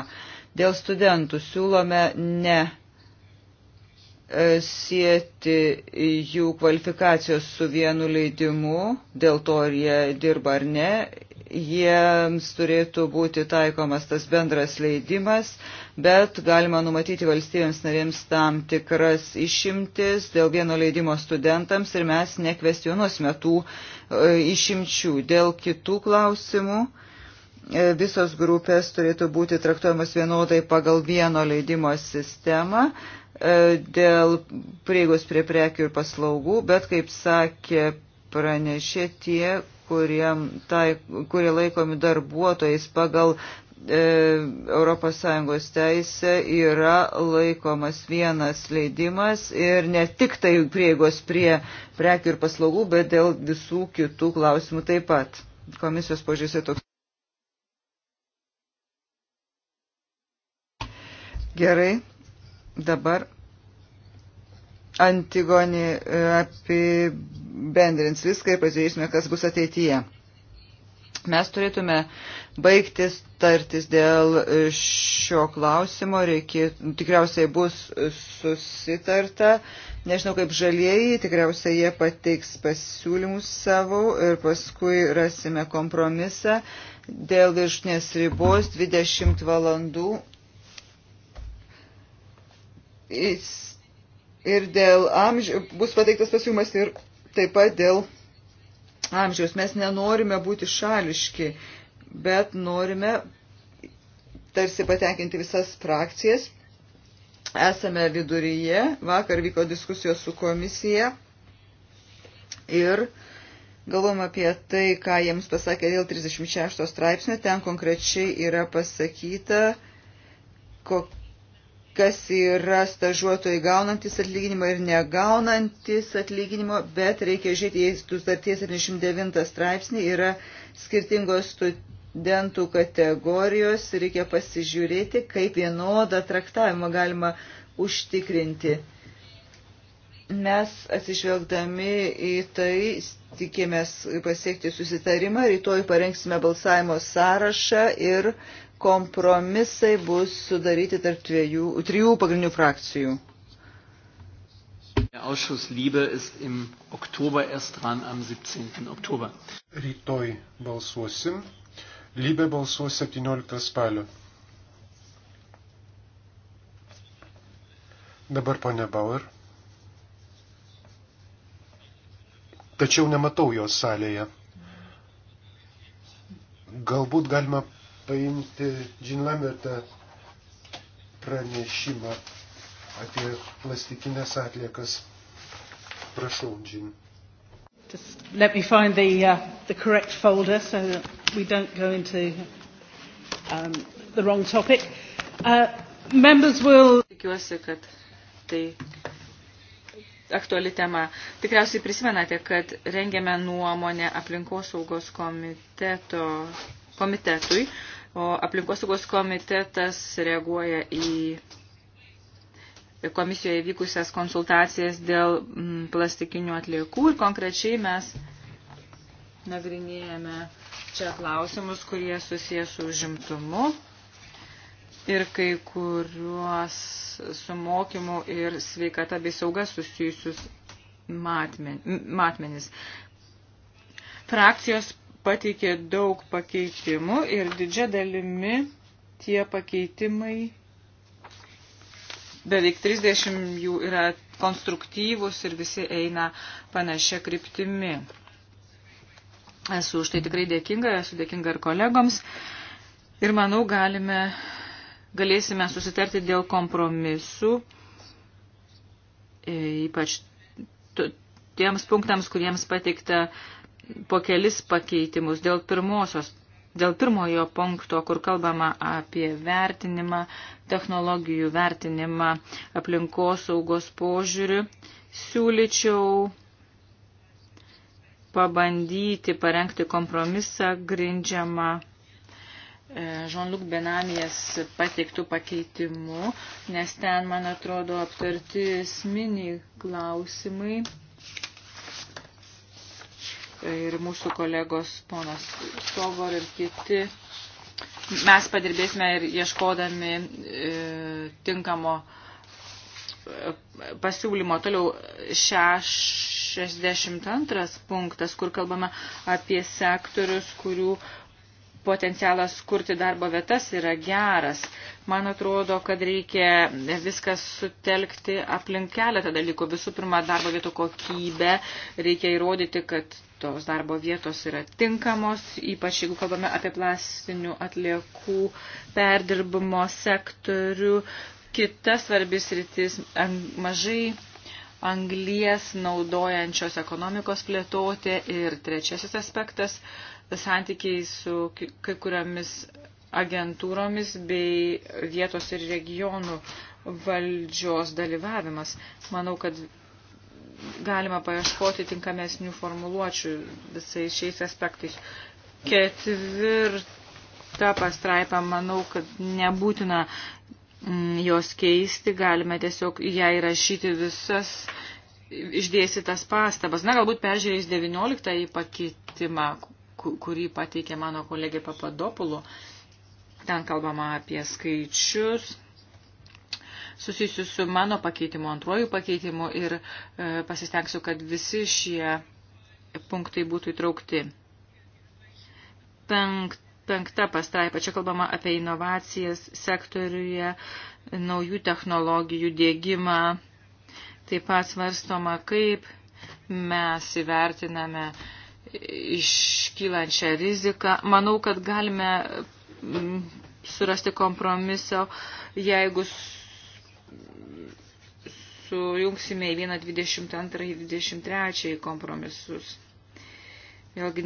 S2: Dėl studentų siūlome ne e, sieti jų kvalifikacijos su vienu leidimu, dėl to ar jie dirba ar ne, jiems turėtų būti taikomas tas bendras leidimas, bet galima numatyti valstybėms narėms tam tikras išimtis dėl vieno leidimo studentams ir mes nekvestionuosime tų išimčių. Dėl kitų klausimų e, visos grupės turėtų būti traktuojamos vienodai pagal vieno leidimo sistemą e, dėl prieigos prie prekių ir paslaugų, bet kaip sakė pranešė tie, kurie, tai, kurie laikomi darbuotojais pagal ES teisė yra laikomas vienas leidimas ir ne tik tai prieigos prie prekių ir paslaugų, bet dėl visų kitų klausimų taip pat. Komisijos požiūrėse toks. Gerai, dabar Antigonį e, apibendrins viską ir pažiūrėsime, kas bus ateityje. Mes turėtume baigti startis dėl šio klausimo, reikia, tikriausiai bus susitarta, nežinau kaip žalieji, tikriausiai jie pateiks pasiūlymus savo ir paskui rasime kompromisą dėl viršnės ribos 20 valandų ir dėl amžiaus bus pateiktas pasiūlymas ir taip pat dėl amžiaus. Mes nenorime būti šališki, bet norime tarsi patenkinti visas frakcijas. Esame viduryje, vakar vyko diskusijos su komisija ir galvom apie tai, ką jiems pasakė dėl 36 straipsnio, ten konkrečiai yra pasakyta, kokia kas yra stažuotojai gaunantis atlyginimą ir negaunantis atlyginimo, bet reikia žiūrėti, jei sutarties 79 straipsnį yra skirtingos studentų kategorijos, reikia pasižiūrėti, kaip vienodą traktavimą galima užtikrinti. Mes atsižvelgdami į tai tikėmės pasiekti susitarimą, rytoj parengsime balsavimo sąrašą ir kompromisai bus sudaryti tarp dviejų, trijų
S1: pagrindinių frakcijų. Der Ausschuss Liebe ist im Oktober
S3: erst dran am 17. Oktober. Rytoj balsuosim. Liebe balsuos 17 spalio. Dabar ponia Bauer. Tačiau nematau jos salėje. Galbūt galima paimti Jean Lamertą pranešimą apie plastikinės atliekas. Prašau, Jean.
S1: Just let me find the, uh, the correct folder so that we don't go into
S4: um, the wrong topic. Uh, members will... Tikiuosi, kad tai aktuali tema. Tikriausiai prisimenate, kad rengėme nuomonę aplinkosaugos komiteto, komitetui O aplinkosaugos komitetas reaguoja į komisijoje vykusias konsultacijas dėl mm, plastikinių atliekų ir konkrečiai mes nagrinėjame čia klausimus, kurie susijęs su žimtumu ir kai kuriuos su mokymu ir sveikata bei sauga susijusius matmen, matmenis. Frakcijos pateikė daug pakeitimų ir didžia dalimi tie pakeitimai, beveik 30 jų yra konstruktyvus ir visi eina panašia kryptimi. Esu už tai tikrai dėkinga, esu dėkinga ir kolegoms ir manau galime, galėsime susitarti dėl kompromisų, e, ypač tiems punktams, kuriems pateikta uh, po kelis pakeitimus dėl pirmosios. Dėl pirmojo punkto, kur kalbama apie vertinimą, technologijų vertinimą aplinkos saugos požiūrių, siūlyčiau pabandyti parengti kompromisą grindžiamą e, Jean-Luc Benamijas pateiktų pakeitimų, nes ten, man atrodo, aptarti esminiai klausimai ir mūsų kolegos ponas Stovor ir kiti. Mes padirbėsime ir ieškodami e, tinkamo e, pasiūlymo. Toliau 62 punktas, kur kalbame apie sektorius, kurių e, potencialas kurti darbo vietas yra geras. Man atrodo, kad reikia viskas sutelkti aplink keletą dalykų. Visų pirma, darbo vietų kokybę. Reikia įrodyti, kad tos darbo vietos yra tinkamos, ypač jeigu kalbame apie plastinių atliekų perdirbimo sektorių. Kita svarbis rytis mažai anglies naudojančios ekonomikos plėtoti. Ir trečiasis aspektas santykiai su kai kuriomis agentūromis bei vietos ir regionų valdžios dalyvavimas. Manau, kad galima paieškoti tinkamesnių formuluočių visais šiais aspektais. Ketvirta pastraipa, manau, kad nebūtina mm, jos keisti, galime tiesiog ją įrašyti visas išdėstytas pastabas. Na, galbūt peržiūrėjus 19 pakeitimą, kurį pateikė mano kolegė Papadopulo. Ten kalbama apie skaičius susijusius su mano pakeitimu, antruoju pakeitimu ir e, pasistengsiu, kad visi šie punktai būtų įtraukti. Penkt, penkta pastraipa. Čia kalbama apie inovacijas sektoriuje, naujų technologijų dėgymą. Taip pat svarstoma, kaip mes įvertiname e, iškylančią riziką. Manau, kad galime mm, surasti kompromiso, jeigu sujungsime į 1.22 ir 23 kompromisus. Vėlgi,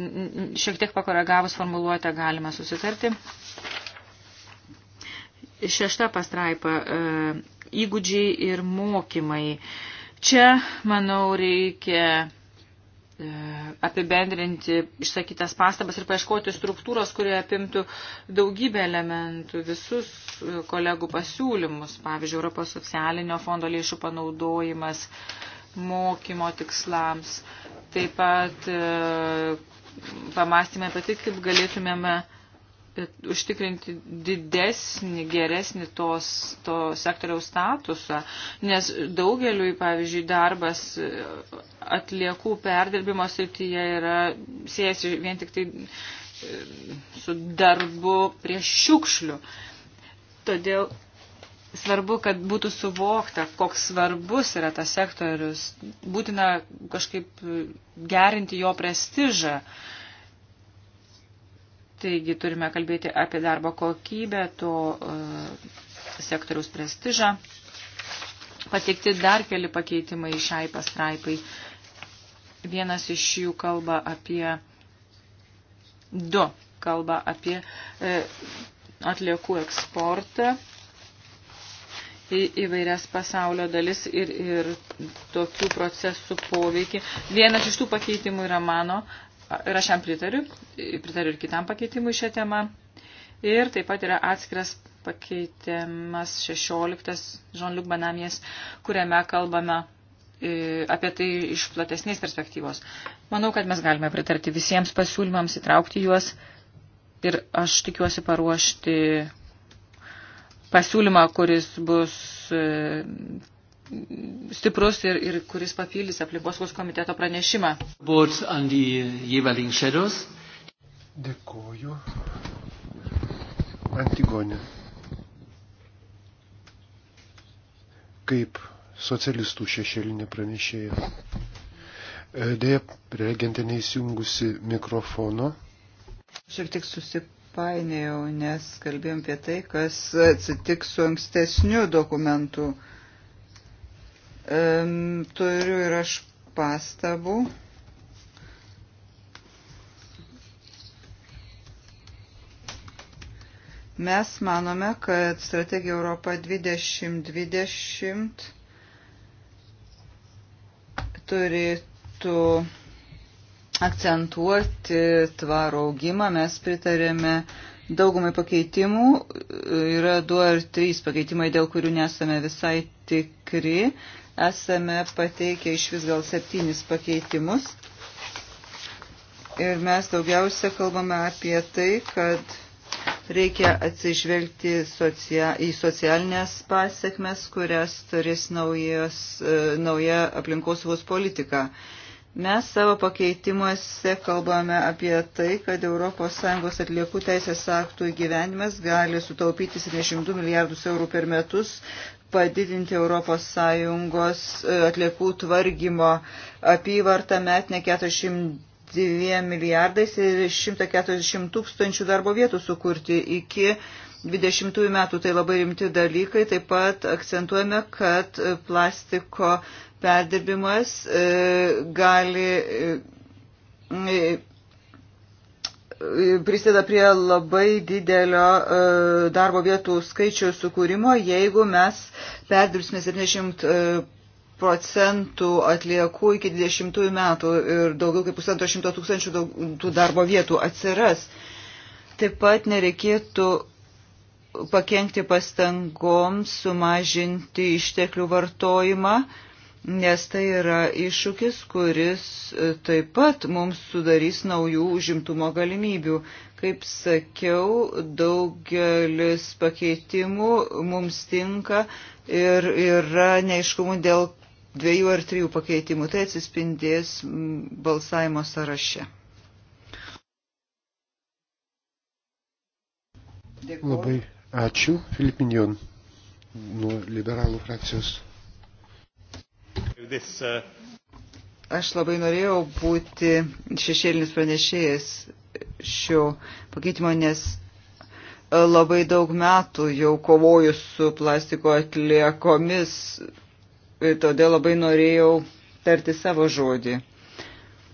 S4: šiek tiek pakoregavus formuluotę galima susitarti. Šešta pastraipa e, – įgūdžiai ir mokymai. Čia, manau, reikia E, apibendrinti išsakytas pastabas ir paieškoti struktūros, kurie apimtų daugybę elementų, visus e, kolegų pasiūlymus, pavyzdžiui, Europos socialinio fondo lėšų panaudojimas mokymo tikslams, taip pat e, pamastymė apie tai, kaip galėtumėme bet užtikrinti didesnį, geresnį tos, to sektoriaus statusą, nes daugeliui, pavyzdžiui, darbas e, atliekų perdirbimo srityje yra siejasi vien tik tai e, su darbu prie šiukšlių. Todėl svarbu, kad būtų suvokta, koks svarbus yra tas sektorius. Būtina kažkaip e, gerinti jo prestižą. Uh, Taigi turime kalbėti apie darbo kokybę, to e, sektoriaus prestižą. Pateikti dar keli pakeitimai šiai pastraipai. Vienas iš jų kalba apie du, kalba apie e, atliekų eksportą į įvairias pasaulio dalis ir, ir tokių procesų poveikį. Vienas iš tų pakeitimų yra mano ir aš jam pritariu, pritariu ir kitam pakeitimui šią temą. Ir taip pat yra atskiras pakeitimas 16 Jean-Luc Banamies, kuriame kalbame e, apie tai iš platesnės perspektyvos. Manau, kad mes galime pritarti visiems pasiūlymams, įtraukti juos ir aš tikiuosi paruošti pasiūlymą, kuris bus e, stiprus ir, ir kuris papildys aplinkosaugos komiteto pranešimą.
S3: Dėkuoju. Antigonė. Kaip socialistų šešėlinė pranešėja. E, dėja, reagentė neįsijungusi mikrofono.
S2: Šiek tiek susipainėjau, nes kalbėjom apie tai, kas atsitiks su ankstesniu dokumentu. Uh, Turiu ir aš pastabų. Mes manome, kad strategija Europa 2020 turėtų akcentuoti tvarų augimą. Mes pritarėme daugumai pakeitimų. Yra du ar trys pakeitimai, dėl kurių nesame visai tikri esame pateikę iš vis gal septynis pakeitimus. Ir mes daugiausia kalbame apie tai, kad reikia atsižvelgti socia į socialinės pasiekmes, kurias turės naujas, e, nauja aplinkosaugos politika. politika Mes savo pakeitimuose kalbame apie tai, kad ES atliekų teisės aktų įgyvenimas gali sutaupyti 72 milijardus eurų per metus, padidinti ES e, atliekų tvargymo apyvartą metne 42 milijardais ir 140 tūkstančių darbo vietų sukurti iki 20 metų tai labai rimti dalykai. Taip pat akcentuojame, kad plastiko perdirbimas e, gali e, e, prisideda prie labai didelio darbo vietų skaičių sukūrimo, jeigu mes perdirbsime 70 procentų atliekų iki 20 metų ir daugiau kaip pusantro šimto tūkstančių tų darbo vietų atsiras. Taip pat nereikėtų pakengti pastangoms sumažinti išteklių vartojimą, uh, nes tai yra iššūkis, kuris e, taip pat mums sudarys naujų užimtumo galimybių. Kaip sakiau, daugelis pakeitimų mums tinka ir yra neiškumų dėl dviejų ar trijų pakeitimų. Tai atsispindės balsavimo sąraše.
S3: Dėkuoju. Labai ačiū, Filipinion, nuo liberalų frakcijos
S4: this, uh...
S2: Aš labai norėjau būti šešėlinis pranešėjas šio pakeitimo, nes e, labai daug metų jau kovoju su plastiko atliekomis, todėl labai norėjau tarti savo žodį.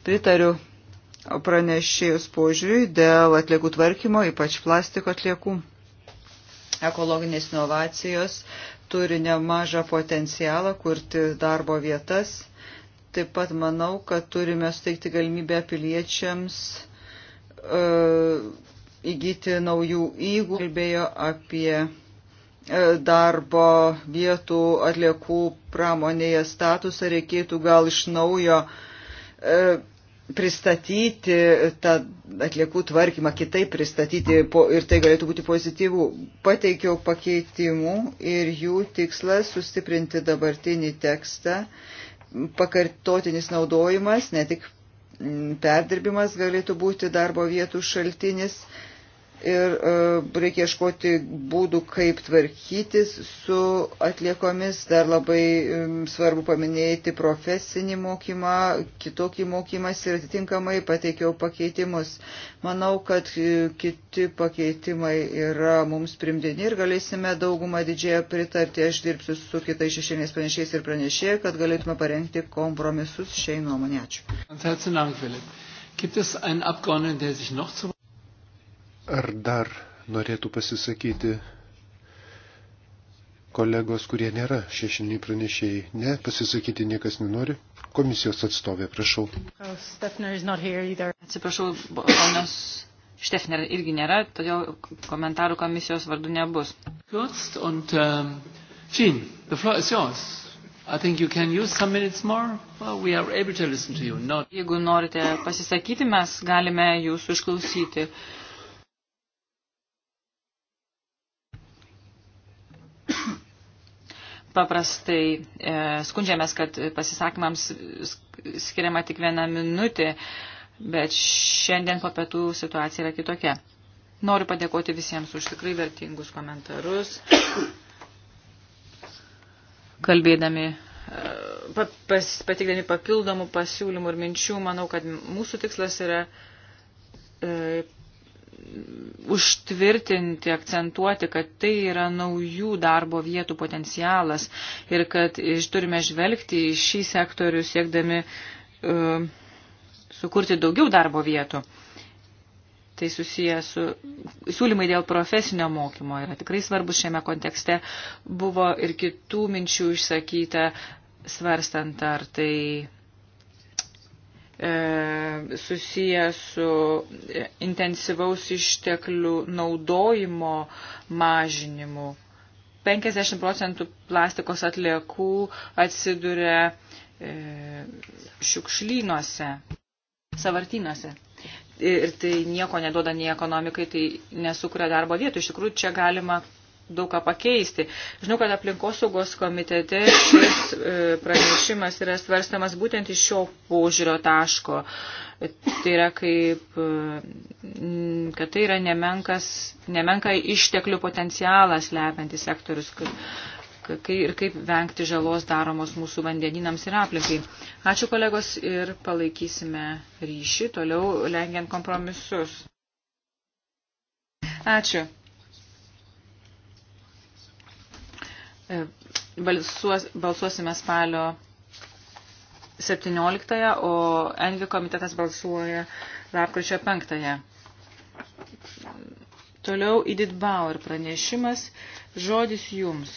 S2: Pritariu pranešėjus požiūriui dėl atliekų tvarkymo, ypač plastiko atliekų. Ekologinės inovacijos turi nemažą potencialą kurti darbo vietas. Taip pat manau, kad turime steigti galimybę piliečiams e, įgyti naujų įgūdžių. Kalbėjo apie e, darbo vietų atliekų pramonėje statusą, reikėtų gal iš naujo e, pristatyti tą atliekų tvarkymą, kitaip pristatyti po, ir tai galėtų būti pozityvų. Pateikiau pakeitimų ir jų tikslas sustiprinti dabartinį tekstą, pakartotinis naudojimas, ne tik perdirbimas galėtų būti darbo vietų šaltinis, ir e, reikia iškoti būdų, kaip tvarkytis su atliekomis. Dar labai e, svarbu paminėti profesinį mokymą, kitokį mokymąsi ir atitinkamai pateikiau pakeitimus. Manau, kad e, kiti pakeitimai yra mums primdini ir galėsime daugumą didžiąją pritarti. Aš dirbsiu su kitais šešėlės panešiais ir pranešėjai, kad galėtume parengti kompromisus šiai nuomonė. Ačiū.
S1: Gibt es einen Abgeordneten, der sich noch zu
S3: Ar dar norėtų pasisakyti kolegos, kurie nėra šešiniai pranešėjai? Ne, pasisakyti niekas nenori. Komisijos atstovė, prašau.
S4: Atsiprašau, ponios Štefner irgi nėra, todėl komentarų komisijos vardu nebus.
S1: Und, um, Jean, the floor is yours. I think you can use some minutes more. Well, we are able to listen to you. Not... Jeigu norite
S4: pasisakyti, mes galime jūsų išklausyti. Uh, paprastai e, skundžiamės, kad pasisakymams skiriama tik viena minutė, bet šiandien po pietų situacija yra kitokia. Noriu padėkoti visiems už tikrai vertingus komentarus. Kalbėdami, e, pas, patikdami papildomų pasiūlymų ir minčių, manau, kad mūsų tikslas yra e, užtvirtinti, akcentuoti, kad tai yra naujų darbo vietų potencialas ir kad turime žvelgti į šį sektorių siekdami uh, sukurti daugiau darbo vietų. Tai susiję su siūlymai dėl profesinio mokymo yra tikrai svarbus šiame kontekste. Buvo ir kitų minčių išsakyta, svarstant ar tai E, susiję su e, intensyvaus išteklių naudojimo mažinimu. 50 procentų plastikos atliekų atsiduria e, šiukšlynuose, savartynuose. Ir tai nieko neduoda nei ekonomikai, tai nesukuria darbo vietų. Iš tikrųjų, čia galima daug ką pakeisti. Žinau, kad aplinkosaugos komitete šis e, pranešimas yra svarstamas būtent iš šio požiūrio taško. Tai yra kaip, e, kad tai yra nemenkas, nemenka išteklių potencialas lepiantis sektorius, kai, ir kaip vengti žalos daromos mūsų vandeninams ir aplinkai. Ačiū kolegos ir palaikysime ryšį toliau lengiant kompromisus. Ačiū. E, balsuos, balsuosime spalio 17, o Envi komitetas balsuoja lapkričio 5. Toliau Edith Bauer pranešimas. Žodis jums.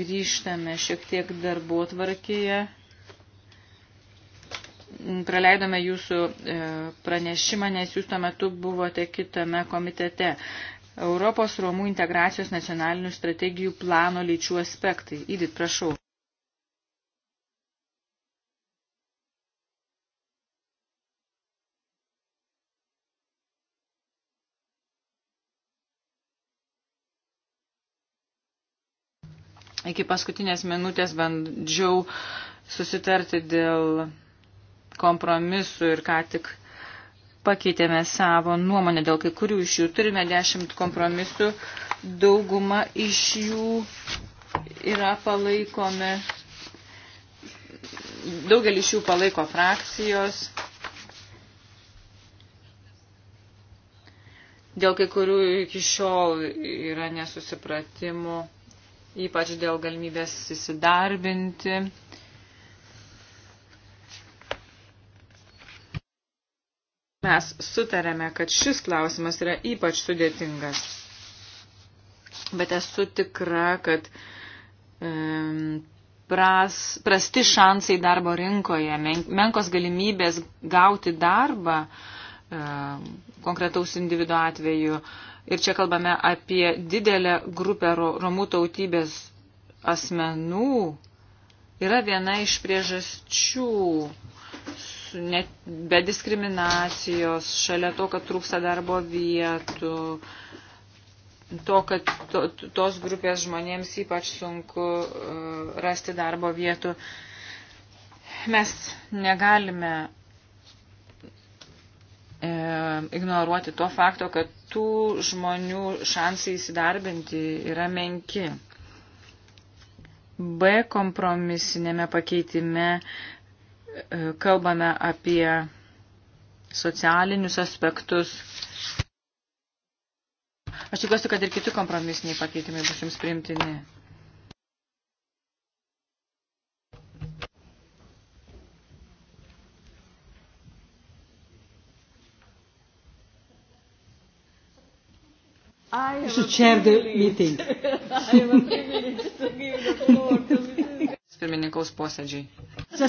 S4: Grįžtame šiek tiek darbo tvarkėje. Praleidome jūsų e, pranešimą, nes jūs tuo metu buvote kitame komitete. Europos Romų integracijos nacionalinių strategijų plano lyčių aspektai. Įdit, prašau. Iki paskutinės minutės bandžiau susitarti dėl kompromisų ir ką tik pakeitėme savo nuomonę dėl kai kurių iš jų. Turime dešimt kompromisų, dauguma iš jų yra palaikomi, daugelį iš jų palaiko frakcijos. Dėl kai kurių iki šiol yra nesusipratimų, ypač dėl galimybės įsidarbinti Mes sutarėme, kad šis klausimas yra ypač sudėtingas. Bet esu tikra, kad um, pras, prasti šansai darbo rinkoje, men, menkos galimybės gauti darbą um, konkretaus individuo atveju. Ir čia kalbame apie didelę grupę romų tautybės asmenų. Yra viena iš priežasčių net be diskriminacijos, šalia to, kad trūksta darbo vietų, to, kad to, tos grupės žmonėms ypač sunku uh, rasti darbo vietų. Mes negalime e, ignoruoti to fakto, kad tų žmonių šansai įsidarbinti yra menki. B kompromisinėme pakeitime e, E, kalbame apie socialinius aspektus. Aš tikiuosi, kad ir kiti kompromisiniai pakeitimai bus jums priimtini.
S1: I you should chair the meeting. I am privileged <laughs> to give the floor to
S4: pirmininkaus posėdžiai. Uh,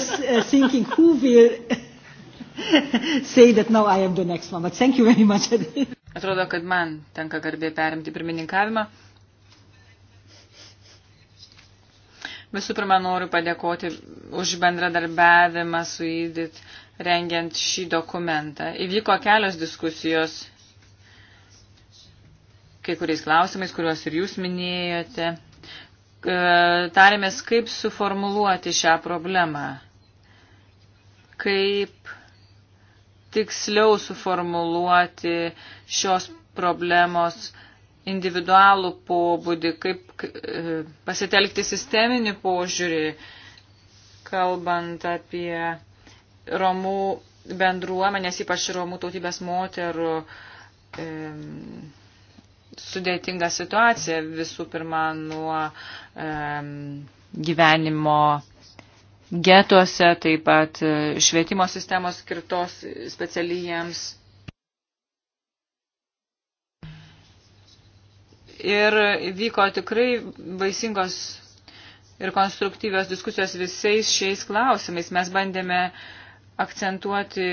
S4: <laughs> <laughs> Atrodo, kad man tenka garbė perimti pirmininkavimą. Visų pirma, noriu padėkoti už bendradarbiavimą su įdit rengiant šį dokumentą. Įvyko kelios diskusijos kai kuriais klausimais, kuriuos ir jūs minėjote. E, tarėmės, kaip suformuluoti šią problemą, kaip tiksliau suformuluoti šios problemos individualų pobūdį, kaip e, pasitelkti sisteminį požiūrį, kalbant apie Romų bendruomenės, ypač Romų tautybės moterų. E, sudėtingą situaciją visų pirma nuo e, gyvenimo getuose, taip pat e, švietimo sistemos skirtos specialijams. Ir vyko tikrai vaisingos ir konstruktyvios diskusijos visais šiais klausimais. Mes bandėme akcentuoti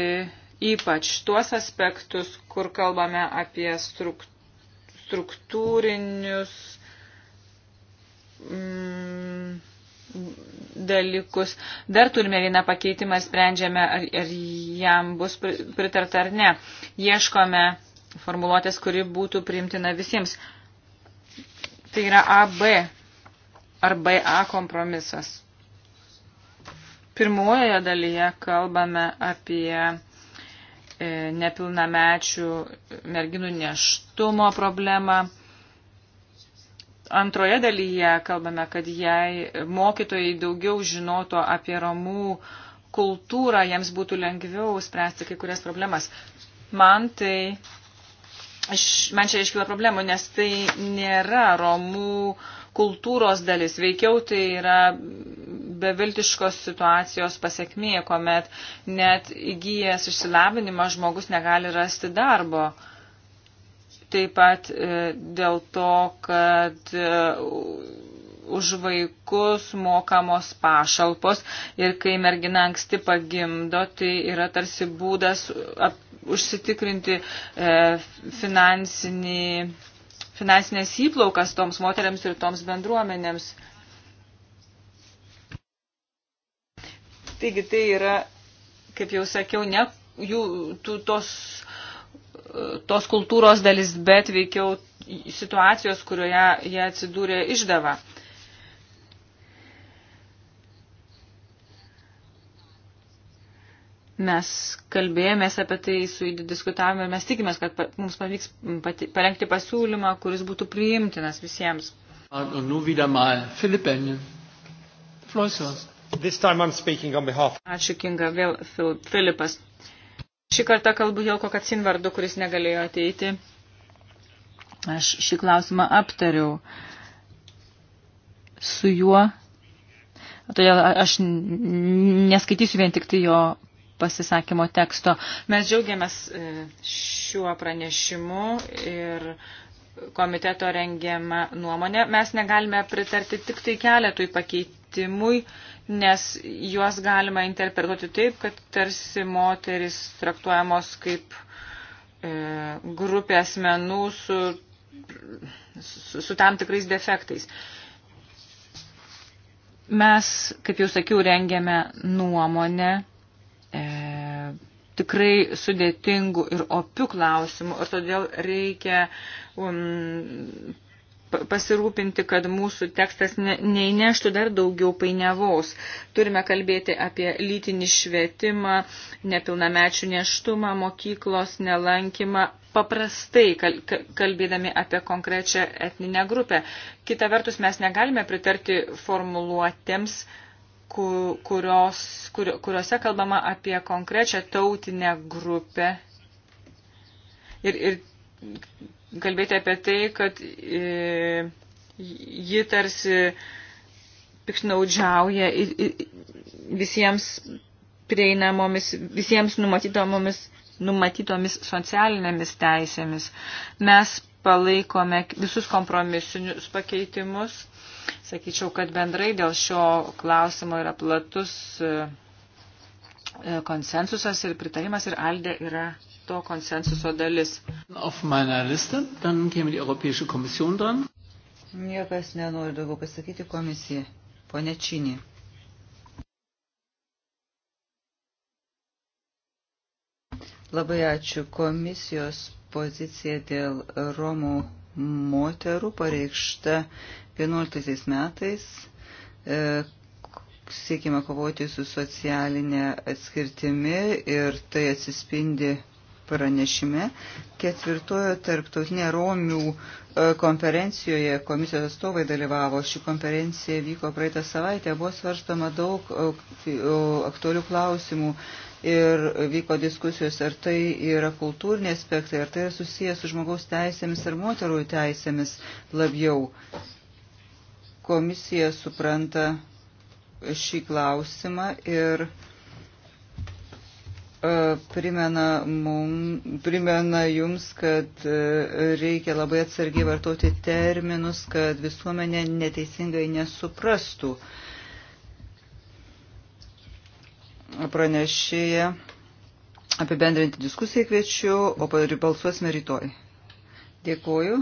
S4: ypač tuos aspektus, kur kalbame apie struktūrą struktūrinius mm, dalykus. Dar turime vieną pakeitimą ir sprendžiame, ar, ar jam bus pritarta ar ne. Ieškome formuluotės, kuri būtų priimtina visiems. Tai yra AB ar BA kompromisas. Pirmojoje dalyje kalbame apie E, nepilnamečių merginų neštumo problemą. Antroje dalyje kalbame, kad jei mokytojai daugiau žinoto apie romų kultūrą, jiems būtų lengviau spręsti kai kurias problemas. Man tai, aš, man čia iškyla problemų, nes tai nėra romų uh, kultūros dalis. Veikiau tai yra beviltiškos situacijos pasiekmė, kuomet net įgyjęs išsilavinimą žmogus negali rasti darbo. Taip pat e, dėl to, kad e, už vaikus mokamos pašalpos ir kai mergina anksti pagimdo, tai yra tarsi būdas ap, užsitikrinti e, finansinį finansinės įplaukas toms moteriams ir toms bendruomenėms. Taigi tai yra, kaip jau sakiau, ne jų, tų, tos, tos kultūros dalis, bet veikiau situacijos, kurioje jie atsidūrė išdava. Uh, Mes kalbėjomės apie tai, su jį diskutavome ir mes tikimės, kad pa, mums pavyks pati, parengti pasiūlymą, kuris būtų priimtinas visiems. Nu, Ačiū, Kinga, vėl Fil Filipas. Šį kartą kalbu Jelko Kacin vardu, kuris negalėjo ateiti. Aš šį klausimą aptariau su juo Todėl aš neskaitysiu vien tik tai jo pasisakymo teksto. Mes džiaugiamės e, šiuo pranešimu ir komiteto rengiama nuomonė. Mes negalime pritarti tik tai keletui pakeitimui, nes juos galima interpretuoti taip, kad tarsi moteris traktuojamos kaip e, grupė asmenų su, su, su tam tikrais defektais. Mes, kaip jau sakiau, rengiame nuomonę e, tikrai sudėtingų ir opių klausimų ir todėl reikia um, pasirūpinti, kad mūsų tekstas ne, neįneštų dar daugiau painiavaus. Turime kalbėti apie lytinį švietimą, nepilnamečių neštumą, mokyklos nelankymą, paprastai kalbėdami apie konkrečią etninę grupę. Kita vertus, mes negalime pritarti formuluotėms, kurios, kur, kuriuose kalbama apie konkrečią tautinę grupę. Ir, ir kalbėti apie tai, kad e, ji tarsi piknaudžiauja visiems prieinamomis, visiems numatytomomis, numatytomis socialinėmis teisėmis. Mes palaikome visus kompromisinius pakeitimus Sakyčiau, kad bendrai dėl šio klausimo yra platus e, e, konsensusas ir pritarimas ir Aldė yra to konsensuso dalis.
S2: Niekas nenori daugiau pasakyti komisija. Pone Činė. Labai ačiū komisijos pozicija dėl Romų moterų pareikšta 2011 metais e, siekime kovoti su socialinė atskirtimi ir tai atsispindi pranešime. Ketvirtojo tarptautinė Romių e, konferencijoje komisijos atstovai dalyvavo. Ši konferencija vyko praeitą savaitę, buvo svarstama daug e, aktualių klausimų ir vyko diskusijos, ar tai yra kultūriniai aspektai, ar tai yra susijęs su žmogaus teisėmis ir moterų teisėmis labiau. Komisija supranta šį klausimą ir e, primena, mum, primena jums, kad e, reikia labai atsargiai vartoti terminus, kad visuomenė neteisingai nesuprastų. Pranešėję apibendrinti diskusiją kviečiu, o balsuosime rytoj. Dėkuoju.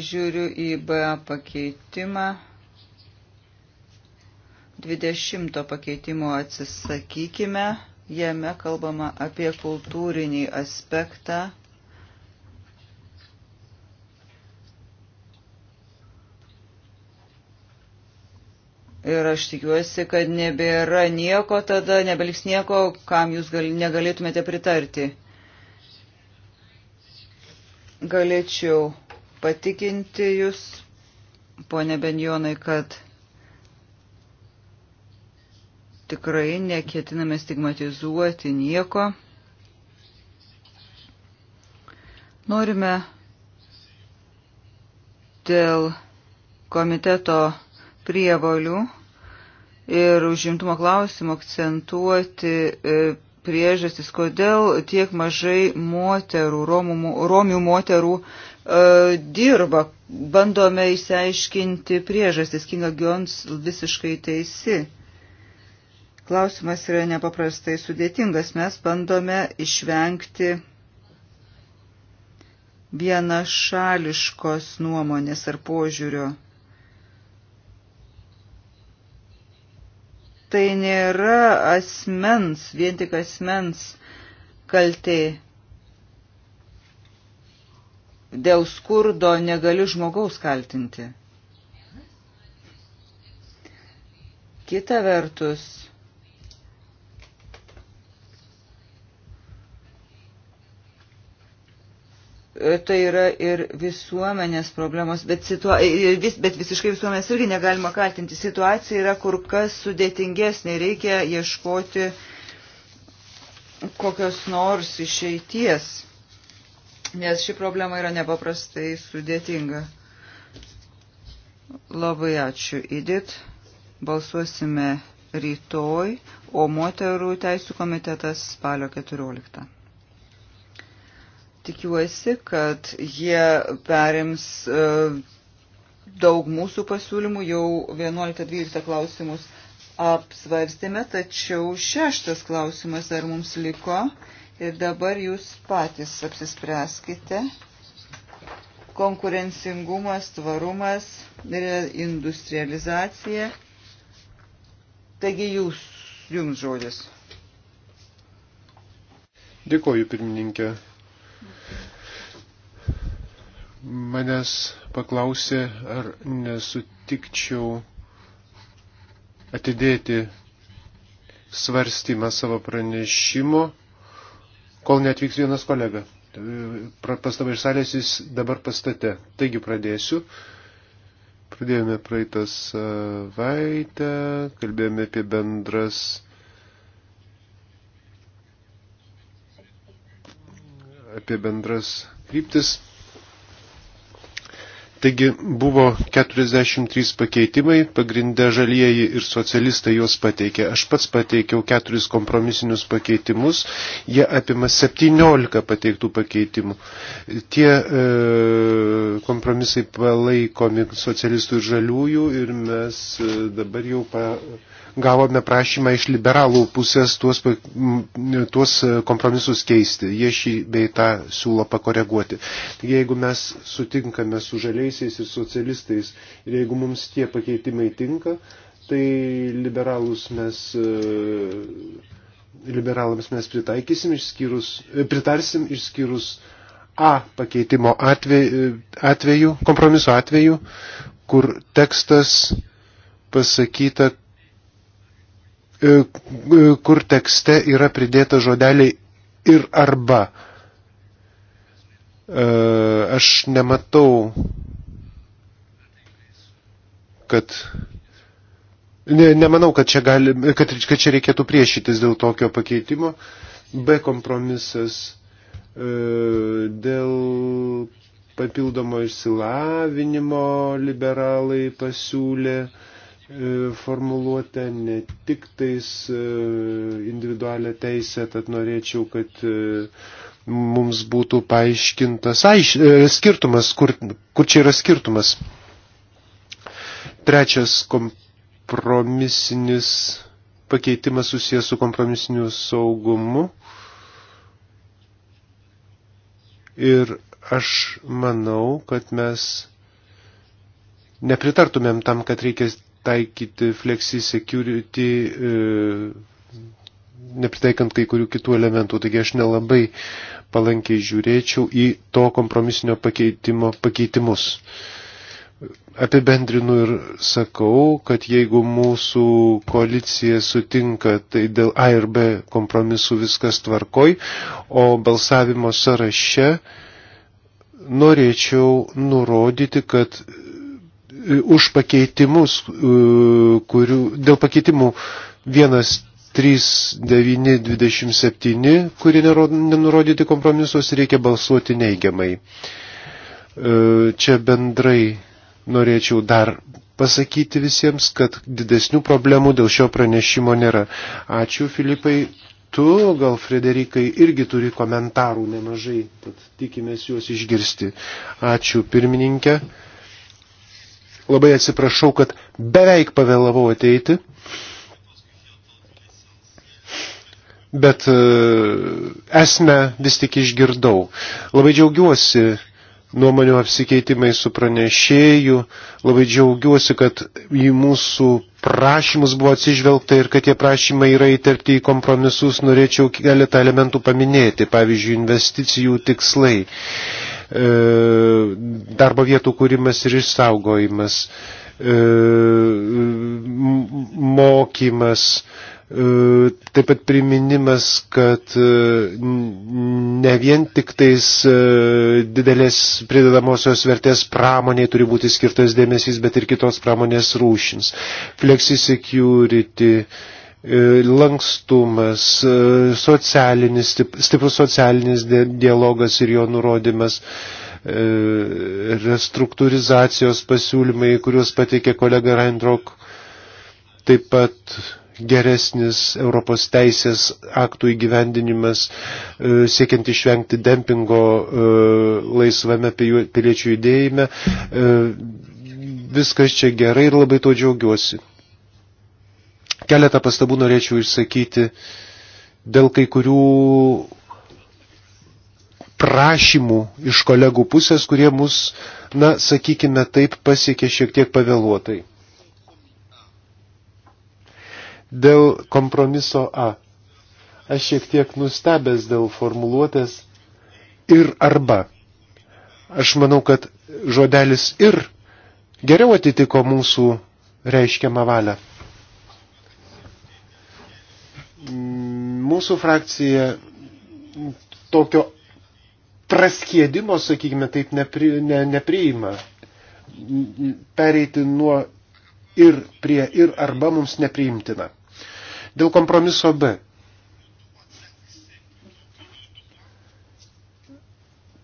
S2: Žiūriu į B pakeitimą. 20 pakeitimo atsisakykime. Jame kalbama apie kultūrinį aspektą. Ir aš tikiuosi, kad nebėra nieko tada, nebeliks nieko, kam jūs gal, negalėtumėte pritarti. Galėčiau patikinti jūs, ponė Benjonai, kad tikrai neketiname stigmatizuoti nieko. Norime dėl komiteto prievolių ir užimtumo klausimų akcentuoti e, priežastis, kodėl tiek mažai moterų, romių moterų E, dirba. Bandome įsiaiškinti priežastis. Kinga Gions visiškai teisi. Klausimas yra nepaprastai sudėtingas. Mes bandome išvengti vienašališkos nuomonės ar požiūrio. Tai nėra asmens, vien tik asmens kaltė dėl skurdo negali žmogaus kaltinti. Kita vertus, tai yra ir visuomenės problemos, bet, situa vis, bet visiškai visuomenės irgi negalima kaltinti. Situacija yra kur kas sudėtingesnė, reikia ieškoti kokios nors išeities nes ši problema yra nepaprastai sudėtinga. Labai ačiū, Idit. Balsuosime rytoj, o moterų teisų komitetas spalio 14. Tikiuosi, kad jie perims e, daug mūsų pasiūlymų, jau 11-12 klausimus apsvarstėme, tačiau šeštas klausimas dar mums liko. Ir dabar jūs patys apsispręskite. Konkurencingumas, tvarumas, industrializacija. Taigi jūs, jums
S3: žodis. Dėkoju, pirmininkė. Manęs paklausė, ar nesutikčiau atidėti svarstymą savo pranešimo kol netvyks vienas kolega. Pastaba iš salės jis dabar pastate. Taigi pradėsiu. Pradėjome praeitą savaitę, kalbėjome apie bendras apie bendras kryptis Taigi buvo 43 pakeitimai, pagrindę žalieji ir socialistai juos pateikė. Aš pats pateikiau keturis kompromisinius pakeitimus, jie apima 17 pateiktų pakeitimų. Tie e, kompromisai palaikomi socialistų ir žaliųjų ir mes e, dabar jau pa, gavome prašymą iš liberalų pusės tuos, tuos e, kompromisus keisti. Jie šį bei tą siūlo pakoreguoti. Taigi, jeigu mes sutinkame su žaliaisiais ir socialistais ir jeigu mums tie pakeitimai tinka, tai liberalus mes. E, liberalams mes pritaikysim, išskyrus, e, pritarsim išskyrus A pakeitimo atveju, atveju kompromiso atveju, kur tekstas pasakyta, E, e, kur tekste yra pridėta žodeliai ir arba. E, aš nematau, kad. Ne, nemanau, kad čia, gali, kad, kad čia reikėtų priešytis dėl tokio pakeitimo. B kompromisas dėl papildomo išsilavinimo liberalai pasiūlė E, formuluotę, ne tik tais e, individualią teisę, tad norėčiau, kad e, mums būtų paaiškintas aiš, skirtumas, kur, kur čia yra skirtumas. Trečias kompromisinis pakeitimas susijęs su kompromisiniu saugumu. Ir aš manau, kad mes nepritartumėm tam, kad reikia taikyti flexi security, e, nepritaikant kai kurių kitų elementų. Taigi aš nelabai palankiai žiūrėčiau į to kompromisinio pakeitimo pakeitimus. Apibendrinu ir sakau, kad jeigu mūsų koalicija sutinka, tai dėl A ir B kompromisų viskas tvarkoj, o balsavimo sąraše norėčiau nurodyti, kad už pakeitimus, e, kurių, dėl pakeitimų 1, 3, 9, 27, kurie nenurodyti kompromisus, reikia balsuoti neigiamai. E, čia bendrai norėčiau dar pasakyti visiems, kad didesnių problemų dėl šio pranešimo nėra. Ačiū, Filipai. Tu, gal Frederikai, irgi turi komentarų nemažai, tad tikimės juos išgirsti. Ačiū, pirmininkė. Labai atsiprašau, kad beveik pavėlavau ateiti. Bet e, esmę vis tik išgirdau. Labai džiaugiuosi nuomonių apsikeitimai su pranešėju. Labai džiaugiuosi, kad į mūsų prašymus buvo atsižvelgta ir kad tie prašymai yra įterpti į kompromisus. Norėčiau keletą elementų paminėti, pavyzdžiui, investicijų tikslai. E, darbo vietų kūrimas ir išsaugojimas, e, mokymas, e, taip pat priminimas, kad ne vien tik tais didelės pridedamosios vertės pramoniai turi būti skirtas dėmesys, bet ir kitos pramonės rūšins. Flexi security, E, lankstumas, e, socialinis, stiprus socialinis dialogas ir jo nurodymas, e, restruktūrizacijos pasiūlymai, kuriuos pateikė kolega Reindrok, taip pat geresnis Europos teisės aktų įgyvendinimas, siekiant išvengti dempingo laisvame piliečių judėjime. Viskas čia gerai ir labai to džiaugiuosi. Keletą pastabų norėčiau išsakyti dėl kai kurių prašymų iš kolegų pusės, kurie mus, na, sakykime, taip pasiekė šiek tiek pavėluotai. Dėl kompromiso A. Aš šiek tiek nustebęs dėl formuluotės ir arba. Aš manau, kad žodelis ir geriau atitiko mūsų reiškiamą valią. Mūsų frakcija tokio praskėdimo, sakykime, taip nepri, ne, nepriima. Pereiti nuo ir prie ir arba mums nepriimtina. Dėl kompromiso B.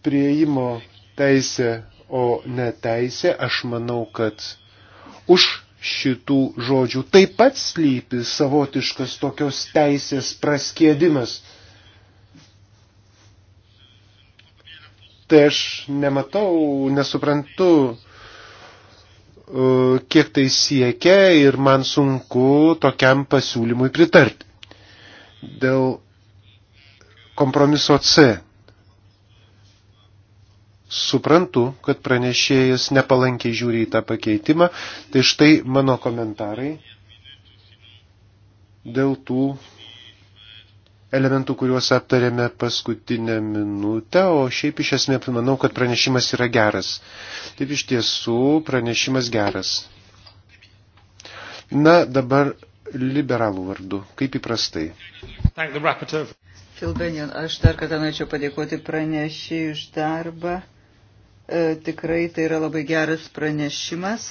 S3: Prieimo teisė, o ne teisė, aš manau, kad už šitų žodžių taip pat slypi savotiškas tokios teisės praskėdimas. Tai aš nematau, nesuprantu, uh, kiek tai siekia ir man sunku tokiam pasiūlymui pritarti. Dėl kompromiso C suprantu, kad pranešėjas nepalankiai žiūri į tą pakeitimą, tai štai mano komentarai dėl tų elementų, kuriuos aptarėme paskutinę minutę, o šiaip iš esmės manau, kad pranešimas yra geras. Taip iš tiesų, pranešimas geras. Na, dabar liberalų vardu, kaip įprastai.
S2: Filbenion, aš dar kartą norėčiau padėkoti pranešį už darbą. E, tikrai tai yra labai geras pranešimas.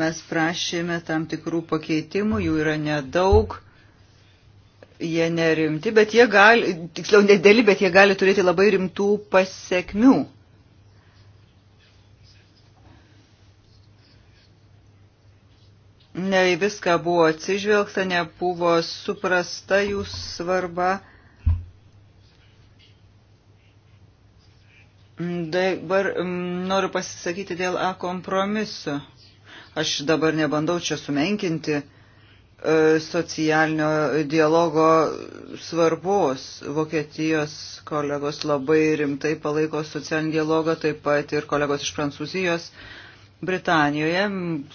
S2: Mes prašėme tam tikrų pakeitimų, jų yra nedaug. Jie nerimti, bet jie gali, tiksliau nedėli, bet jie gali turėti labai rimtų pasiekmių. ne į viską buvo atsižvelgta, nebuvo suprasta jų svarba. Dabar mm, noriu pasisakyti dėl A kompromiso. Aš dabar nebandau čia sumenkinti e, socialinio dialogo svarbos. Vokietijos kolegos labai rimtai palaiko socialinį dialogą, taip pat ir kolegos iš Prancūzijos. Britanijoje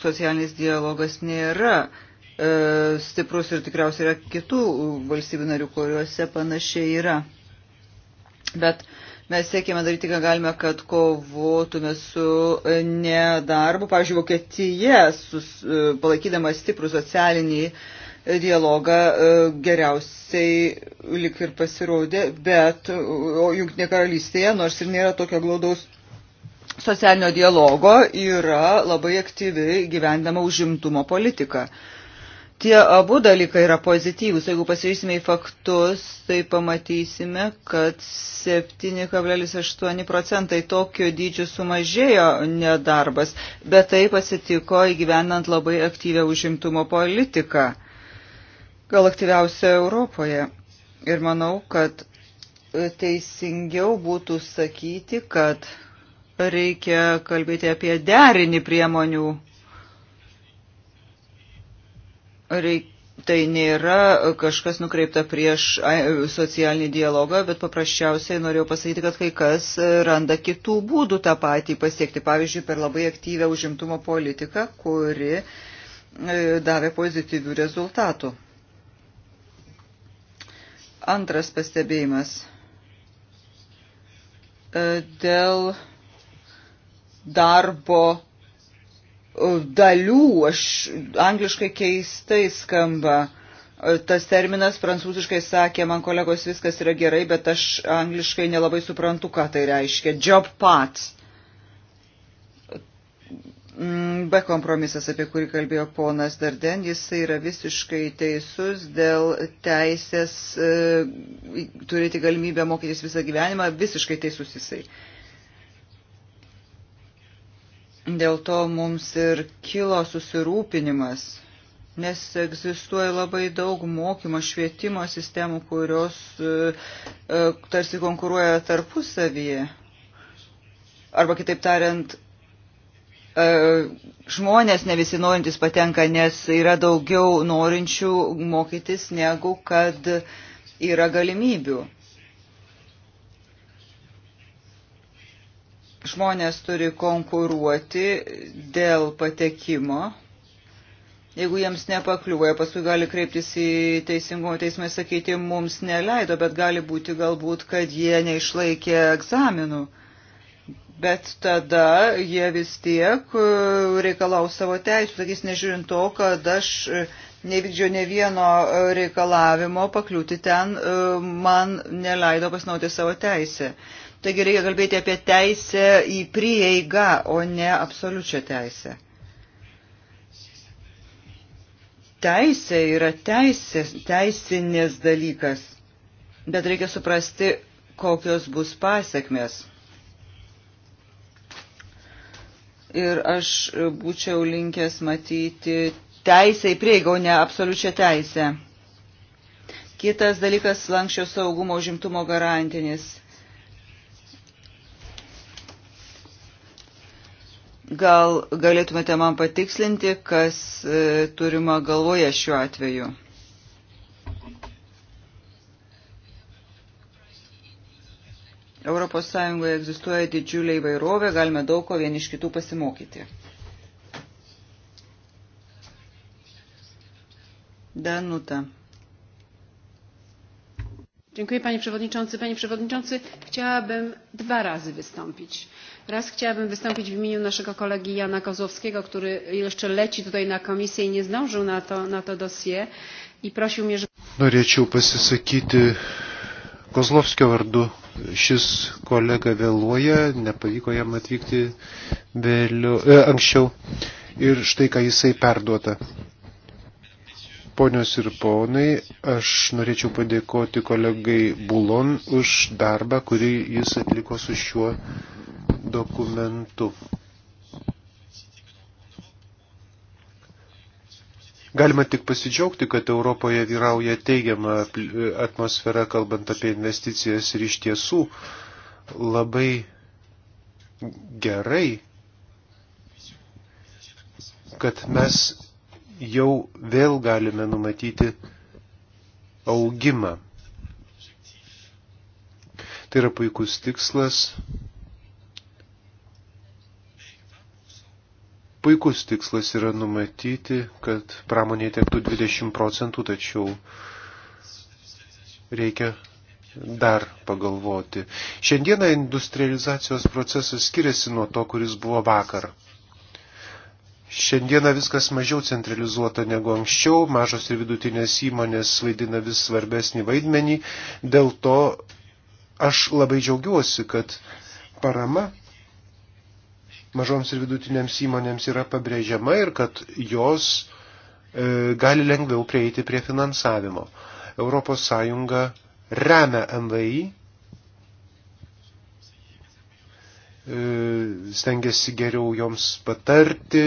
S2: socialinis dialogas nėra e, stiprus ir tikriausiai yra kitų valstybių narių, kuriuose panašiai yra. Bet e, Mes siekime daryti, ką galime, kad kovotume su e, nedarbu. Pavyzdžiui, Vokietija, sus, e, palaikydama stiprų socialinį dialogą, e, geriausiai lik ir pasirodė, bet Junktinė karalystėje, nors ir nėra tokio glaudaus socialinio dialogo, yra labai aktyvi gyvendama užimtumo politika. Už Tie abu dalykai yra pozityvūs. Jeigu pasižiūrėsime į faktus, tai pamatysime, kad 7,8 procentai tokio dydžio sumažėjo nedarbas, bet tai pasitiko įgyvenant labai aktyvę užimtumo politiką, gal aktyviausia Europoje. Ir manau, kad e, teisingiau būtų sakyti, kad reikia kalbėti apie derinį priemonių Reik, tai nėra kažkas nukreipta prieš socialinį dialogą, bet paprasčiausiai norėjau pasakyti, kad kai kas randa kitų būdų tą patį pasiekti. Pavyzdžiui, per labai aktyvę užimtumo politiką, kuri e, davė pozityvių rezultatų. Antras pastebėjimas. E, dėl darbo dalių, aš angliškai keistai skamba e, tas terminas, prancūziškai sakė, man kolegos viskas yra gerai, bet aš angliškai nelabai suprantu, ką tai reiškia. Job pats. Mm, be kompromisas, apie kurį kalbėjo ponas Darden, jis yra visiškai teisus dėl teisės e, turėti galimybę mokytis visą gyvenimą, visiškai teisus jisai. E, Dėl to mums ir kilo susirūpinimas, nes egzistuoja labai daug mokymo švietimo sistemų, kurios e, e, tarsi konkuruoja tarpusavyje. Arba kitaip tariant, e, žmonės ne visi norintys patenka, nes yra daugiau norinčių mokytis negu kad yra galimybių. žmonės turi konkuruoti dėl patekimo. Jeigu jiems nepakliuoja, paskui gali kreiptis į teisingumo teismą ir sakyti, mums neleido, bet gali būti galbūt, kad jie neišlaikė egzaminų. Bet tada jie vis tiek e, reikalaus savo teisų, sakys, nežiūrint to, kad aš e, nevykdžiau ne vieno e, reikalavimo pakliūti ten, man neleido pasinauti savo teisę. Taigi reikia kalbėti apie teisę į prieigą, o ne absoliučią teisę. Teisė yra teisės, teisinės dalykas, bet reikia suprasti, kokios bus pasiekmes. Ir aš būčiau linkęs matyti teisę į prieigą, o ne absoliučią teisę. Kitas dalykas - lankščio saugumo užimtumo garantinis Gal galėtumėte man patikslinti, kas e, turima galvoje šiuo atveju? Europos Sąjungoje egzistuoja didžiulė įvairovė, galime daug ko vieni iš kitų pasimokyti. Danuta.
S4: Dziękuję Panie Przewodniczący. Panie Przewodniczący, chciałabym dwa razy wystąpić. Raz chciałabym wystąpić w imieniu naszego kolegi Jana Kozłowskiego, który jeszcze leci tutaj na komisję i nie zdążył na to, na to dosie i prosił mnie, że...
S3: Norėčiau pasisakyti Kozlovskio vardu. Šis kolega vėluoja, nepavyko jam atvykti vėliau, e, anksčiau. Ir štai ką jisai perduota. Ponios ir ponai, aš norėčiau padėkoti kolegai Bulon už darbą, kurį jis atliko su šiuo dokumentu. Galima tik pasidžiaugti, kad Europoje vyrauja teigiama atmosfera, kalbant apie investicijas ir iš tiesų labai gerai, kad mes jau vėl galime numatyti augimą. Tai yra puikus tikslas, Puikus tikslas yra numatyti, kad pramonėje tektų 20 procentų, tačiau reikia dar pagalvoti. Šiandieną industrializacijos procesas skiriasi nuo to, kuris buvo vakar. Šiandieną viskas mažiau centralizuota negu anksčiau, mažos ir vidutinės įmonės vaidina vis svarbesnį vaidmenį, dėl to aš labai džiaugiuosi, kad parama mažoms ir vidutinėms įmonėms yra pabrėžiama ir kad jos e, gali lengviau prieiti prie finansavimo. ES remia MVI, e, stengiasi geriau joms patarti,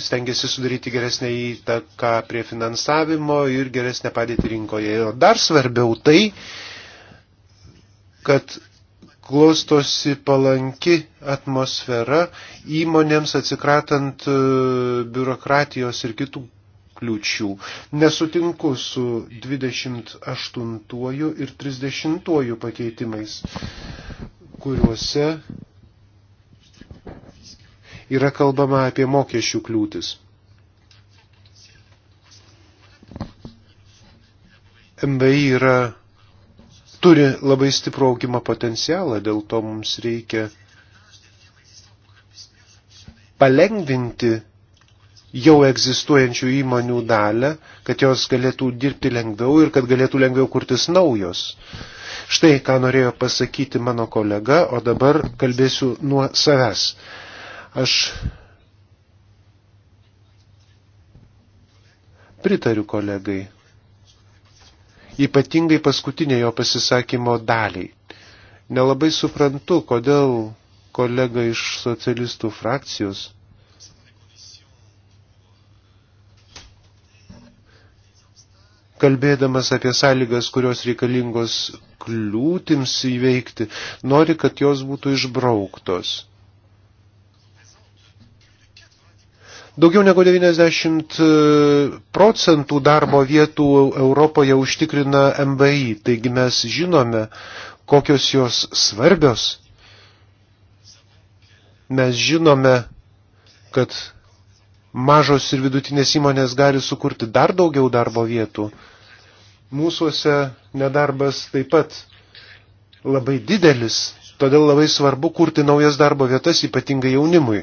S3: stengiasi sudaryti geresnę įtaką prie finansavimo ir geresnę padėtį rinkoje. Ir dar svarbiau tai, kad klostosi palanki atmosfera įmonėms atsikratant e, biurokratijos ir kitų kliučių. Nesutinku su 28 ir 30 pakeitimais, kuriuose yra kalbama apie mokesčių kliūtis. MBI yra turi labai stiprų augimo potencialą, dėl to mums reikia palengvinti jau egzistuojančių įmonių dalę, kad jos galėtų dirbti lengviau ir kad galėtų lengviau kurtis naujos. Štai ką norėjo pasakyti mano kolega, o dabar kalbėsiu nuo savęs. Aš pritariu kolegai ypatingai paskutinė jo pasisakymo daliai. Nelabai suprantu, kodėl kolega iš socialistų frakcijos kalbėdamas apie sąlygas, kurios reikalingos kliūtims įveikti, nori, kad jos būtų išbrauktos. Daugiau negu 90 e, procentų darbo vietų Europoje užtikrina MVI, taigi mes žinome, kokios jos svarbios. Mes žinome, kad mažos ir vidutinės įmonės gali sukurti dar daugiau darbo vietų. Mūsuose nedarbas taip pat labai didelis, todėl labai svarbu kurti naujas darbo vietas, ypatingai jaunimui.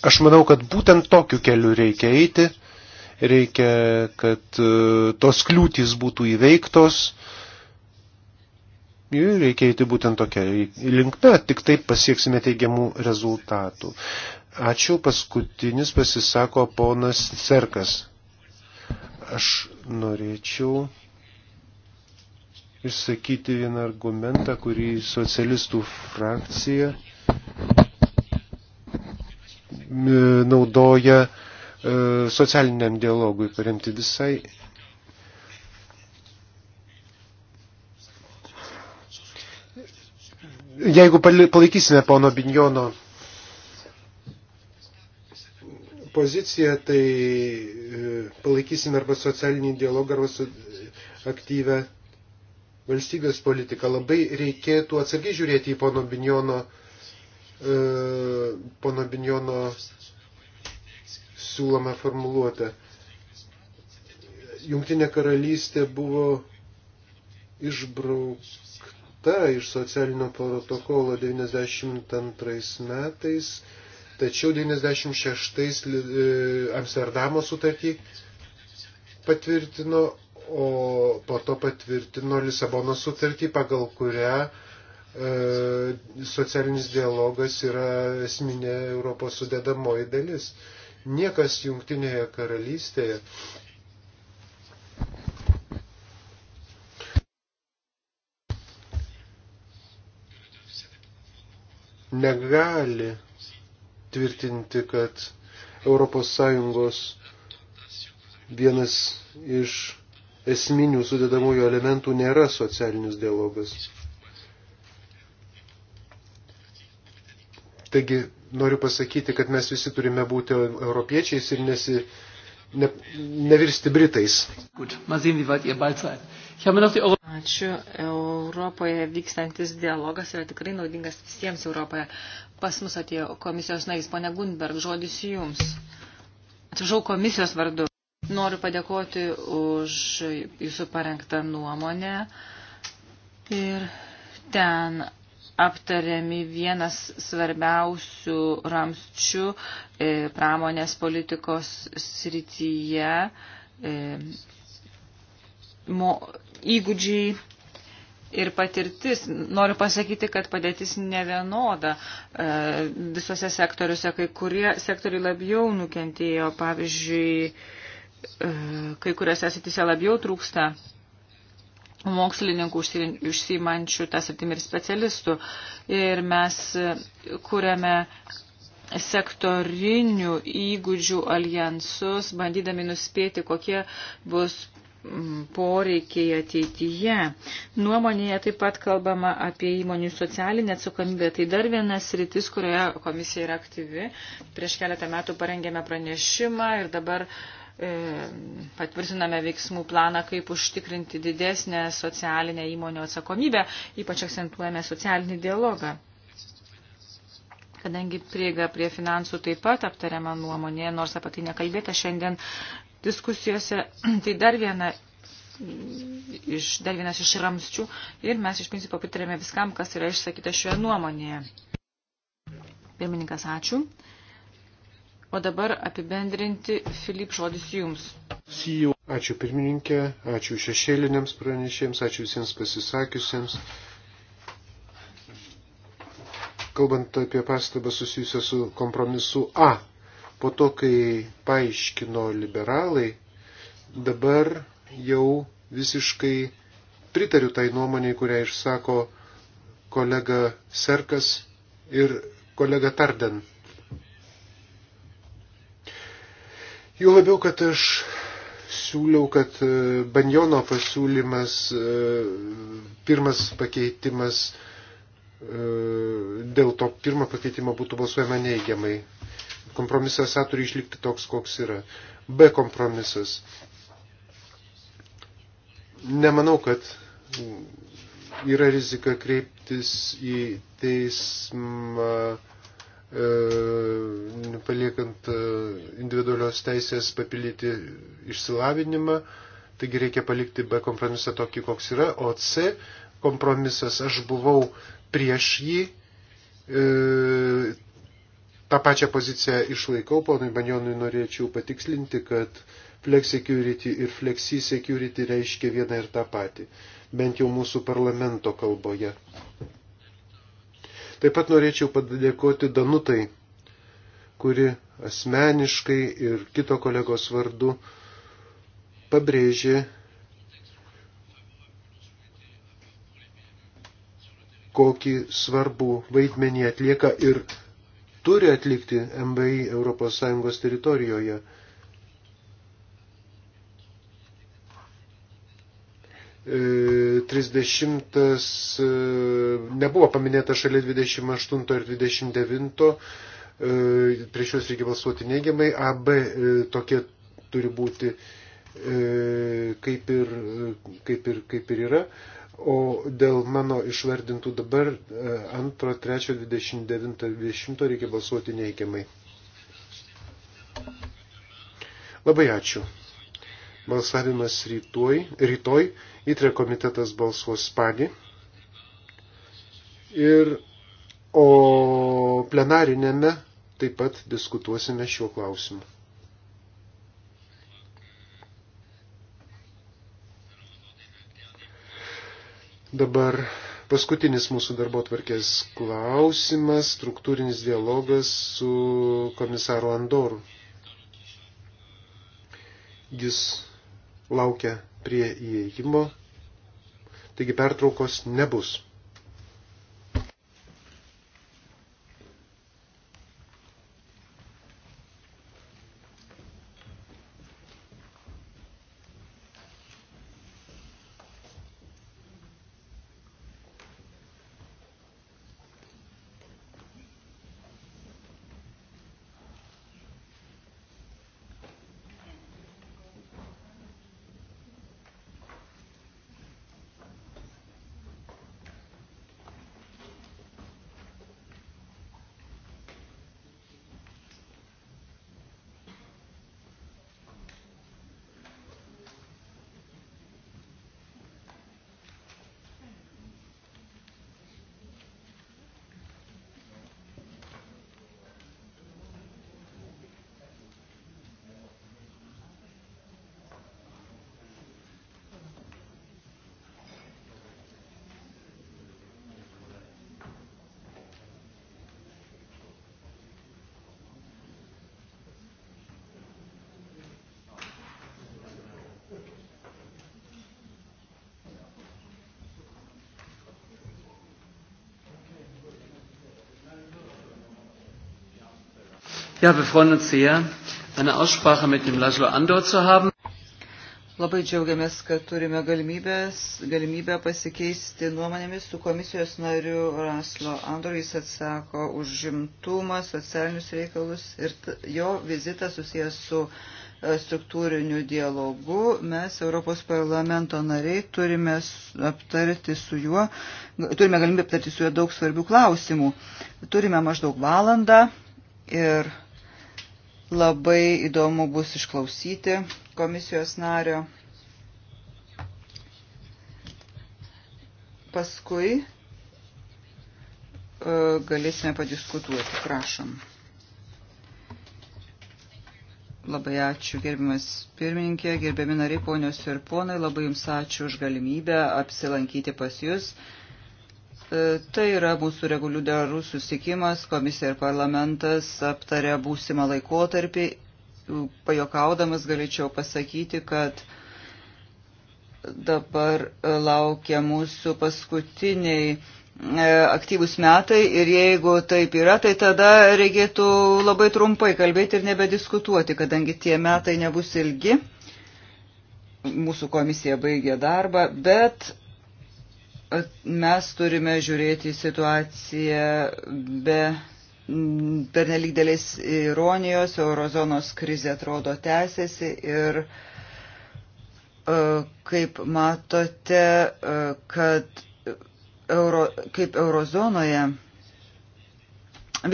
S3: Aš manau, kad būtent tokiu keliu reikia eiti, reikia, kad e, tos kliūtys būtų įveiktos ir reikia eiti būtent tokia linkme, tik taip pasieksime teigiamų rezultatų. Ačiū, paskutinis pasisako ponas Cerkas. Aš norėčiau išsakyti vieną argumentą, kurį socialistų frakcija E, naudoja e, socialiniam dialogui paremti visai. Jeigu palaikysime pono Binjono poziciją, tai e, palaikysime arba socialinį dialogą, arba aktyvę valstybės politiką. Labai reikėtų atsargiai žiūrėti į pono Binjono uh, E, pono Binjono siūloma formuluotė. Jungtinė karalystė buvo išbraukta iš socialinio protokolo 92 metais, tačiau 96 e, Amsterdamo sutartį patvirtino, o po to patvirtino Lisabono sutartį, pagal kurią E, socialinis dialogas yra esminė Europos sudėdamoji dalis. Niekas jungtinėje karalystėje negali tvirtinti, kad ES vienas iš esminių sudėdamųjų elementų nėra socialinis dialogas. Taigi noriu pasakyti, kad mes visi turime būti europiečiais ir nesi, ne, nevirsti Britais.
S4: Ačiū. Europoje vykstantis dialogas yra tikrai naudingas visiems Europoje. Pas mus atėjo komisijos narys, pone Gundberg, žodis jums. Atsižau komisijos vardu. Noriu padėkoti už jūsų parengtą nuomonę. Ir ten aptariami vienas svarbiausių ramščių e, pramonės politikos srityje e, mo, įgūdžiai ir patirtis. Noriu pasakyti, kad padėtis nevienoda e, visose sektoriuose. Kai kurie sektoriai labiau nukentėjo, pavyzdžiui, kai kuriuose srityse labiau trūksta mokslininkų užsiimančių tą sritimį ir specialistų. Ir mes e, kuriame sektorinių įgūdžių alijansus, bandydami nuspėti, kokie bus poreikiai ateityje. Nuomonėje taip pat kalbama apie įmonių socialinę atsakomybę. Tai dar vienas rytis, kurioje komisija yra aktyvi. Prieš keletą metų parengėme pranešimą ir dabar uh, E, patvirtiname veiksmų planą, kaip užtikrinti didesnę socialinę įmonių atsakomybę, ypač akcentuojame socialinį dialogą. Kadangi prieiga prie finansų taip pat aptariama nuomonė, nors apie tai nekalbėta šiandien diskusijose, <clears throat> tai dar viena iš, dar vienas iš ramsčių ir mes iš principo pritarėme viskam, kas yra išsakyta šioje nuomonėje. Pirmininkas, ačiū. O dabar apibendrinti, Filip, žodis jums.
S3: E ačiū pirmininkė, ačiū šešėliniams pranešėjams, ačiū visiems pasisakiusiems. Kalbant apie pastabą susijusią su kompromisu A, po to, kai paaiškino liberalai, dabar jau visiškai pritariu tai nuomonėj, kurią išsako kolega Serkas ir kolega Tarden. Jau labiau, kad aš siūliau, kad e, Banjono pasiūlymas, e, pirmas pakeitimas, e, dėl to pirmo pakeitimo būtų balsuojama neigiamai. Kompromisas A turi išlikti toks, koks yra. B kompromisas. Nemanau, kad yra rizika kreiptis į teismą E, paliekant e, individualios teisės papildyti išsilavinimą. Taigi reikia palikti B kompromisą tokį, koks yra, o C kompromisas aš buvau prieš jį. E, tą pačią poziciją išlaikau, ponui Banjonui norėčiau patikslinti, kad flex security ir flexi security reiškia vieną ir tą patį, bent jau mūsų parlamento kalboje. Taip pat norėčiau padėkoti Danutai, kuri asmeniškai ir kito kolegos vardu pabrėžė, kokį svarbų vaidmenį atlieka ir turi atlikti MBI ES teritorijoje. 30 e, e, nebuvo paminėta šalia 28 ir 29, prieš juos reikia balsuoti neigiamai, AB e, tokie turi būti kaip ir, kaip ir, kaip ir yra. O dėl mano išvardintų dabar 2, 3, 29, 20 reikia balsuoti neigiamai. Labai ačiū. Balsavimas rytoj. rytoj Įtrė komitetas balsuos spalį. Ir, o plenarinėme taip pat diskutuosime šiuo klausimu. Dabar paskutinis mūsų darbo tvarkės klausimas - struktūrinis dialogas su komisaru Andoru. Jis laukia prie įėjimo, taigi pertraukos nebus.
S1: Ja, wir freuen uns sehr, eine Aussprache mit dem Laszlo Andor zu haben.
S2: Labai džiaugiamės, kad
S1: turime galimybę pasikeisti nuomonėmis su
S2: komisijos nariu Raslo Andor. Jis atsako už žimtumą, socialinius reikalus ir jo vizitas susijęs su e, struktūriniu dialogu. Mes, Europos parlamento nariai, turime aptarti su juo, turime galimybę aptarti su juo daug svarbių klausimų. Turime maždaug valandą ir Labai įdomu bus išklausyti komisijos nario. Paskui e, galėsime padiskutuoti. Prašom. Labai ačiū, gerbimas pirmininkė, gerbiami nariai, ponios ir ponai, labai jums ačiū už galimybę apsilankyti pas jūs. E, tai yra mūsų reguliarus susitikimas, komisija ir parlamentas aptarė būsimą laikotarpį. Pajokaudamas galėčiau pasakyti, kad dabar laukia mūsų paskutiniai e, aktyvus metai ir jeigu taip yra, tai tada reikėtų labai trumpai kalbėti ir nebediskutuoti, kadangi tie metai nebus ilgi. Mūsų komisija baigė darbą, bet mes turime žiūrėti į situaciją be pernelyg dėlės ironijos, eurozonos krizė atrodo tęsiasi ir e, kaip matote, e, kad euro, kaip eurozonoje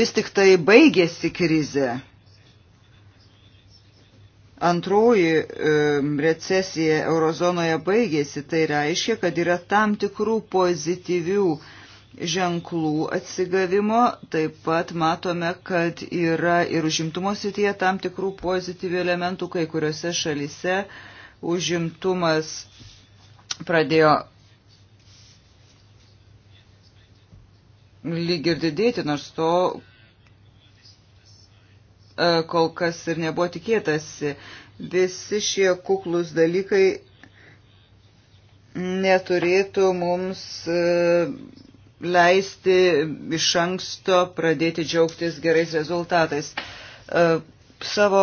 S2: vis tik tai baigėsi krizė antroji e, recesija eurozonoje baigėsi, tai reiškia, kad yra tam tikrų pozityvių ženklų atsigavimo, taip pat matome, kad yra ir užimtumo sityje tam tikrų pozityvių elementų, kai kuriuose šalise užimtumas pradėjo lyg ir didėti, nors to E, kol kas ir nebuvo tikėtasi. Visi šie kuklus dalykai neturėtų mums e, leisti iš anksto pradėti džiaugtis gerais rezultatais. E, savo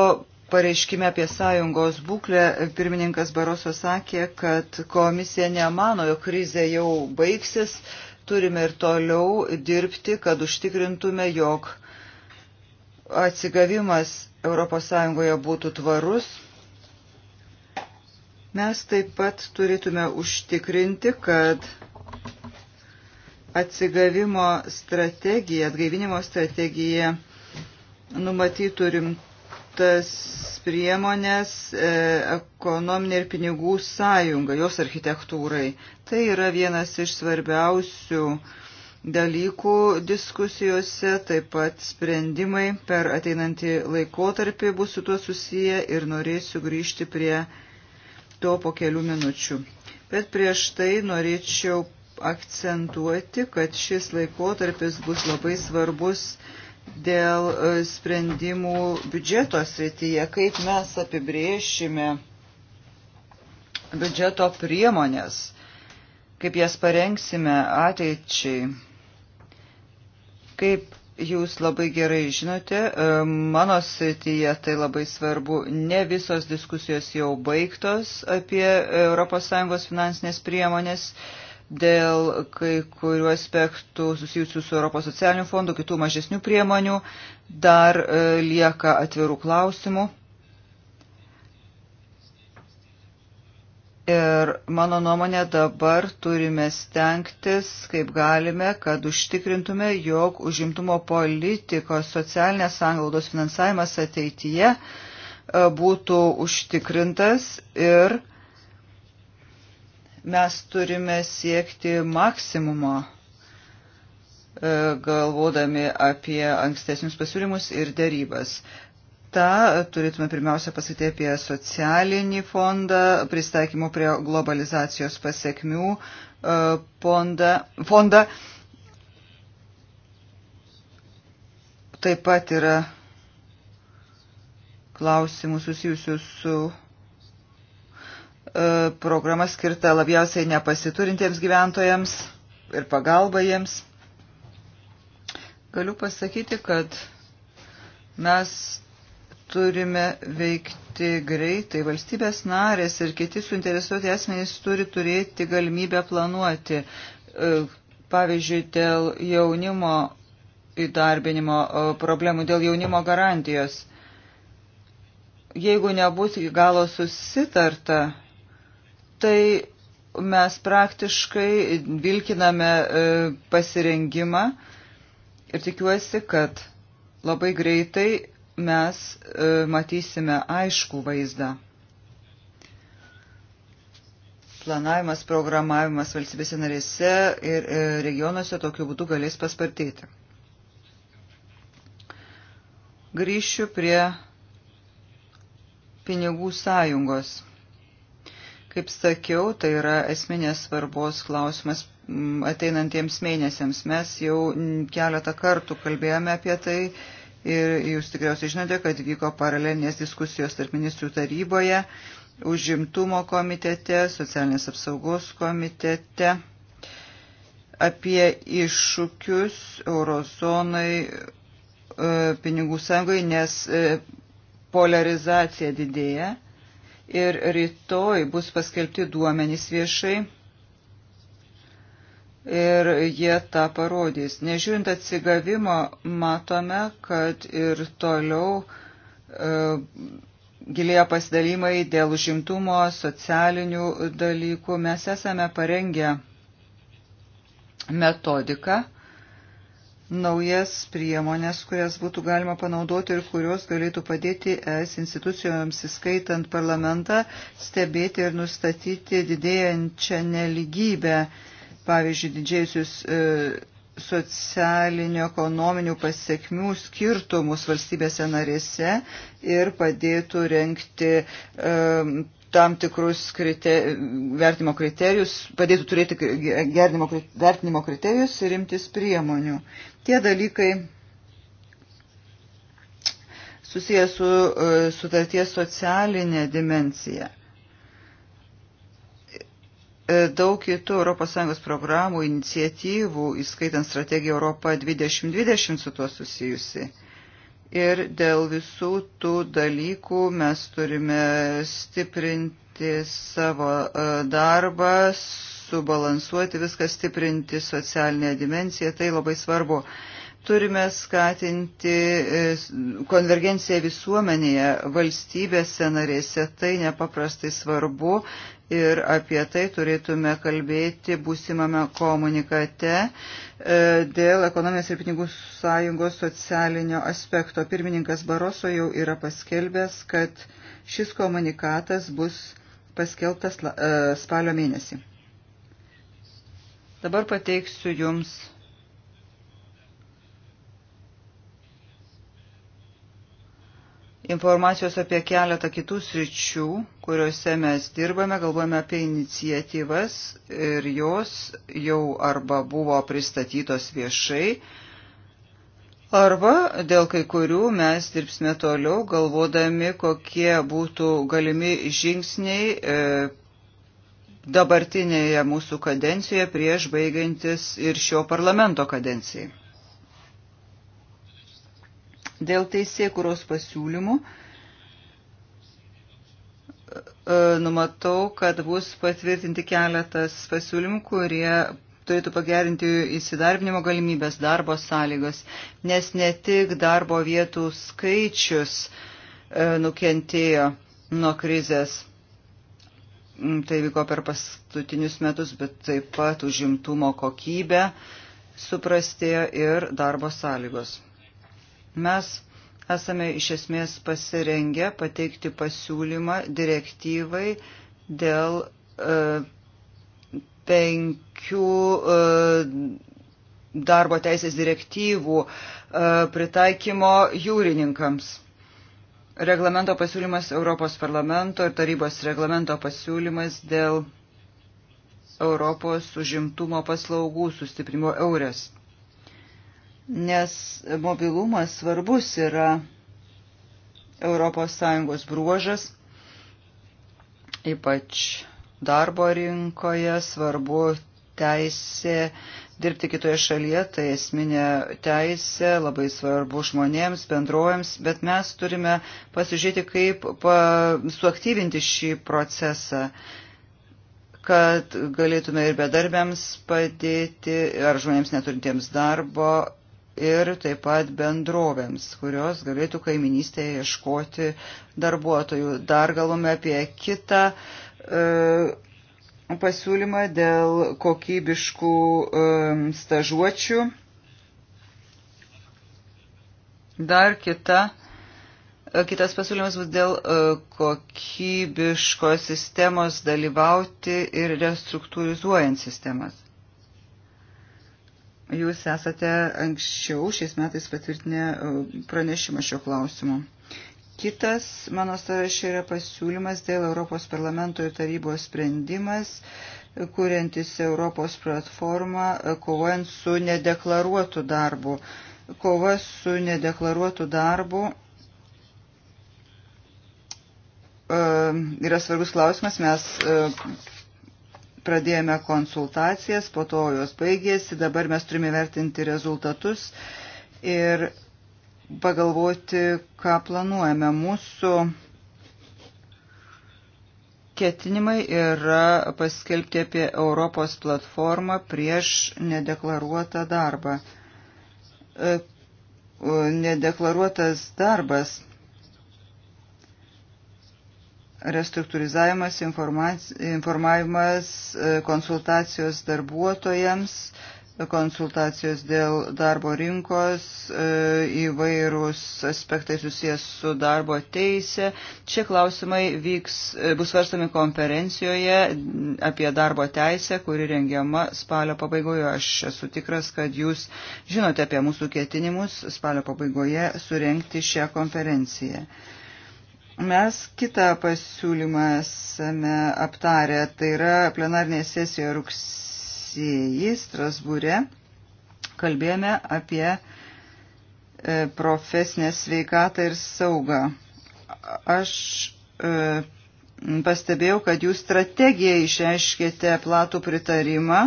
S2: pareiškime apie sąjungos būklę pirmininkas Baroso sakė, kad komisija nemano, jog krizė jau baigsis, turime ir toliau dirbti, kad užtikrintume, jog atsigavimas ES būtų tvarus, mes taip pat turėtume užtikrinti, kad atsigavimo strategija, atgaivinimo strategija numatytų rimtas priemonės e, ekonominė ir pinigų sąjunga, jos architektūrai. Tai yra vienas iš svarbiausių e, dalykų diskusijose, taip pat sprendimai per ateinantį laikotarpį bus su tuo susiję ir norėsiu grįžti prie to po kelių minučių. Bet prieš tai norėčiau akcentuoti, kad šis laikotarpis bus labai svarbus dėl e, sprendimų biudžeto srityje, kaip mes apibrėšime biudžeto priemonės, kaip jas parengsime ateičiai Kaip jūs labai gerai žinote, e, mano srityje tai labai svarbu, ne visos diskusijos jau baigtos apie ES finansinės priemonės dėl kai kurių aspektų susijusių su Europos socialiniu fondu, kitų mažesnių priemonių, dar e, lieka atvirų klausimų. Ir mano nuomonė dabar turime stengtis, kaip galime, kad užtikrintume, jog užimtumo politikos socialinės sanglaudos finansavimas ateityje e, būtų užtikrintas ir mes turime siekti maksimumo, e, galvodami apie ankstesnius pasiūlymus ir dėrybas ta, turėtume pirmiausia pasakyti apie socialinį fondą, pristaikymų prie globalizacijos pasiekmių e, fondą. fondą. Taip pat yra klausimų susijusių su e, programa skirta labiausiai nepasiturintiems gyventojams ir pagalba jiems. Galiu pasakyti, kad mes turime veikti greitai. Valstybės narės ir kiti suinteresuoti asmenys turi turėti galimybę planuoti. E, pavyzdžiui, dėl jaunimo įdarbinimo e, problemų, dėl jaunimo garantijos. Jeigu nebus iki galo susitarta, tai mes praktiškai vilkiname e, pasirengimą ir tikiuosi, kad labai greitai mes e, matysime aišku vaizdą. Planavimas, programavimas valstybėse narėse ir e, regionuose tokiu būdu galės paspartyti. Grįšiu prie pinigų sąjungos. Kaip sakiau, tai yra esminės svarbos klausimas mm, ateinantiems mėnesiams. Mes jau keletą kartų kalbėjome apie tai Ir jūs tikriausiai žinote, kad vyko paralelinės diskusijos tarp ministrų taryboje, užimtumo komitete, socialinės apsaugos komitete apie iššūkius eurozonai e, pinigų sąjungai, nes e, polarizacija didėja ir rytoj bus paskelbti duomenys viešai ir jie tą parodys. Nežiūrint atsigavimo, matome, kad ir toliau e, gilėja pasidalymai dėl užimtumo, socialinių dalykų. Mes esame parengę metodiką, naujas priemonės, kurias būtų galima panaudoti ir kurios galėtų padėti es institucijoms, įskaitant parlamentą, stebėti ir nustatyti didėjančią neligybę pavyzdžiui, didžiausius e, socialinių, ekonominių pasiekmių skirtumus valstybėse narėse ir padėtų renkti um, tam tikrus krite, vertimo kriterijus, padėtų turėti gernimo, vertinimo kriterijus ir imtis priemonių. Tie dalykai susijęs su uh, sutarties socialinė dimencija. E, daug kitų ES programų, iniciatyvų, įskaitant strategiją Europą 2020 su tuo susijusi. Ir dėl visų tų dalykų mes turime stiprinti savo e, darbą, subalansuoti viską, stiprinti socialinę dimenciją, tai labai svarbu. Turime skatinti e, konvergenciją visuomenėje, valstybėse narėse, tai nepaprastai svarbu, ir apie tai turėtume kalbėti būsimame komunikate e, dėl ekonominės ir pinigų sąjungos socialinio aspekto. Pirmininkas Baroso jau yra paskelbęs, kad šis komunikatas bus paskelbtas e, spalio mėnesį. Dabar pateiksiu Jums informacijos apie keletą kitų sričių, kuriuose mes dirbame, galvojame apie inicijatyvas ir jos jau arba buvo pristatytos viešai, arba dėl kai kurių mes dirbsime toliau, galvodami, kokie būtų galimi žingsniai e, dabartinėje mūsų kadencijoje prieš baigiantis ir šio parlamento kadencijai. Dėl teisėkuros pasiūlymų e, numatau, kad bus patvirtinti keletas pasiūlymų, kurie turėtų pagerinti įsidarbinimo galimybės, darbo sąlygas, nes ne tik darbo vietų skaičius e, nukentėjo nuo krizės. Mm, tai vyko per paskutinius metus, bet taip pat užimtumo kokybė suprastėjo ir darbo sąlygos. Mes esame iš esmės pasirengę pateikti pasiūlymą direktyvai dėl e, penkių e, darbo teisės direktyvų e, pritaikymo jūrininkams. Reglamento pasiūlymas Europos parlamento ir tarybos reglamento pasiūlymas dėl Europos užimtumo paslaugų sustiprimo eurės nes mobilumas svarbus yra ES bruožas, ypač darbo rinkoje svarbu teisė dirbti kitoje šalyje, tai esminė teisė, labai svarbu žmonėms, bendrovėms, bet mes turime pasižiūrėti, kaip pa, suaktyvinti šį procesą, kad galėtume ir bedarbiams padėti, ar žmonėms neturintiems darbo, ir taip pat bendrovėms, kurios galėtų kaiminystėje ieškoti darbuotojų. Dar galvome apie kitą e, pasiūlymą dėl kokybiškų e, stažuočių. Dar kita. E, kitas pasiūlymas bus dėl e, kokybiškos sistemos dalyvauti ir restruktūrizuojant sistemas. Jūs esate anksčiau šiais metais patvirtinę e, pranešimą šio klausimu. Kitas mano sąrašė yra pasiūlymas dėl Europos parlamento ir tarybos sprendimas, e, kuriantis Europos platformą e, kovojant su nedeklaruotu darbu. Kova su nedeklaruotu darbu yra svarbus klausimas. Mes pradėjome konsultacijas, po to jos baigėsi, dabar mes turime vertinti rezultatus ir pagalvoti, ką planuojame. Mūsų ketinimai yra paskelbti apie Europos platformą prieš nedeklaruotą darbą. E, nedeklaruotas darbas restruktūrizavimas, informavimas, e, konsultacijos darbuotojams, konsultacijos dėl darbo rinkos, e, įvairūs aspektai susijęs su darbo teise. Šie klausimai vyks, e, bus svarstami konferencijoje apie darbo teisę, kuri rengiama spalio pabaigoje. Aš esu tikras, kad jūs žinote apie mūsų ketinimus spalio pabaigoje surenkti šią konferenciją. Mes kitą pasiūlymą esame aptarę, tai yra plenarnėje sesijoje rugsėjį Strasbūre. Kalbėjome apie e, profesinę sveikatą ir saugą. Aš e, pastebėjau, kad jūs strategiją išreiškėte platų pritarimą.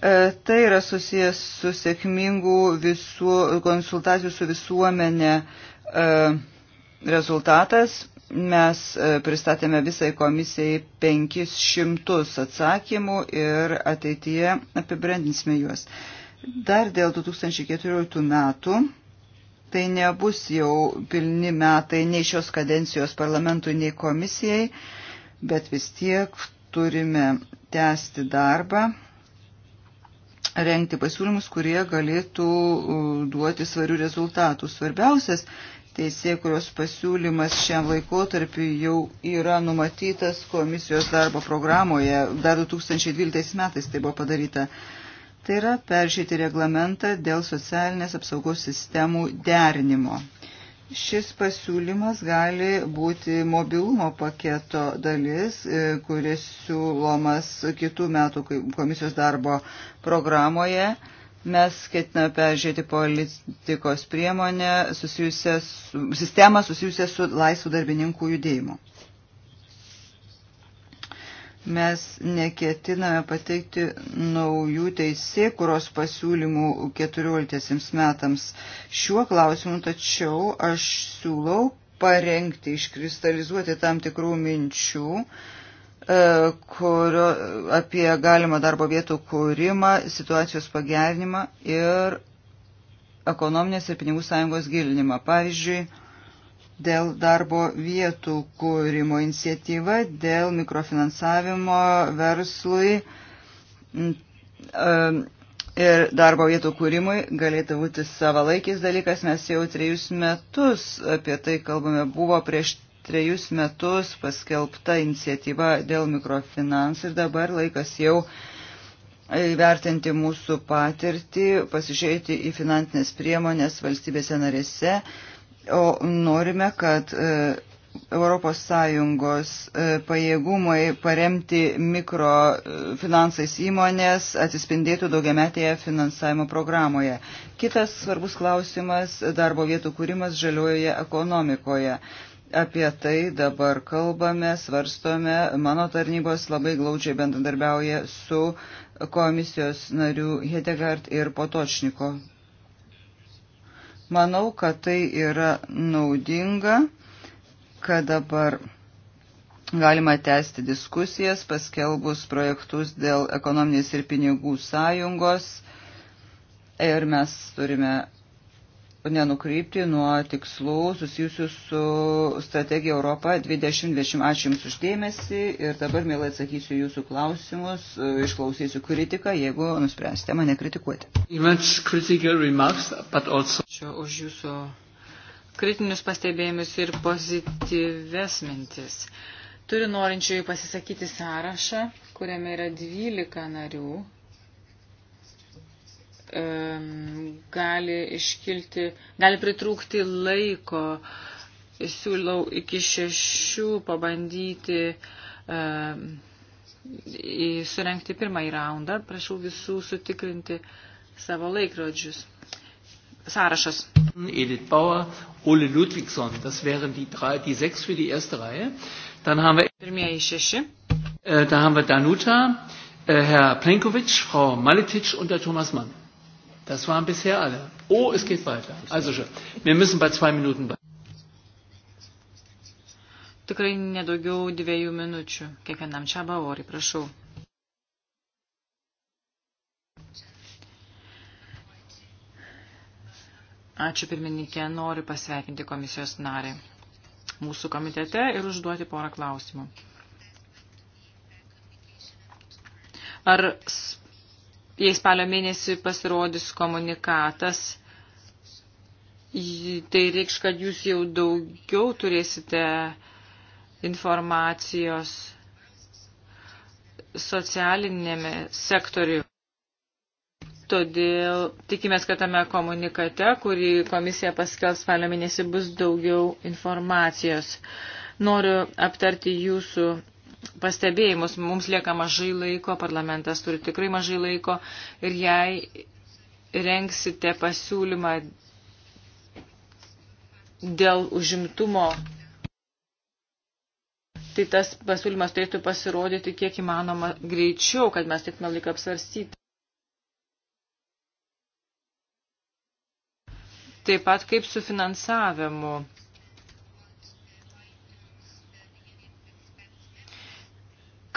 S2: E, tai yra susijęs su sėkmingų visu, konsultacijų su visuomenė rezultatas mes e, pristatėme visai komisijai 500 atsakymų ir ateityje apibrendinsime juos. Dar dėl 2014 metų, tai nebus jau pilni metai nei šios kadencijos parlamentui, nei komisijai, bet vis tiek turime tęsti darbą, rengti pasiūlymus, kurie galėtų duoti svarių rezultatų. Svarbiausias teisėkurios pasiūlymas šiam laikotarpiu jau yra numatytas komisijos darbo programoje. Dar 2012 metais tai buvo padaryta. Tai yra peržiūrėti reglamentą dėl socialinės apsaugos sistemų derinimo. Šis pasiūlymas gali būti mobilumo paketo dalis, e, kuris siūlomas kitų metų komisijos darbo programoje Mes ketiname peržiūrėti politikos priemonę, susijusią su, sistemą susijusią su laisvų darbininkų judėjimu. Mes neketiname pateikti naujų teisėkuros pasiūlymų 14 metams šiuo klausimu, tačiau aš siūlau parengti, iškristalizuoti tam tikrų minčių, uh, E, kurio, apie galimą darbo vietų kūrimą, situacijos pagerinimą ir ekonominės ir pinigų sąjungos gilinimą. Pavyzdžiui, dėl darbo vietų kūrimo iniciatyva, dėl mikrofinansavimo verslui e, ir darbo vietų kūrimui galėtų būti savalaikis dalykas. Mes jau trejus metus apie tai kalbame. Buvo prieš trejus metus paskelbta iniciatyva dėl mikrofinansų ir dabar laikas jau įvertinti mūsų patirtį, pasižiūrėti į finansinės priemonės valstybėse narėse, o norime, kad ES e, pajėgumai paremti mikrofinansais e, įmonės atsispindėtų daugiametėje finansavimo programoje. Kitas svarbus klausimas - darbo vietų kūrimas žaliojoje ekonomikoje. Apie tai dabar kalbame, svarstome. Mano tarnybos labai glaudžiai bendradarbiauja su komisijos narių Hedegard ir Potočniko. Manau, kad tai yra naudinga, kad dabar galima tęsti diskusijas, paskelbus projektus dėl ekonominės ir pinigų sąjungos. Ir mes turime nenukrypti nuo tikslų susijusių su strategija Europa 2020. Ačiū Jums uždėmesi ir dabar mielai atsakysiu Jūsų klausimus, išklausysiu kritiką, jeigu nuspręsite
S4: mane kritikuoti. Ačiū už Jūsų kritinius pastebėjimus ir pozityves mintis. Turiu norinčiųjų pasisakyti sąrašą, kuriame yra 12 narių um, gali iškilti, gali pritrūkti laiko. Siūlau iki šešių pabandyti um, surenkti pirmąjį raundą. Prašau visų sutikrinti savo laikrodžius.
S1: Sąrašas. Edith Bauer, Ole Ludwigsson, das wären die, drei, die sechs für die erste Reihe. Dann haben wir, Pirmieji šeši. Äh, da haben wir Danuta, äh, Herr Plenkovic, Frau Maletic und der Thomas Mann. Das waren bisher alle. Oh, es geht weiter. Also schön. Wir müssen bei zwei Minuten bleiben.
S4: Tikrai nedaugiau dviejų minučių. Kiekvienam čia baori, prašau. Ačiū pirmininkė, noriu pasveikinti komisijos narį mūsų komitete ir užduoti porą klausimų. Ar jei spalio mėnesį pasirodys komunikatas, tai reikš, kad jūs jau daugiau turėsite informacijos socialinėme sektoriu. Todėl tikimės, kad tame komunikate, kurį komisija paskelbs spalio mėnesį, bus daugiau informacijos. Noriu aptarti jūsų pastebėjimus. Mums lieka mažai laiko, parlamentas turi tikrai mažai laiko ir jei renksite pasiūlymą dėl užimtumo, tai tas pasiūlymas turėtų pasirodyti kiek įmanoma greičiau, kad mes tik laiką apsvarstyti. Taip pat kaip su finansavimu.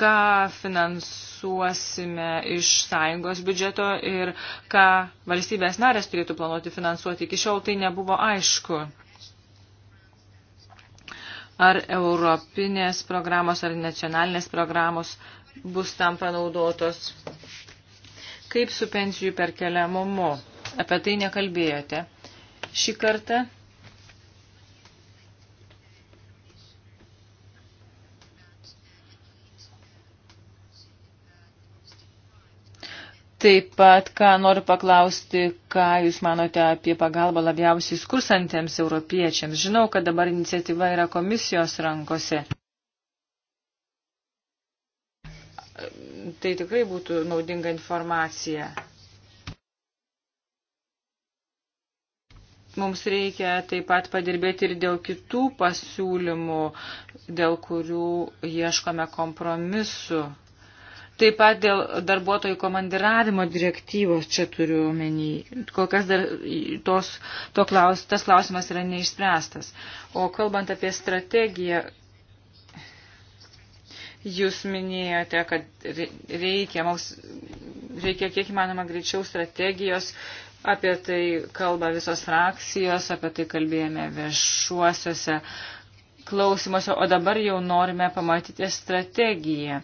S4: ką finansuosime iš sąjungos biudžeto ir ką valstybės narės turėtų planuoti finansuoti. Iki šiol tai nebuvo aišku. Ar europinės programos ar nacionalinės programos bus tam panaudotos. Kaip su pensijų perkeliamumu? Apie tai nekalbėjote. Šį kartą Taip pat, ką noriu paklausti, ką Jūs manote apie pagalbą labiausiai skursantiems europiečiams. Žinau, kad dabar iniciatyva yra komisijos rankose. Tai tikrai būtų naudinga informacija. Mums reikia taip pat padirbėti ir dėl kitų pasiūlymų, dėl kurių ieškome kompromisu Taip pat dėl darbuotojų komandiravimo direktyvos čia turiu omeny. Kol kas dar tos, to klaus, tas klausimas yra neišspręstas. O kalbant apie strategiją, jūs minėjote, kad reikia, mums, reikia kiek įmanoma greičiau strategijos. Apie tai kalba visos frakcijos, apie tai kalbėjome viešuosiuose klausimuose, o dabar jau norime pamatyti strategiją.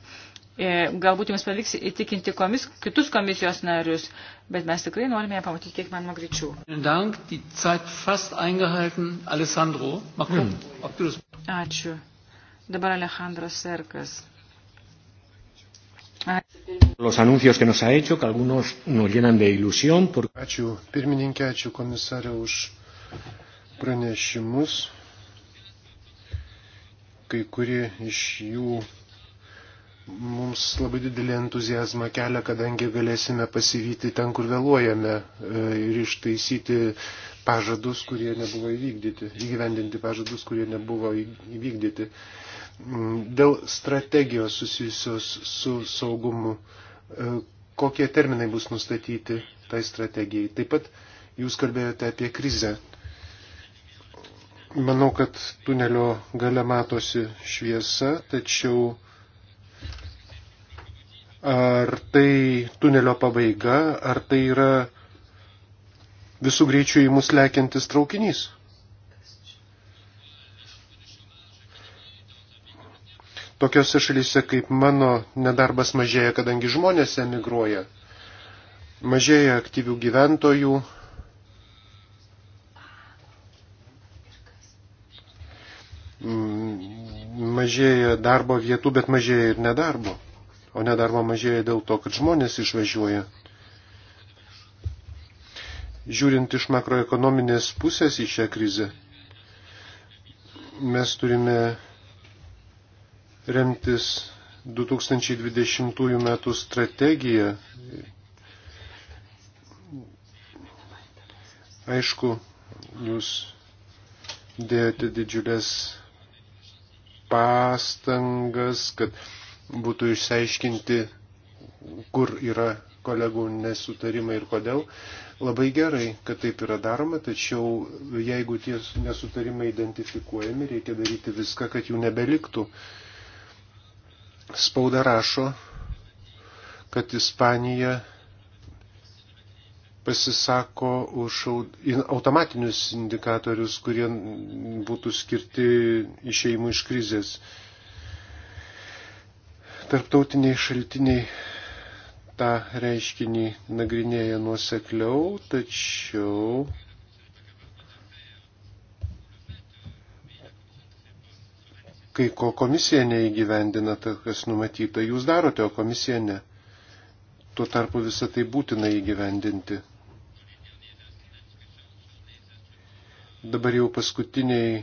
S4: E, galbūt jums paliks įtikinti komis, kitus komisijos narius, bet mes tikrai norime ją pamatyti kiek manoma greičiau. Hm. Ačiū. Dabar Alejandro Serkas.
S3: Los anuncios que nos ha hecho, que algunos nos llenan de ilusión. Por... Ačiū pirmininkė, ačiū komisarė už pranešimus. Kai kurie iš jų mums labai didelį entuzijazmą kelia, kadangi galėsime pasivyti ten, kur vėluojame e, ir ištaisyti pažadus, kurie nebuvo įvykdyti, įgyvendinti pažadus, kurie nebuvo įvykdyti. Mm, dėl strategijos susijusios su saugumu, e, kokie terminai bus nustatyti tai strategijai. Taip pat jūs kalbėjote apie krizę. Manau, kad tunelio gale matosi šviesa, tačiau Ar tai tunelio pabaiga, ar tai yra visų greičių į mus lekiantis traukinys? Tokiose šalyse kaip mano nedarbas mažėja, kadangi žmonės emigruoja, mažėja aktyvių gyventojų, mažėja darbo vietų, bet mažėja ir nedarbo o nedarbo mažėja dėl to, kad žmonės išvažiuoja. Žiūrint iš makroekonominės pusės į šią krizę, mes turime remtis 2020 metų strategiją. Aišku, jūs dėjote didžiulės pastangas, kad būtų išsiaiškinti, kur yra kolegų nesutarimai ir kodėl. Labai gerai, kad taip yra daroma, tačiau jeigu tie nesutarimai identifikuojami, reikia daryti viską, kad jų nebeliktų. Spauda rašo, kad Ispanija pasisako už automatinius indikatorius, kurie būtų skirti išeimų iš krizės. Tarptautiniai šaltiniai tą reiškinį nagrinėja nuosekliau, tačiau kai ko komisija neįgyvendina, tai kas numatyta, jūs darote, o komisija ne. Tuo tarpu visą tai būtina įgyvendinti. Dabar jau paskutiniai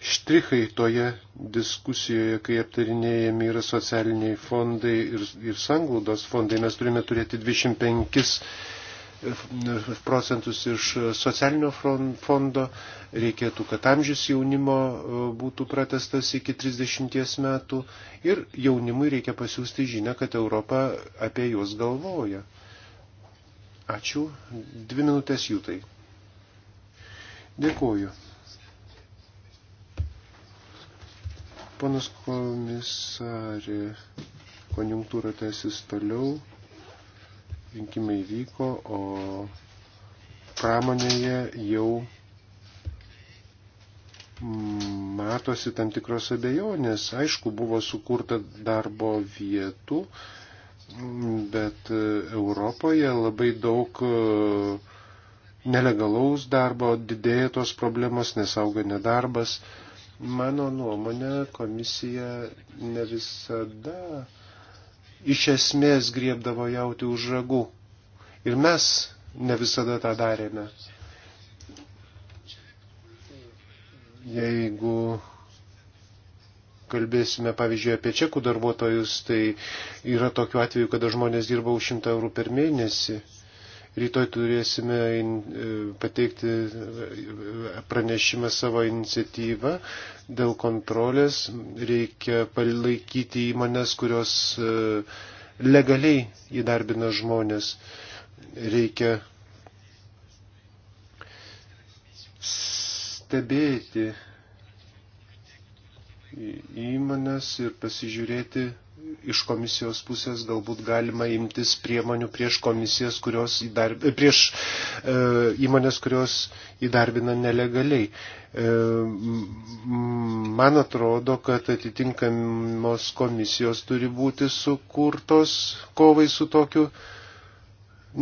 S3: štrichai toje diskusijoje, kai aptarinėjami yra socialiniai fondai ir, ir sanglaudos fondai. Mes turime turėti 25 e, e, procentus iš socialinio fondo. Reikėtų, kad amžius jaunimo e, būtų pratestas iki 30 metų. Ir jaunimui reikia pasiūsti žinę, kad Europa apie juos galvoja. Ačiū. Dvi minutės jūtai. Dėkuoju. Ponas komisarė, konjunktūra tęsis toliau, rinkimai vyko, o pramonėje jau matosi tam tikros abejonės. Aišku, buvo sukurta darbo vietų, bet Europoje labai daug e, nelegalaus darbo, didėja tos problemos, nes auga nedarbas. Mano nuomonė, komisija ne visada iš esmės griebdavo jauti už ragų. Ir mes ne visada tą darėme. Jeigu kalbėsime, pavyzdžiui, apie čekų darbuotojus, tai yra tokių atvejų, kada žmonės dirba už 100 eurų per mėnesį. Rytoj turėsime e, pateikti e, pranešimą savo iniciatyvą dėl kontrolės. Reikia palaikyti įmonės, kurios e, legaliai įdarbina žmonės. Reikia stebėti įmonės ir pasižiūrėti iš komisijos pusės galbūt galima imtis priemonių prieš komisijas, kurios įdarb... prieš e, įmonės, kurios įdarbina nelegaliai. E, man atrodo, kad atitinkamos komisijos turi būti sukurtos kovai su tokiu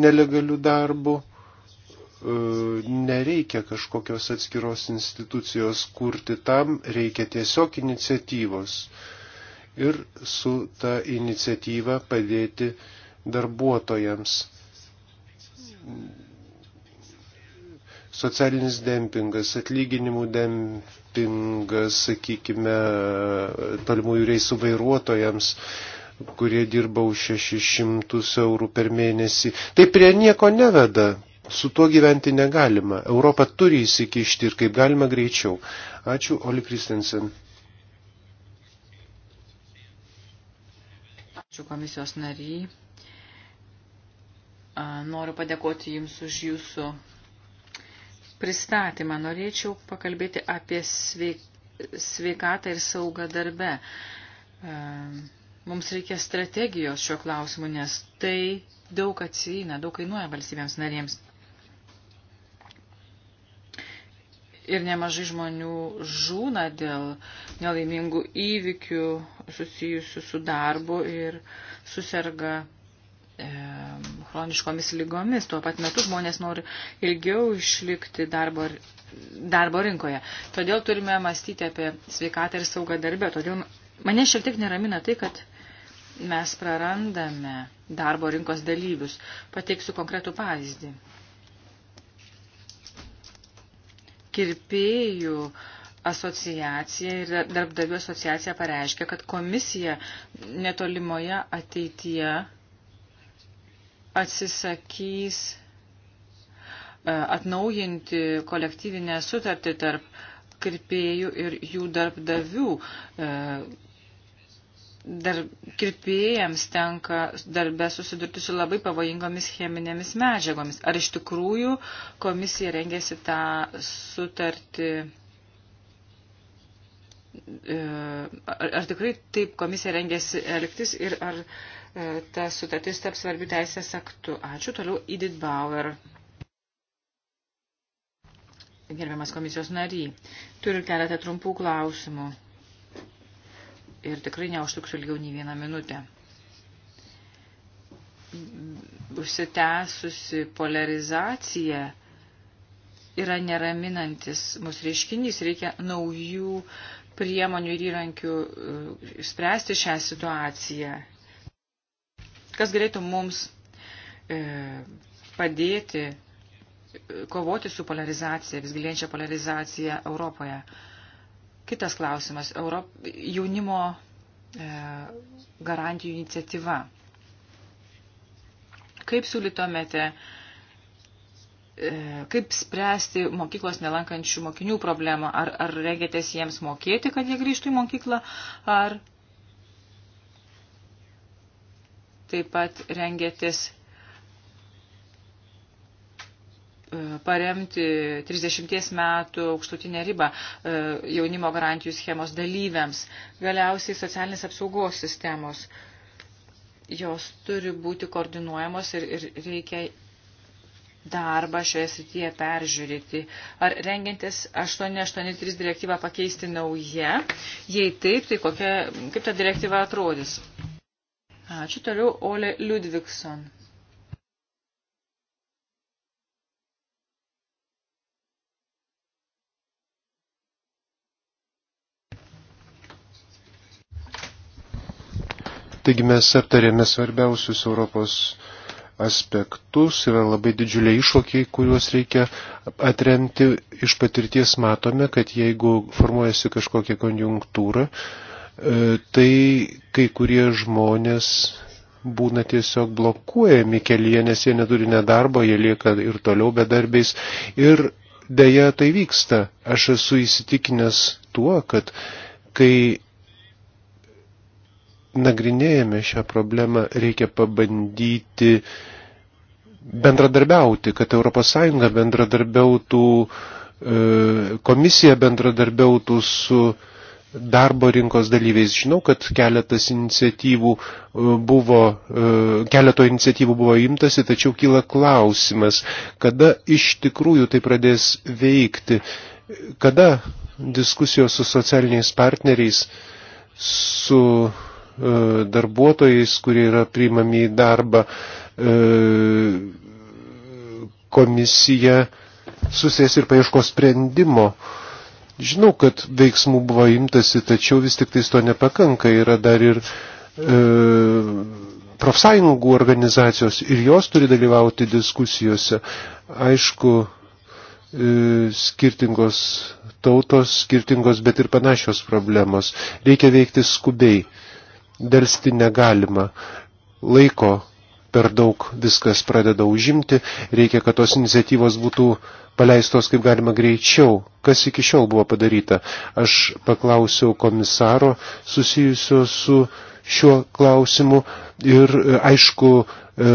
S3: nelegaliu darbu. E, nereikia kažkokios atskiros institucijos kurti tam, reikia tiesiog iniciatyvos. E, ir su ta iniciatyva padėti darbuotojams. Socialinis dempingas, atlyginimų dempingas, sakykime, tolimųjų reisų vairuotojams, kurie dirba už 600 eurų per mėnesį. Tai prie nieko neveda, su tuo gyventi negalima. Europa turi įsikišti ir kaip galima greičiau. Ačiū, Oli Kristensen.
S4: ačiū komisijos nariai. Noriu padėkoti Jums už Jūsų pristatymą. Norėčiau pakalbėti apie sveikatą ir saugą darbe. Mums reikia strategijos šiuo klausimu, nes tai daug atsijina, daug kainuoja valstybėms narėms. ir nemažai žmonių žūna dėl nelaimingų įvykių susijusių su darbu ir susirga e, chroniškomis lygomis. Tuo pat metu žmonės nori ilgiau išlikti darbo, darbo rinkoje. Todėl turime mąstyti apie sveikatą ir saugą darbę. Todėl mane šiek tiek neramina tai, kad mes prarandame darbo rinkos dalyvius. Pateiksiu konkretų pavyzdį. kirpėjų asociacija ir darbdavių asociacija pareiškia, kad komisija netolimoje ateityje atsisakys e, atnaujinti kolektyvinę sutartį tarp kirpėjų ir jų darbdavių, e, dar kirpėjams tenka darbę susidurti su labai pavojingomis cheminėmis medžiagomis. Ar iš tikrųjų komisija rengėsi tą sutartį? Ar, e, ar tikrai taip komisija rengėsi elgtis ir ar e, ta sutartis tarp svarbių teisės aktų? Ačiū. Toliau Edith Bauer. Gerbiamas komisijos nary. Turiu keletą trumpų klausimų ir tikrai neužtruksiu ilgiau nei vieną minutę. Užsitęsusi polarizacija yra neraminantis mūsų reiškinys, reikia naujų priemonių ir įrankių uh, spręsti šią situaciją. Kas galėtų mums uh, padėti uh, kovoti su polarizacija, vis gilėjančia polarizacija Europoje? Kitas klausimas – Europ... jaunimo e, garantijų iniciatyva. Kaip siūlytumėte, e, kaip spręsti mokyklos nelankančių mokinių problemą? Ar, ar regėtės jiems mokėti, kad jie grįžtų į mokyklą, ar taip pat rengėtės E, paremti 30 metų aukštutinę ribą e, jaunimo garantijų schemos dalyviams, galiausiai socialinės apsaugos sistemos. Jos turi būti koordinuojamos ir, ir reikia darbą šioje srityje peržiūrėti. Ar rengiantis 883 direktyvą pakeisti nauja? Jei taip, tai kokia, kaip ta direktyva atrodys? Ačiū toliau, Ole Ludvigson.
S3: Taigi mes aptarėme svarbiausius Europos aspektus, yra labai didžiuliai iššūkiai, kuriuos reikia atremti. Iš patirties matome, kad jeigu formuojasi kažkokia konjunktūra, e, tai kai kurie žmonės būna tiesiog blokuojami kelyje, nes jie neturi nedarbo, jie lieka ir toliau bedarbiais. Ir dėja tai vyksta. Aš esu įsitikinęs tuo, kad kai nagrinėjame šią problemą, reikia pabandyti bendradarbiauti, kad ES bendradarbiautų, e, komisija bendradarbiautų su darbo rinkos dalyviais. Žinau, kad keletas iniciatyvų e, buvo, e, keleto iniciatyvų buvo imtasi, tačiau kyla klausimas, kada iš tikrųjų tai pradės veikti, kada diskusijos su socialiniais partneriais, su E, darbuotojais, kurie yra priimami į darbą. E, komisija susės ir paieško sprendimo. Žinau, kad veiksmų buvo imtasi, tačiau vis tik tai to nepakanka. Yra dar ir e, profsąjungų organizacijos ir jos turi dalyvauti diskusijose. Aišku, e, skirtingos tautos, skirtingos, bet ir panašios problemos. Reikia veikti skubiai. E, dėlsti negalima. Laiko per daug viskas pradeda užimti, reikia, kad tos iniciatyvos būtų paleistos kaip galima greičiau, kas iki šiol buvo padaryta. Aš paklausiau komisaro susijusio su šiuo klausimu ir e, aišku, e,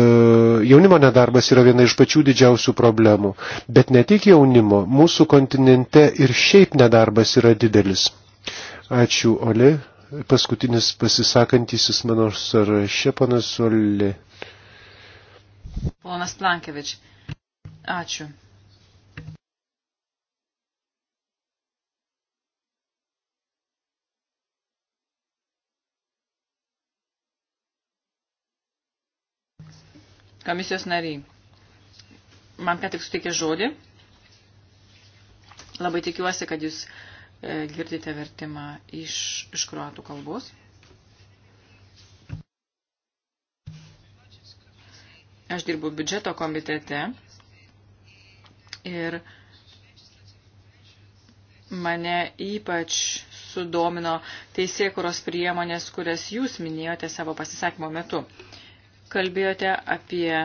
S3: jaunimo nedarbas yra viena iš pačių didžiausių problemų, bet ne tik jaunimo, mūsų kontinente ir šiaip nedarbas yra didelis. Ačiū, Oli paskutinis pasisakantysis mano sąraše, panas Olė.
S4: Ponas Plankevič, ačiū. Komisijos nariai, man ką tik suteikė žodį. Labai tikiuosi, kad jūs uh, E, girdite vertimą iš, iš kruatų kalbos. Aš dirbu biudžeto komitete ir mane ypač sudomino teisėkuros priemonės, kurias jūs minėjote savo pasisakymo metu. Kalbėjote apie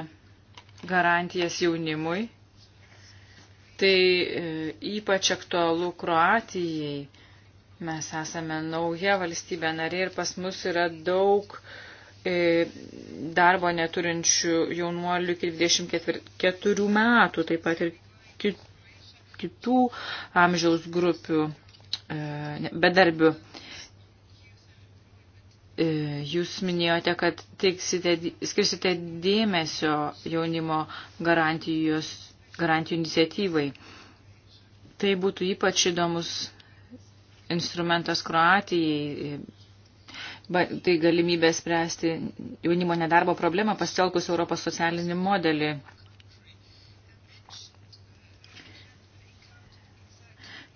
S4: garantijas jaunimui Tai e, ypač aktualu Kroatijai. Mes esame nauja valstybė narė ir pas mus yra daug e, darbo neturinčių jaunuolių iki 24 metų, taip pat ir kitų amžiaus grupių e, bedarbių. Jūs minėjote, kad teiksite, skirsite dėmesio jaunimo garantijos garantijų iniciatyvai. Tai būtų ypač įdomus instrumentas Kroatijai. Tai galimybė spręsti jaunimo nedarbo problemą pasitelkus Europos socialinį modelį.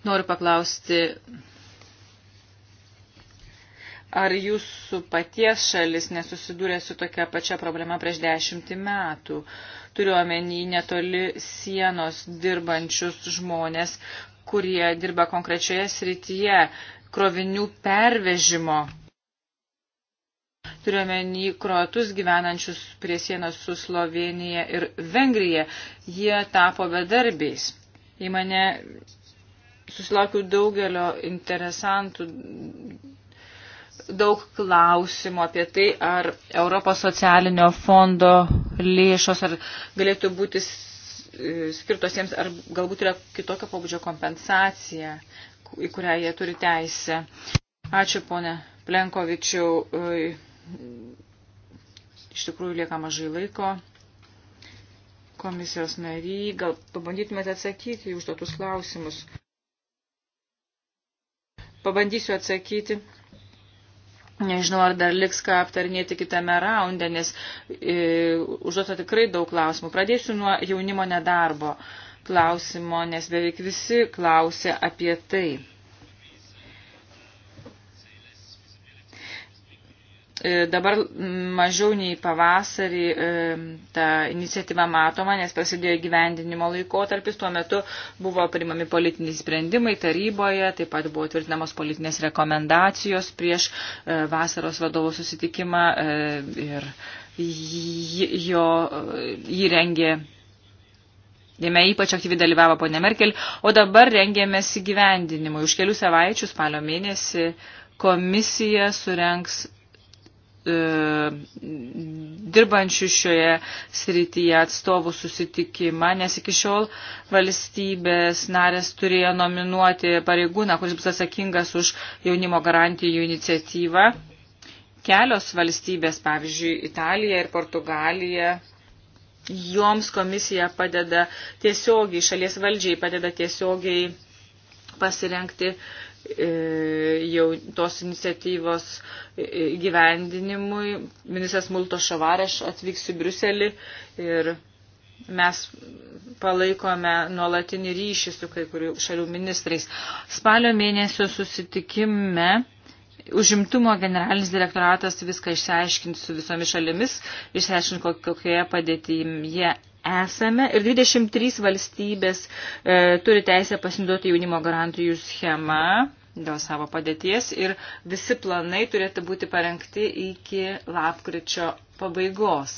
S4: Noriu paklausti, Ar jūsų paties šalis nesusidūrė su tokia pačia problema prieš dešimtį metų? Turiuomenį netoli sienos dirbančius žmonės, kurie dirba konkrečioje srityje krovinių pervežimo. Turiuomenį kruotus gyvenančius prie sienos su Slovenija ir Vengrija. Jie tapo bedarbiais. Į mane susilaukiu daugelio interesantų daug klausimų apie tai, ar Europos socialinio fondo lėšos ar galėtų būti e, skirtos jiems, ar galbūt yra kitokio pobūdžio kompensacija, į kurią jie turi teisę. Ačiū, ponė Plenkovičiau. Iš tikrųjų lieka mažai laiko. Komisijos nariai, gal pabandytumėte atsakyti į užduotus klausimus. Pabandysiu atsakyti Nežinau, ar dar liks ką aptarnėti kitame raunde, nes e, užduota tikrai daug klausimų. Pradėsiu nuo jaunimo nedarbo klausimo, nes beveik visi klausė apie tai. E, dabar mažiau nei pavasarį e, ta iniciatyva matoma, nes prasidėjo gyvendinimo laikotarpis, tuo metu buvo primami politiniai sprendimai taryboje, taip pat buvo tvirtinamos politinės rekomendacijos prieš e, vasaros vadovų susitikimą ir jo įrengė Jame ypač aktyviai dalyvavo ponė Merkel, o dabar rengėmės įgyvendinimui. Už kelių savaičių, spalio mėnesį, komisija surenks E, dirbančių šioje srityje atstovų susitikimą, nes iki šiol valstybės narės turėjo nominuoti pareigūną, kuris bus atsakingas už jaunimo garantijų iniciatyvą. Kelios valstybės, pavyzdžiui, Italija ir Portugalija, joms komisija padeda tiesiogiai, šalies valdžiai padeda tiesiogiai pasirengti uh, E, jau tos iniciatyvos gyvendinimui. Ministras Multo Šavareš atvyks į Briuselį ir mes palaikome nuolatinį ryšį su kai kurių šalių ministrais. Spalio mėnesio susitikime užimtumo generalinis direktoratas viską išsiaiškins su visomis šalimis, išsiaiškins kokioje padėtyje esame ir 23 valstybės e, turi teisę pasinduoti jaunimo garantijų schema dėl savo padėties ir visi planai turėtų būti parengti iki lapkričio pabaigos.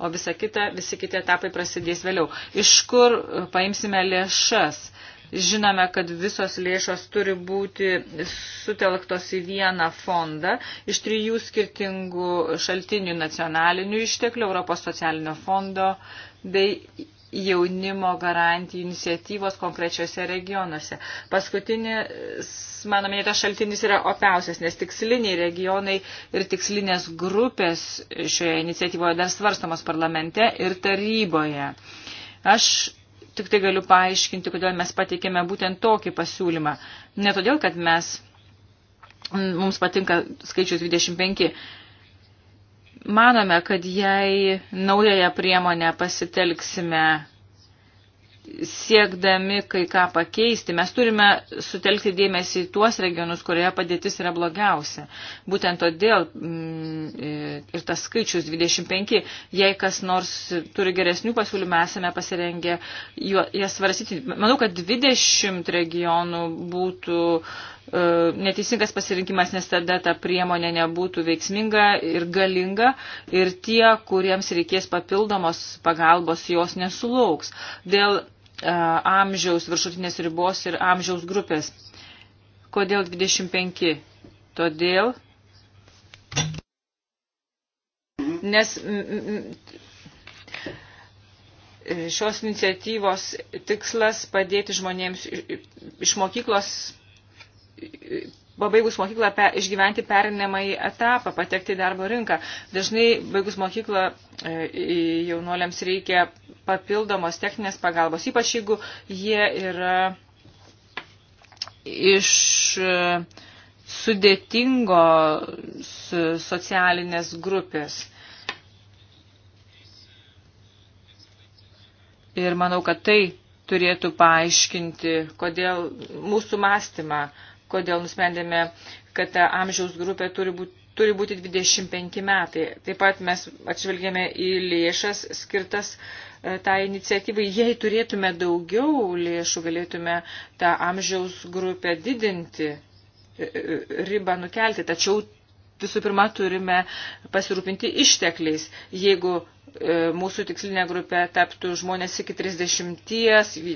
S4: O visa kita, visi kiti etapai prasidės vėliau. Iš kur e, paimsime lėšas? Žinome, kad visos lėšos turi būti sutelktos į vieną fondą iš trijų skirtingų šaltinių nacionalinių išteklių Europos socialinio fondo bei jaunimo garantijų iniciatyvos konkrečiose regionuose. Paskutinis, mano minėtas šaltinis yra opiausias, nes tiksliniai regionai ir tikslinės grupės šioje iniciatyvoje dar svarstamos parlamente ir taryboje. Aš tik tai galiu paaiškinti, kodėl mes pateikėme būtent tokį pasiūlymą. Ne todėl, kad mes, mums patinka skaičius 25. Manome, kad jei naująją priemonę pasitelksime siekdami kai ką pakeisti, mes turime sutelkti dėmesį į tuos regionus, kurioje padėtis yra blogiausia. Būtent todėl mm, ir tas skaičius 25, jei kas nors turi geresnių pasiūlymų, esame pasirengę jas svarsyti. Manau, kad 20 regionų būtų E, neteisingas pasirinkimas, nes tada ta priemonė nebūtų veiksminga ir galinga ir tie, kuriems reikės papildomos pagalbos, jos nesulauks dėl e, amžiaus viršutinės ribos ir amžiaus grupės. Kodėl 25? Todėl, nes šios iniciatyvos tikslas padėti žmonėms iš mokyklos pabaigus mokyklą pe, išgyventi perinamąjį etapą, patekti į darbo rinką. Dažnai baigus mokyklą e, jaunuoliams reikia papildomos techninės pagalbos, ypač jeigu jie yra iš e, sudėtingos socialinės grupės. Ir manau, kad tai turėtų paaiškinti, kodėl mūsų mąstymą uh, kodėl nusprendėme, kad ta amžiaus grupė turi būti turi būti 25 metai. Taip pat mes atžvelgėme į lėšas skirtas e, tą tai iniciatyvą. Jei turėtume daugiau lėšų, galėtume tą amžiaus grupę didinti, e, e, ribą nukelti. Tačiau visų pirma turime pasirūpinti ištekliais. Jeigu e, mūsų tikslinė grupė taptų žmonės iki 30,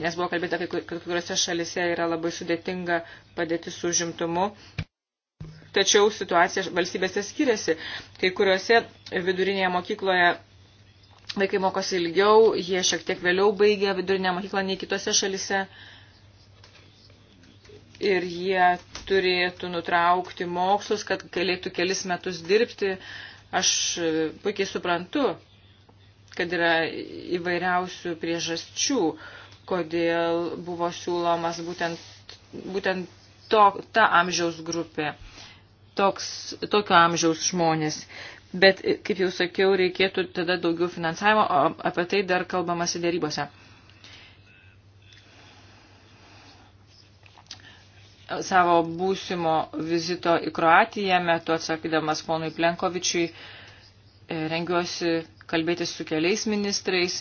S4: nes buvo kalbėta, kad kuriuose šalise yra labai sudėtinga padėti su žimtumu. Tačiau situacija valstybėse skiriasi. Kai kuriuose vidurinėje mokykloje vaikai mokosi ilgiau, jie šiek tiek vėliau baigia vidurinę mokyklą nei kitose šalise. Uh, ir jie turėtų nutraukti mokslus, kad galėtų kelis metus dirbti. Aš puikiai suprantu, kad yra įvairiausių priežasčių, kodėl buvo siūlomas būtent, būtent to, ta amžiaus grupė, toks, tokio amžiaus žmonės. Bet, kaip jau sakiau, reikėtų tada daugiau finansavimo, o apie tai dar kalbamasi dėrybose. savo būsimo vizito į Kroatiją metu atsakydamas ponui Plenkovičiui, e, rengiuosi kalbėtis su keliais ministrais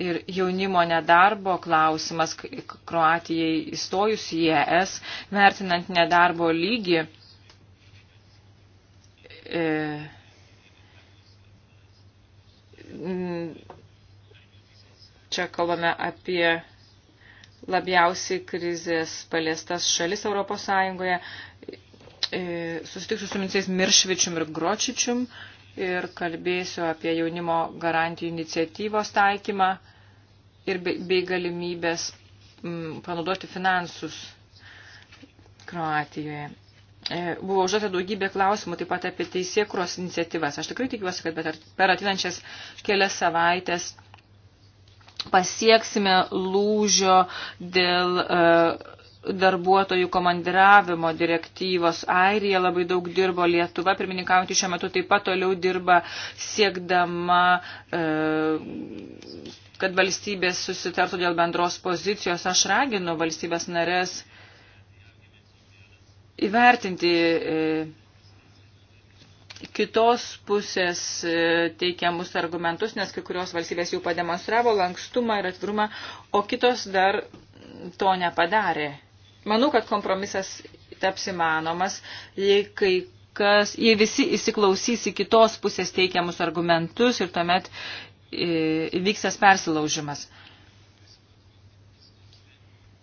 S4: ir jaunimo nedarbo klausimas Kroatijai įstojus į ES, vertinant nedarbo lygį. E, čia kalbame apie labiausiai krizės paliestas šalis Europos Sąjungoje. E, susitiksiu su mincais Miršvičium ir Gročičium ir kalbėsiu apie jaunimo garantijų iniciatyvos taikymą ir bei galimybės panaudoti finansus Kroatijoje. E, buvo užduota daugybė klausimų taip pat apie teisėkros iniciatyvas. Aš tikrai tikiuosi, kad per atinančias kelias savaitės pasieksime lūžio dėl e, darbuotojų komandiravimo direktyvos. Airija labai daug dirbo, Lietuva pirmininkaujantį šiuo metu taip pat toliau dirba siekdama, e, kad valstybės susitartų dėl bendros pozicijos. Aš raginu valstybės narės įvertinti e, kitos pusės e, teikiamus argumentus, nes kai kurios valstybės jau pademonstravo lankstumą ir atvirumą, o kitos dar to nepadarė. Manau, kad kompromisas taps įmanomas, jei kai kas, jei visi įsiklausys į kitos pusės teikiamus argumentus ir tuomet e, įvyks tas persilaužimas.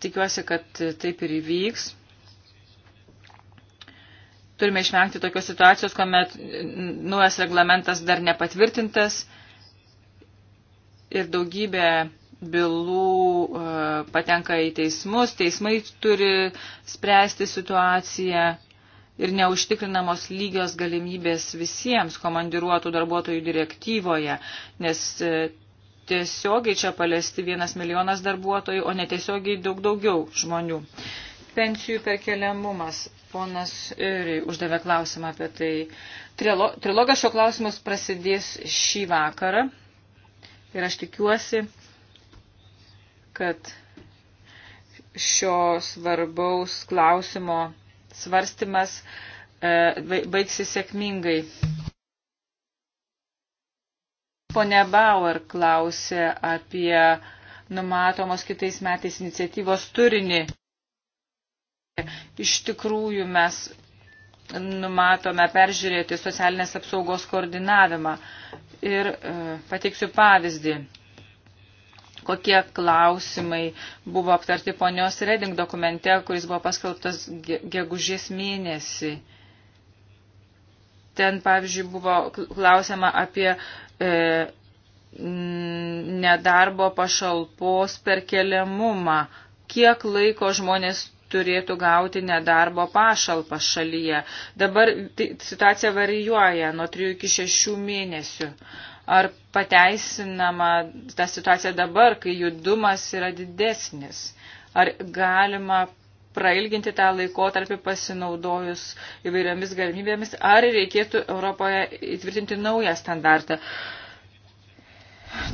S4: Tikiuosi, kad taip ir įvyks. Turime išvengti tokios situacijos, kuomet naujas reglamentas dar nepatvirtintas ir daugybė bylų e, patenka į teismus, teismai turi spręsti situaciją ir neužtikrinamos lygios galimybės visiems komandiruotų darbuotojų direktyvoje, nes e, tiesiogiai čia paliesti vienas milijonas darbuotojų, o netiesiogiai daug daugiau žmonių. Pensijų perkeliamumas. Ponas Iri uždavė klausimą apie tai. Trilogas šio klausimus prasidės šį vakarą ir aš tikiuosi, kad šio svarbaus klausimo svarstymas e, baigsi sėkmingai. Pone Bauer klausė apie numatomos kitais metais iniciatyvos turinį. Iš tikrųjų mes numatome peržiūrėti socialinės apsaugos koordinavimą. Ir e, pateiksiu pavyzdį, kokie klausimai buvo aptarti ponios Reding dokumente, kuris buvo paskelbtas gegužės mėnesį. Ten, pavyzdžiui, buvo klausima apie e, nedarbo pašalpos perkeliamumą, kiek laiko žmonės turėtų gauti nedarbo pašalpą šalyje. Dabar situacija varijuoja nuo 3 iki 6 mėnesių. Ar pateisinama ta situacija dabar, kai judumas yra didesnis? Ar galima prailginti tą laikotarpį pasinaudojus įvairiomis galimybėmis, ar reikėtų Europoje įtvirtinti naują standartą?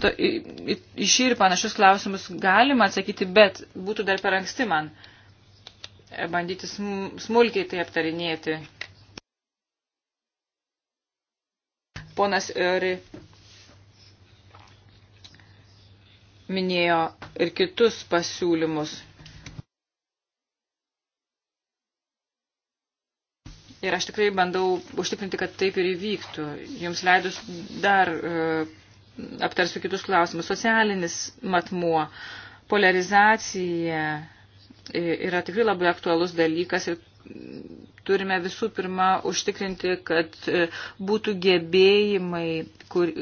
S4: To, į, į, į šį ir panašius klausimus galima atsakyti, bet būtų dar per anksti man. Uh, bandyti smulkiai tai aptarinėti. Ponas Öri minėjo ir kitus pasiūlymus. Ir aš tikrai bandau užtikrinti, kad taip ir įvyktų. Jums leidus dar e, aptarsiu kitus klausimus. Socialinis matmuo, polarizacija, yra tikrai labai aktualus dalykas ir turime visų pirma užtikrinti, kad e, būtų gebėjimai kur,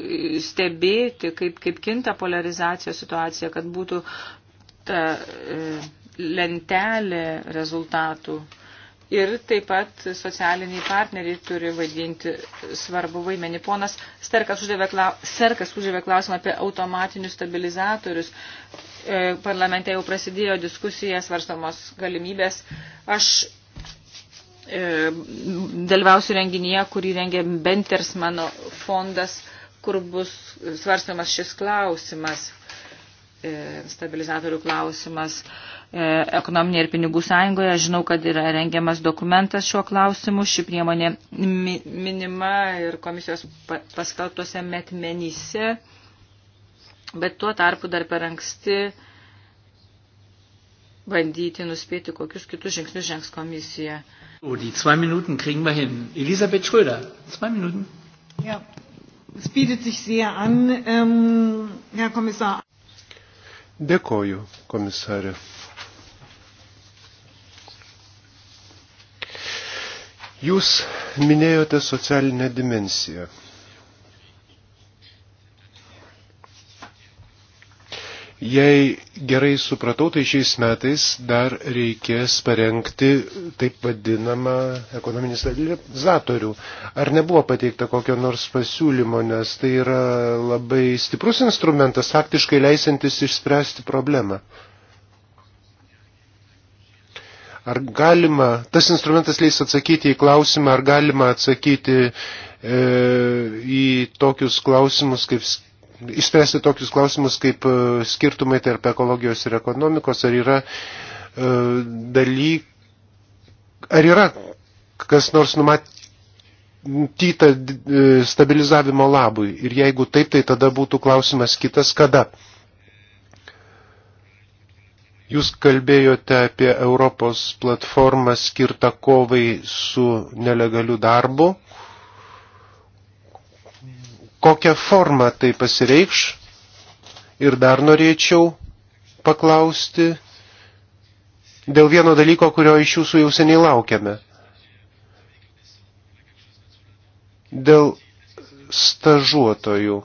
S4: stebėti, kaip, kaip kinta polarizacijos situacija, kad būtų ta e, lentelė rezultatų Ir taip pat socialiniai partneriai turi vaidinti svarbu vaidmenį. Ponas Serkas uždavė, klaus... Serkas uždavė klausimą apie automatinius stabilizatorius. E, parlamente jau prasidėjo diskusija, svarstamos galimybės. Aš e, dalyvausiu renginyje, kurį rengė Bentersmano fondas, kur bus svarstamas šis klausimas. E, stabilizatorių klausimas e, ekonominėje ir pinigų sąjungoje. Žinau, kad yra rengiamas dokumentas šiuo klausimu. Ši priemonė minima ir komisijos paskaltuose metmenyse. Bet tuo tarpu dar per anksti bandyti nuspėti, kokius kitus žingsnius žengs komisija.
S1: O, die zwei Minuten kriegen wir hin. Elisabeth Schröder,
S4: zwei Minuten. Ja, es bietet sich sehr an, ähm, Herr Kommissar.
S3: Dėkoju, komisarė. Jūs minėjote socialinę dimensiją. Jei gerai supratau, tai šiais metais dar reikės parengti taip vadinamą ekonominį stabilizatorių. Ar nebuvo pateikta kokio nors pasiūlymo, nes tai yra labai stiprus instrumentas, faktiškai leisantis išspręsti problemą. Ar galima, tas instrumentas leis atsakyti į klausimą, ar galima atsakyti e, į tokius klausimus kaip išspręsti tokius klausimus kaip e, skirtumai tarp ekologijos ir ekonomikos, ar yra e, dalyk, ar yra kas nors numatyta e, stabilizavimo labui ir jeigu taip, tai tada būtų klausimas kitas, kada. Jūs kalbėjote apie Europos platformą skirtą kovai su nelegaliu darbu. Uh, kokią formą tai pasireikš. Ir dar norėčiau paklausti dėl vieno dalyko, kurio iš jūsų jau seniai laukiame. Dėl stažuotojų.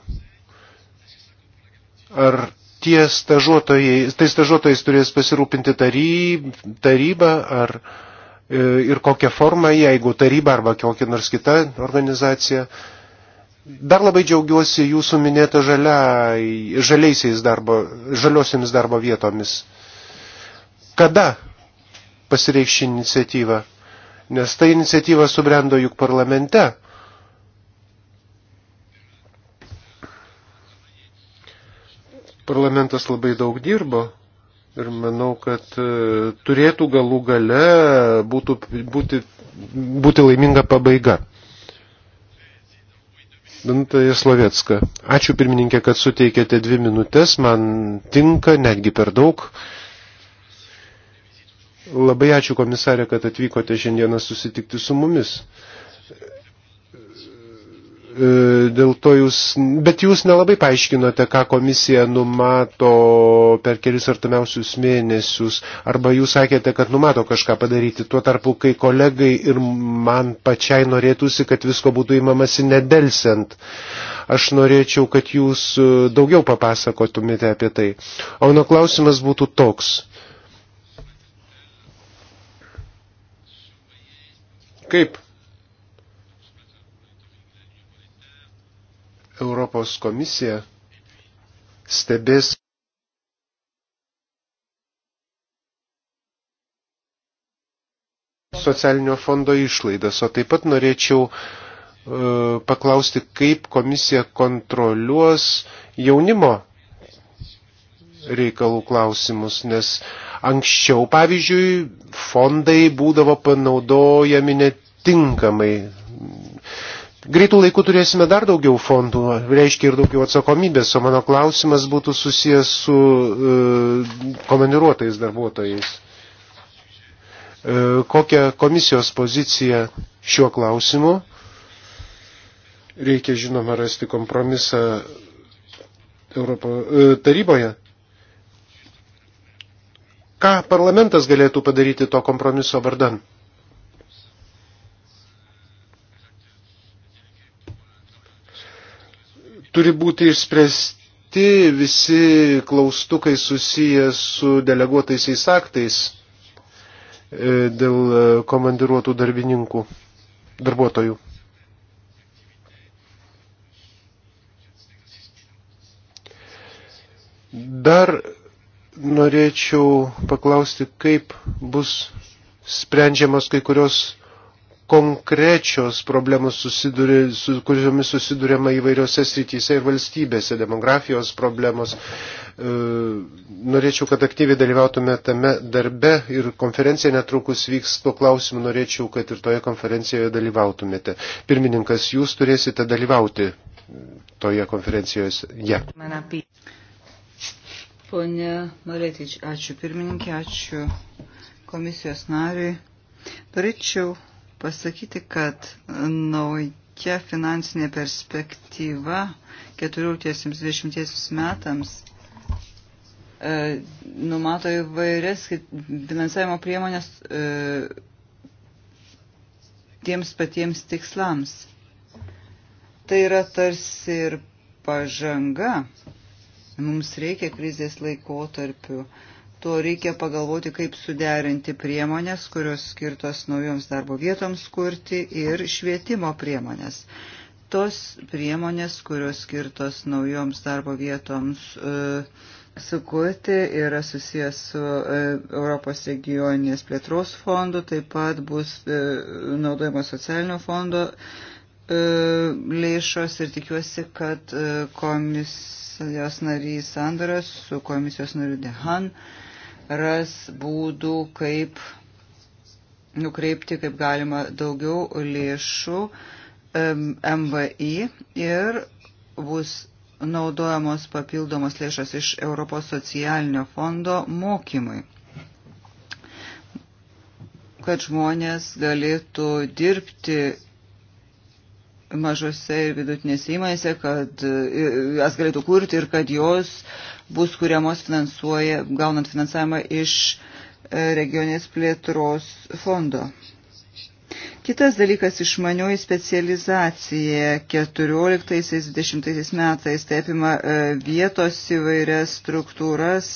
S3: Ar tie stažuotojai, tai stažuotojais turės pasirūpinti taryb, taryba ar, e, ir kokią formą, jeigu taryba arba kokia nors kita organizacija, Dar labai džiaugiuosi jūsų minėta žalia, žaliaisiais darbo, žaliosiomis darbo vietomis. Kada pasireikš ši iniciatyva? Nes ta iniciatyva subrendo juk parlamente. Parlamentas labai daug dirbo ir manau, kad e, turėtų galų gale būtų, būti, būti laiminga pabaiga. Danutė Slovetska. Ačiū pirmininkė, kad suteikėte dvi minutės, man tinka, netgi per daug. Labai ačiū komisarė, kad atvykote šiandieną susitikti su mumis. E, dėl to jūs, bet jūs nelabai paaiškinote, ką komisija numato per kelis artimiausius mėnesius, arba jūs sakėte, kad numato kažką padaryti, tuo tarpu, kai kolegai ir man pačiai norėtųsi, kad visko būtų įmamasi nedelsiant. Aš norėčiau, kad jūs e, daugiau papasakotumėte apie tai. O mano klausimas būtų toks. Kaip Europos komisija stebės socialinio fondo išlaidas, o taip pat norėčiau e, paklausti, kaip komisija kontroliuos jaunimo reikalų klausimus, nes anksčiau, pavyzdžiui, fondai būdavo panaudojami netinkamai Greitų laikų turėsime dar daugiau fondų, reiškia ir daugiau atsakomybės, o mano klausimas būtų susijęs su e, komandiruotais darbuotojais. E, kokia komisijos pozicija šiuo klausimu? Reikia, žinoma, rasti kompromisą Europo, e, taryboje. Ką parlamentas galėtų padaryti to kompromiso vardan? turi būti išspręsti visi klaustukai susiję su deleguotaisiais aktais e, dėl e, komandiruotų darbininkų, darbuotojų. Dar norėčiau paklausti, kaip bus sprendžiamos kai kurios konkrečios problemos, susiduri, su kuriomis susidurėma įvairiose srityse ir valstybėse, demografijos problemos. E, norėčiau, kad aktyviai dalyvautume tame darbe ir konferencija netrukus vyks tuo klausimu, norėčiau, kad ir toje konferencijoje dalyvautumėte. Pirmininkas, jūs turėsite dalyvauti toje konferencijoje. Ja.
S2: Pone Maletič, ačiū pirmininkė, ačiū komisijos nariui. Norėčiau pasakyti, kad nauja finansinė perspektyva 14-20 metams e, numato įvairias finansavimo priemonės e, tiems patiems tikslams. Tai yra tarsi ir pažanga. Mums reikia krizės laikotarpių. E, to reikia pagalvoti, kaip suderinti priemonės, kurios skirtos naujoms darbo vietoms kurti ir švietimo priemonės. Tos priemonės, kurios skirtos naujoms darbo vietoms e, sukurti, yra susijęs su e, Europos regioninės plėtros fondu, taip pat bus e, naudojama socialinio fondo e, lėšos ir tikiuosi, kad e, komisijos narys Sandaras su komisijos nariu Dehan uh, ras būdų, kaip nukreipti kaip galima daugiau lėšų MVI ir bus naudojamos papildomos lėšos iš Europos socialinio fondo mokymui kad žmonės galėtų dirbti mažose ir vidutinėse įmonėse, kad e, jas galėtų kurti ir kad jos bus kuriamos finansuoja, gaunant finansavimą iš e, regionės plėtros fondo. Kitas dalykas - išmanioji specializacija 14-20 metais, tai apima e, vietos įvairias struktūras,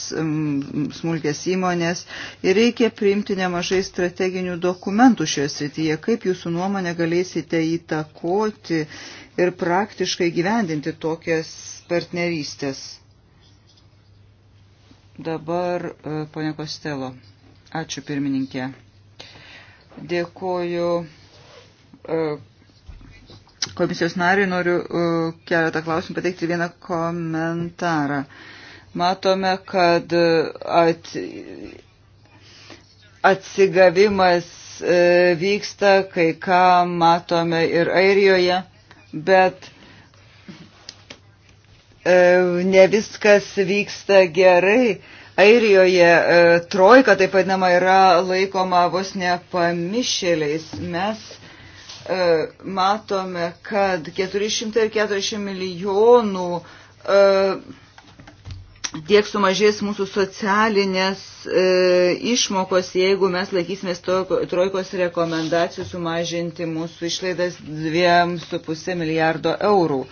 S2: smulkės įmonės ir reikia priimti nemažai strateginių dokumentų šioje srityje. Kaip jūsų nuomonė galėsite įtakoti ir praktiškai gyvendinti tokias partnerystės? Dabar, e, ponia Kostelo, ačiū pirmininkė. Dėkuoju E, komisijos nariui noriu e, keletą klausimų pateikti vieną komentarą. Matome, kad at, atsigavimas e, vyksta, kai ką matome ir Airijoje, bet ne viskas vyksta gerai. Airijoje trojka, taip vadinama, yra laikoma vos ne pamišėliais. Mes E, matome, kad 440 milijonų e, tiek sumažės mūsų socialinės e, išmokos, jeigu mes laikysimės trojkos rekomendacijų sumažinti mūsų išlaidas 2,5 milijardo eurų. E,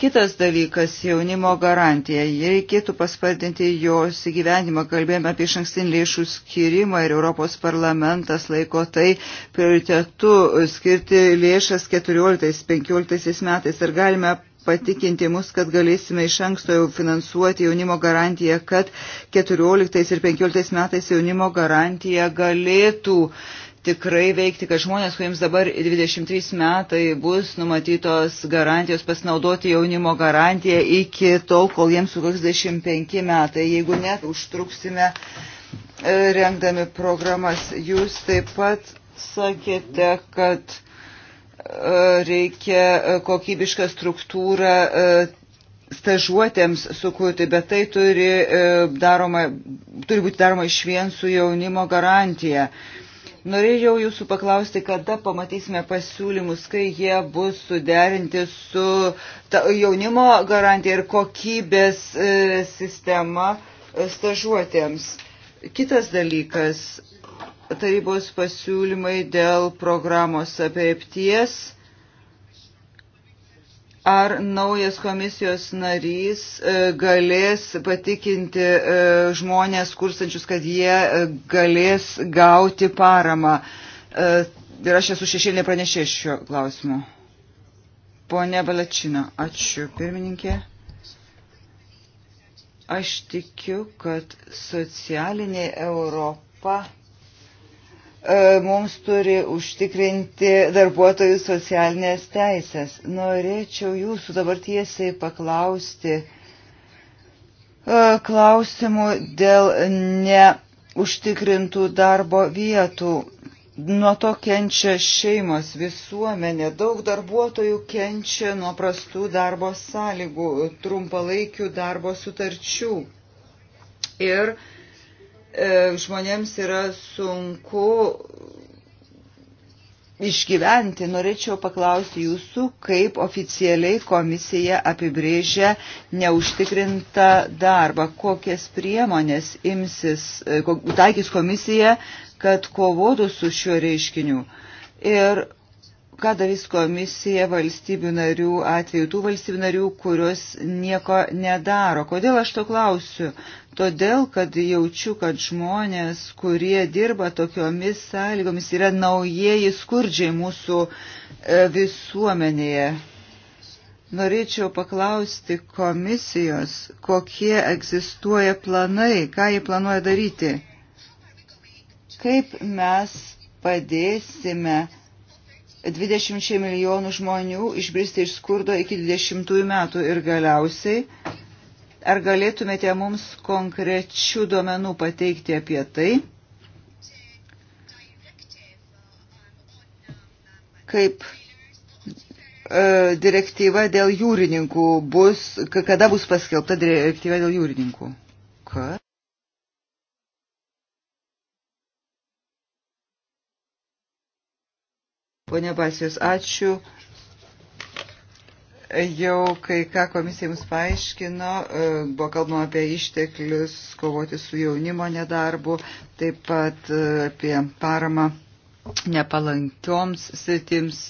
S2: Kitas dalykas - jaunimo garantija. Jei reikėtų paspartinti jos įgyvendimą, kalbėjome apie šankstinį lėšų skirimą ir Europos parlamentas laiko tai prioritetu skirti lėšas 14-15 metais. Ar galime patikinti mus, kad galėsime iš anksto jau finansuoti jaunimo garantiją, kad 14 ir 15 metais jaunimo garantija galėtų tikrai veikti, kad žmonės, kuriems dabar 23 metai bus numatytos garantijos pasinaudoti jaunimo garantiją iki tol, kol jiems sukaks 25 metai. Jeigu net užtruksime e, rengdami programas, jūs taip pat sakėte, kad e, reikia e, kokybišką struktūrą stažuotėms sukurti, bet tai turi, daroma, turi būti daroma iš vien su jaunimo garantija. Norėjau jūsų paklausti, kada pamatysime pasiūlymus, kai jie bus suderinti su jaunimo garantija ir kokybės e, sistema e, stažuotėms. Kitas dalykas - tarybos pasiūlymai dėl programos apiepties Ar naujas komisijos narys e, galės patikinti e, žmonės kurstančius, kad jie e, galės gauti paramą? Ir aš esu šešėlinė pranešė šiuo klausimu. Pone Balačino, ačiū pirmininkė. Aš tikiu, kad socialinė Europa E, mums turi užtikrinti darbuotojų socialinės teisės. Norėčiau jūsų dabar tiesiai paklausti e, klausimų dėl neužtikrintų darbo vietų. Nuo to kenčia šeimos, visuomenė, daug darbuotojų kenčia nuo prastų darbo sąlygų, trumpalaikių darbo sutarčių. Ir uh, E, žmonėms yra sunku išgyventi. Norėčiau paklausti jūsų, kaip oficialiai komisija apibrėžia neužtikrintą darbą, kokias priemonės imsis, e, taikys komisija, kad kovotų su šiuo reiškiniu. Ir ką darys komisija valstybių narių atveju, tų valstybių narių, kurios nieko nedaro. Kodėl aš to klausiu? Todėl, kad jaučiu, kad žmonės, kurie dirba tokiomis sąlygomis, yra naujieji skurdžiai mūsų e, visuomenėje. Norėčiau paklausti komisijos, kokie egzistuoja planai, ką jie planuoja daryti. Kaip mes padėsime uh, 20 milijonų žmonių išbristi iš skurdo iki 20 metų ir galiausiai. Ar galėtumėte mums konkrečių duomenų pateikti apie tai, kaip e, direktyva dėl jūrininkų bus, kada bus paskelbta direktyva dėl jūrininkų? Ką? Pone Basijos, ačiū. Jau kai ką komisija jums paaiškino, e, buvo kalbama apie išteklius, kovoti su jaunimo nedarbu, taip pat e, apie paramą nepalankioms sritims.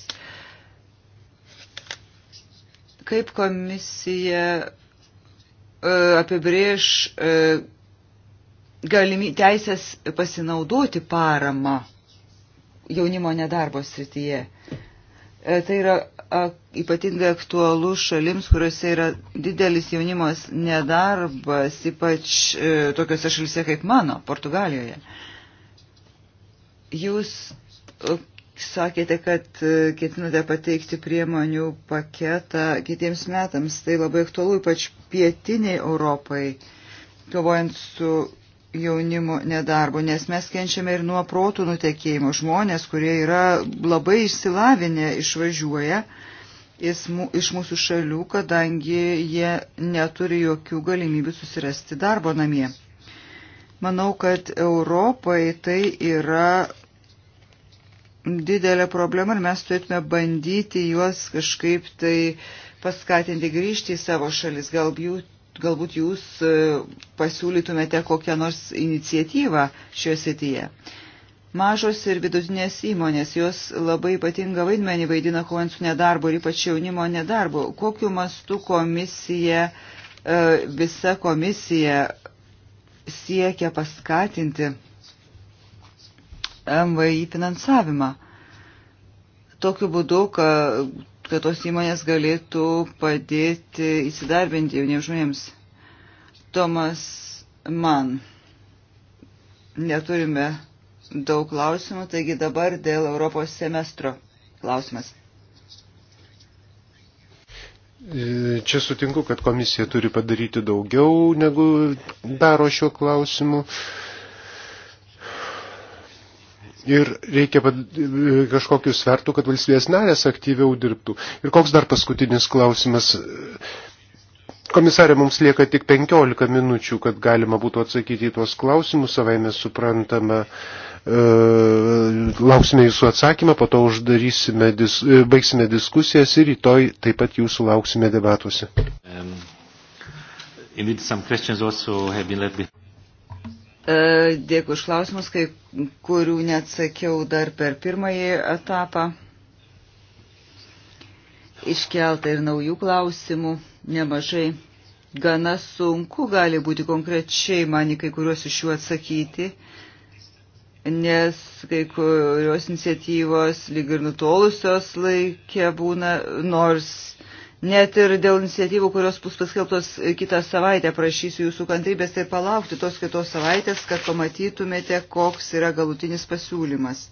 S2: Kaip komisija e, apibrėž galimį teisės pasinaudoti paramą jaunimo nedarbo srityje. E, tai yra ypatingai aktualu šalims, kuriuose yra didelis jaunimas nedarbas, ypač e, tokiuose šalise kaip mano, Portugalijoje. Jūs sakėte, kad e, ketinate pateikti priemonių paketą kitiems metams. Tai labai aktualu, ypač pietiniai Europai, kovojant su jaunimo nedarbo, nes mes kenčiame ir nuo protų nutekėjimo. Žmonės, kurie yra labai išsilavinę, išvažiuoja iš mūsų šalių, kadangi jie neturi jokių galimybių susirasti darbo namie. Manau, kad Europai tai yra didelė problema ir mes turėtume bandyti juos kažkaip tai paskatinti grįžti į savo šalis. Galbūt galbūt jūs e, pasiūlytumėte kokią nors iniciatyvą šioje srityje. Mažos ir vidutinės įmonės, jos labai ypatingą vaidmenį vaidina kovant su nedarbu ir ypač jaunimo nedarbu. Kokiu mastu komisija, e, visa komisija siekia paskatinti MVI finansavimą? Tokiu būdu, kad kad tos įmonės galėtų padėti įsidarbinti jauniems žmonėms. Tomas man. Neturime daug klausimų, taigi dabar dėl Europos semestro klausimas.
S3: Čia sutinku, kad komisija turi padaryti daugiau negu daro šiuo klausimu. Ir reikia kažkokių svertų, kad valstybės narės aktyviau dirbtų. Ir koks dar paskutinis klausimas? Komisarė, mums lieka tik 15 minučių, kad galima būtų atsakyti į tuos klausimus, savai mes suprantame. Lauksime jūsų atsakymą, po to uždarysime, dis, e, baigsime diskusijas ir rytoj taip pat jūsų lauksime debatuose. Um,
S2: E, dėkui už klausimus, kai kurių neatsakiau dar per pirmąjį etapą. Iškelta ir naujų klausimų nemažai. Gana sunku gali būti konkrečiai man į kai kuriuos iš jų atsakyti, nes kai kurios iniciatyvos lyg ir nutolusios laikė būna, nors uh, Net ir dėl iniciatyvų, kurios bus paskelbtos kitą savaitę, prašysiu jūsų kantrybės ir tai palaukti tos kitos savaitės, kad pamatytumėte, koks yra galutinis pasiūlymas.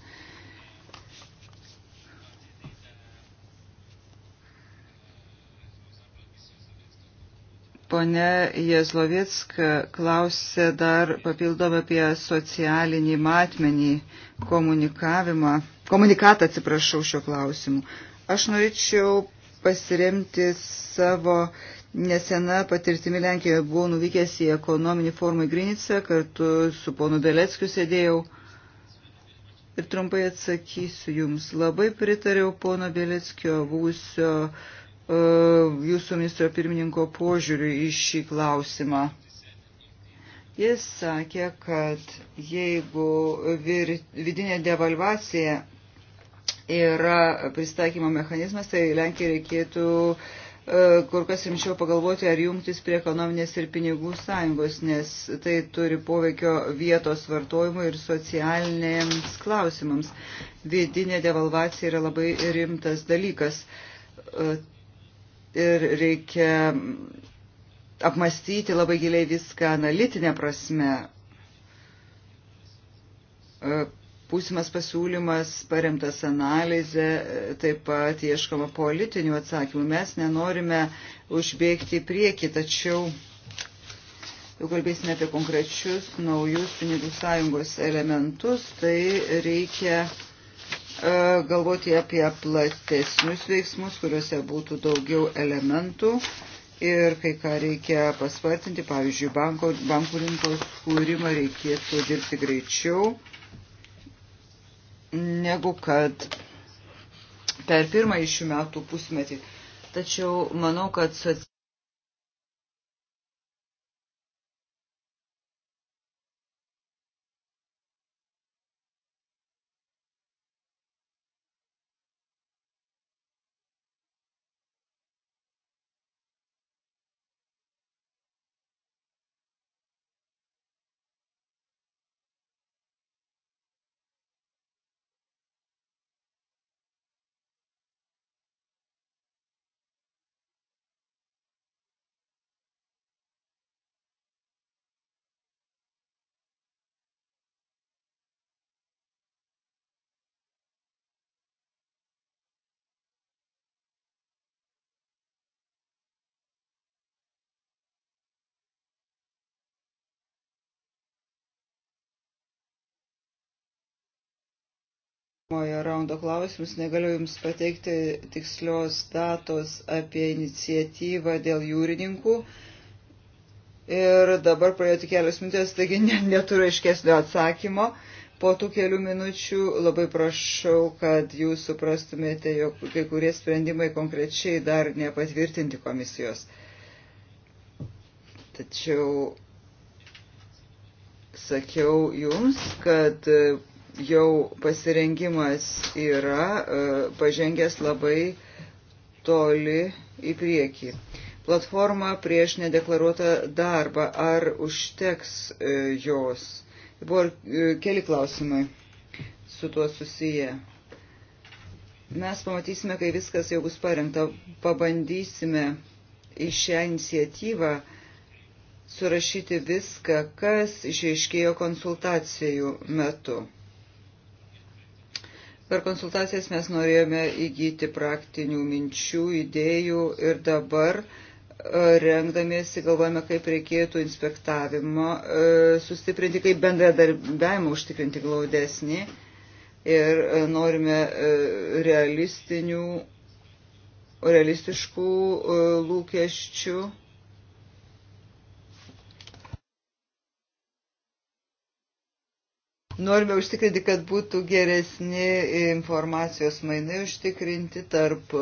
S2: Pone Jezlovietska klausė dar papildomai apie socialinį matmenį komunikavimą, komunikatą atsiprašau šio klausimu. Aš norėčiau pasiremti savo nesena patirtimi Lenkijoje. Buvau nuvykęs į ekonominį formą į Grinicę, kartu su ponu Beleckiu sėdėjau. Ir trumpai atsakysiu Jums. Labai pritariau pono Beleckio būsio e, Jūsų ministro pirmininko požiūriui į šį klausimą. Jis sakė, kad jeigu vidinė devalvacija yra pristaikymo mechanizmas, tai Lenkijai reikėtų e, kur kas rimčiau pagalvoti, ar jungtis prie ekonominės ir pinigų sąjungos, nes tai turi poveikio vietos vartojimui ir socialinėms klausimams. Vidinė devalvacija yra labai rimtas dalykas e, ir reikia apmastyti labai giliai viską analitinę prasme. E, būsimas pasiūlymas paremtas analizė, taip pat ieškoma politinių atsakymų. Mes nenorime užbėgti į priekį, tačiau jau kalbėsime apie konkrečius naujus pinigų sąjungos elementus, tai reikia e, galvoti apie platesnius veiksmus, kuriuose būtų daugiau elementų ir kai ką reikia paspartinti, pavyzdžiui, banko, bankų rinkos kūrimą reikėtų dirbti greičiau negu kad per pirmąjį šių metų pusmetį. Tačiau manau, kad pirmojo raundo klausimus. Negaliu Jums pateikti tikslios datos apie iniciatyvą dėl jūrininkų. Ir dabar praėjo tik kelios minutės, taigi neturiu aiškesnio atsakymo. Po tų kelių minučių labai prašau, kad jūs suprastumėte, jog kai kurie sprendimai konkrečiai dar nepatvirtinti komisijos. Tačiau sakiau jums, kad jau pasirengimas yra e, pažengęs labai toli į priekį. Platforma prieš nedeklaruotą darbą, ar užteks e, jos? Buvo e, keli klausimai su tuo susiję. Mes pamatysime, kai viskas jau bus parengta, pabandysime į šią iniciatyvą surašyti viską, kas išaiškėjo konsultacijų metu. Per konsultacijas mes norėjome įgyti praktinių minčių, idėjų ir dabar e, rengdamiesi galvojame, kaip reikėtų inspektavimo e, sustiprinti, kaip bendradarbiavimą užtikrinti glaudesnį ir e, norime realistinių, realistiškų lūkesčių Norime užtikrinti, kad būtų geresni informacijos mainai užtikrinti tarp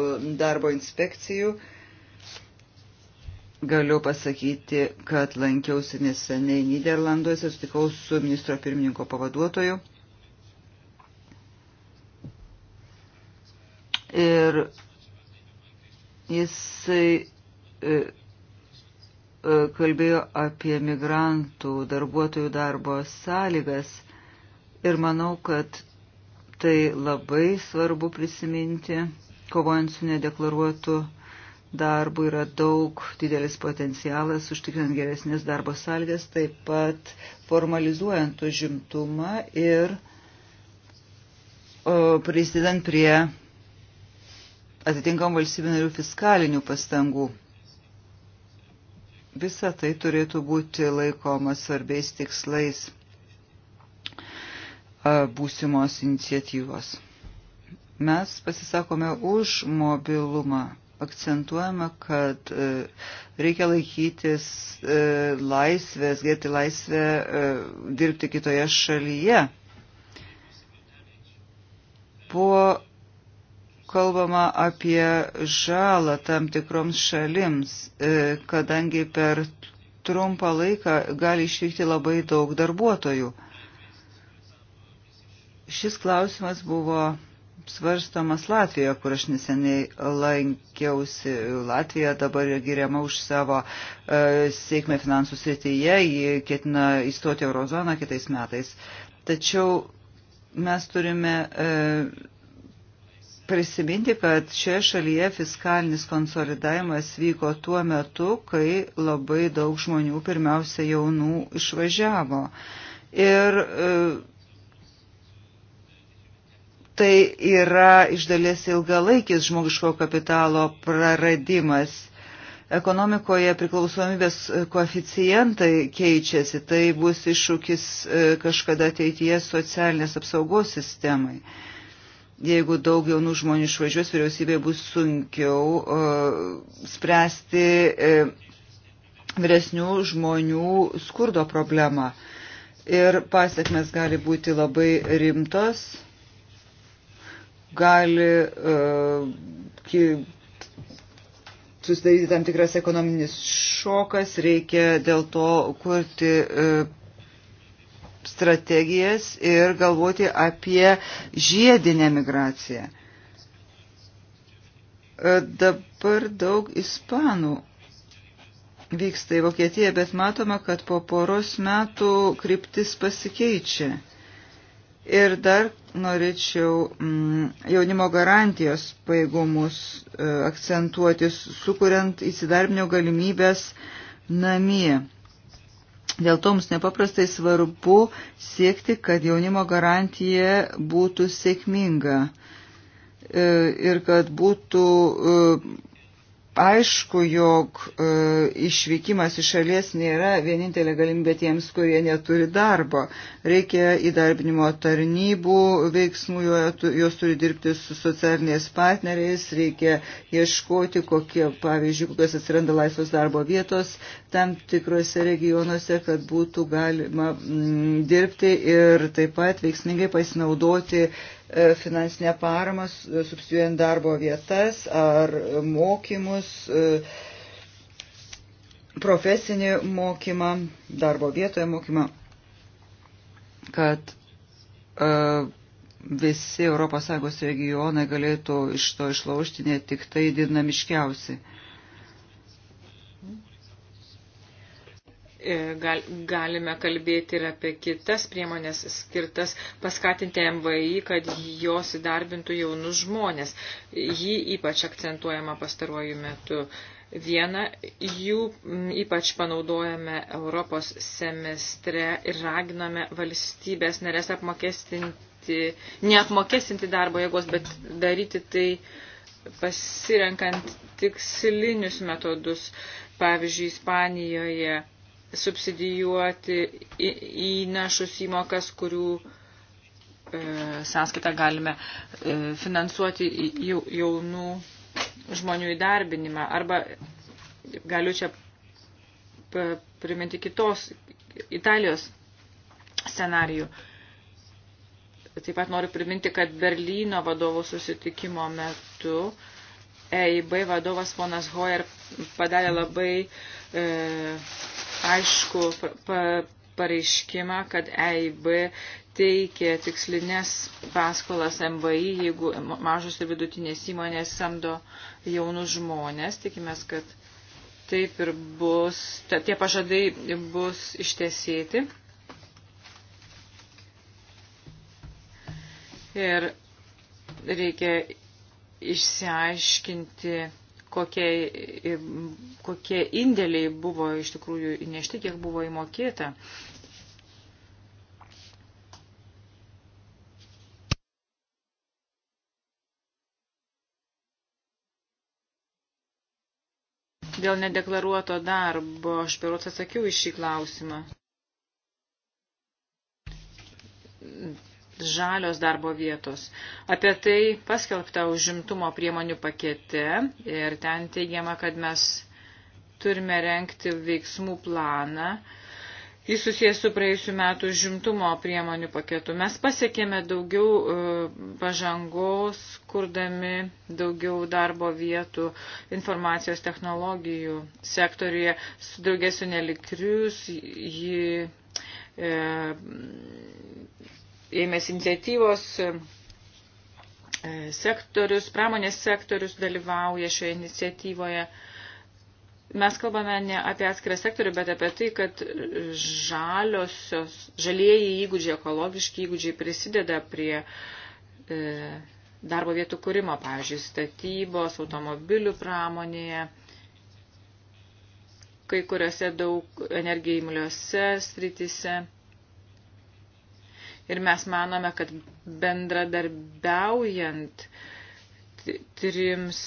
S2: darbo inspekcijų. Galiu pasakyti, kad lankiausi neseniai Niderlanduose, sutikau su ministro pirmininko pavaduotoju. Ir jisai e, e, kalbėjo apie migrantų darbuotojų darbo sąlygas Ir manau, kad tai labai svarbu prisiminti, kovojant su nedeklaruotu darbu yra daug didelis potencialas užtikrinant geresnės darbo sąlygas, taip pat formalizuojant užimtumą ir prisidant prie atitinkam valstybių narių fiskalinių pastangų. Visa tai turėtų būti laikoma svarbiais tikslais būsimos iniciatyvos. Mes pasisakome už mobilumą, akcentuojame, kad e, reikia laikytis e, laisvės, gėti laisvę e, dirbti kitoje šalyje. Buvo kalbama apie žalą tam tikroms šalims, kadangi per trumpą laiką gali išvykti labai daug darbuotojų. Šis klausimas buvo svarstomas Latvijoje, kur aš neseniai lankiausi. Latvija dabar giriama už savo e, sėkmę finansų srityje, ji ketina įstoti eurozoną kitais metais. Tačiau mes turime e, prisiminti, kad šioje šalyje fiskalinis konsolidavimas vyko tuo metu, kai labai daug žmonių, pirmiausia jaunų, išvažiavo. Ir e, tai yra iš dalies ilgalaikis žmogiško kapitalo praradimas. Ekonomikoje priklausomybės koeficientai keičiasi, tai bus iššūkis e, kažkada ateityje socialinės apsaugos sistemai. Jeigu daug jaunų žmonių išvažiuos, vyriausybėje bus sunkiau uh, spręsti uh, vyresnių žmonių skurdo problemą. Ir pasiekmes gali būti labai rimtos gali uh, susidaryti tam tikras ekonominis šokas, reikia dėl to kurti e, strategijas ir galvoti apie žiedinę migraciją. E, dabar daug ispanų vyksta į Vokietiją, bet matoma, kad po poros metų kryptis pasikeičia. Ir dar norėčiau mm, jaunimo garantijos paėgumus e, akcentuoti, sukuriant įsidarbinio galimybės namie. Dėl to mums nepaprastai svarbu siekti, kad jaunimo garantija būtų sėkminga e, ir kad būtų e, Aišku, jog e, išvykimas iš šalies nėra vienintelė galimybė tiems, kurie neturi darbo. Reikia įdarbinimo tarnybų veiksmų, jos turi dirbti su socialiniais partneriais, reikia ieškoti, kokie, pavyzdžiui, kokios atsiranda laisvos darbo vietos tam tikrose regionuose, kad būtų galima m, mm, dirbti ir taip pat veiksmingai pasinaudoti E, finansinę paramą, e, subsidijuojant darbo vietas ar mokymus, e, profesinį mokymą, darbo vietoje mokymą, kad visi ES regionai galėtų iš to išlaužti ne tik tai dinamiškiausi.
S4: E, gal, galime kalbėti ir apie kitas priemonės skirtas paskatinti MVI, kad jos įdarbintų jaunus žmonės. Jį ypač akcentuojama pastaruoju metu. Vieną jų ypač panaudojame Europos semestre ir raginame valstybės narės apmokestinti, neapmokestinti darbo jėgos, bet daryti tai pasirenkant tikslinius metodus. Pavyzdžiui, Ispanijoje subsidijuoti įnašus įmokas, kurių e, sąskaitą galime e, finansuoti jaunų žmonių įdarbinimą. Arba galiu čia priminti kitos Italijos scenarijų. Taip pat noriu priminti, kad Berlyno vadovų susitikimo metu EIB vadovas ponas Hoyer padarė labai e, aišku pa, pareiškimą, kad EIB teikė tikslinės paskolas MVI, jeigu mažos ir vidutinės įmonės samdo jaunus žmonės. Tikimės, kad taip ir bus, ta, tie pažadai bus ištesėti. Ir reikia išsiaiškinti kokie, kokie indėliai buvo iš tikrųjų įnešti, kiek buvo įmokėta. Dėl nedeklaruoto darbo aš berots atsakiau iš šį klausimą žalios darbo vietos. Apie tai paskelbta užimtumo priemonių pakete ir ten teigiama, kad mes turime renkti veiksmų planą. Jis susijęs su praėjusiu metu žimtumo priemonių paketu. Mes pasiekėme daugiau e, pažangos, kurdami daugiau darbo vietų informacijos technologijų sektoriuje. Su draugė su nelikrius ji e, ėmės iniciatyvos, e, sektorius, pramonės sektorius dalyvauja šioje iniciatyvoje. Mes kalbame ne apie atskirą sektorių, bet apie tai, kad žaliosios, žalieji įgūdžiai, ekologiški įgūdžiai prisideda prie e, darbo vietų kūrimo, pavyzdžiui, statybos, automobilių pramonėje kai kuriuose daug energijai imliuose sritise. Ir mes manome, kad bendradarbiaujant trims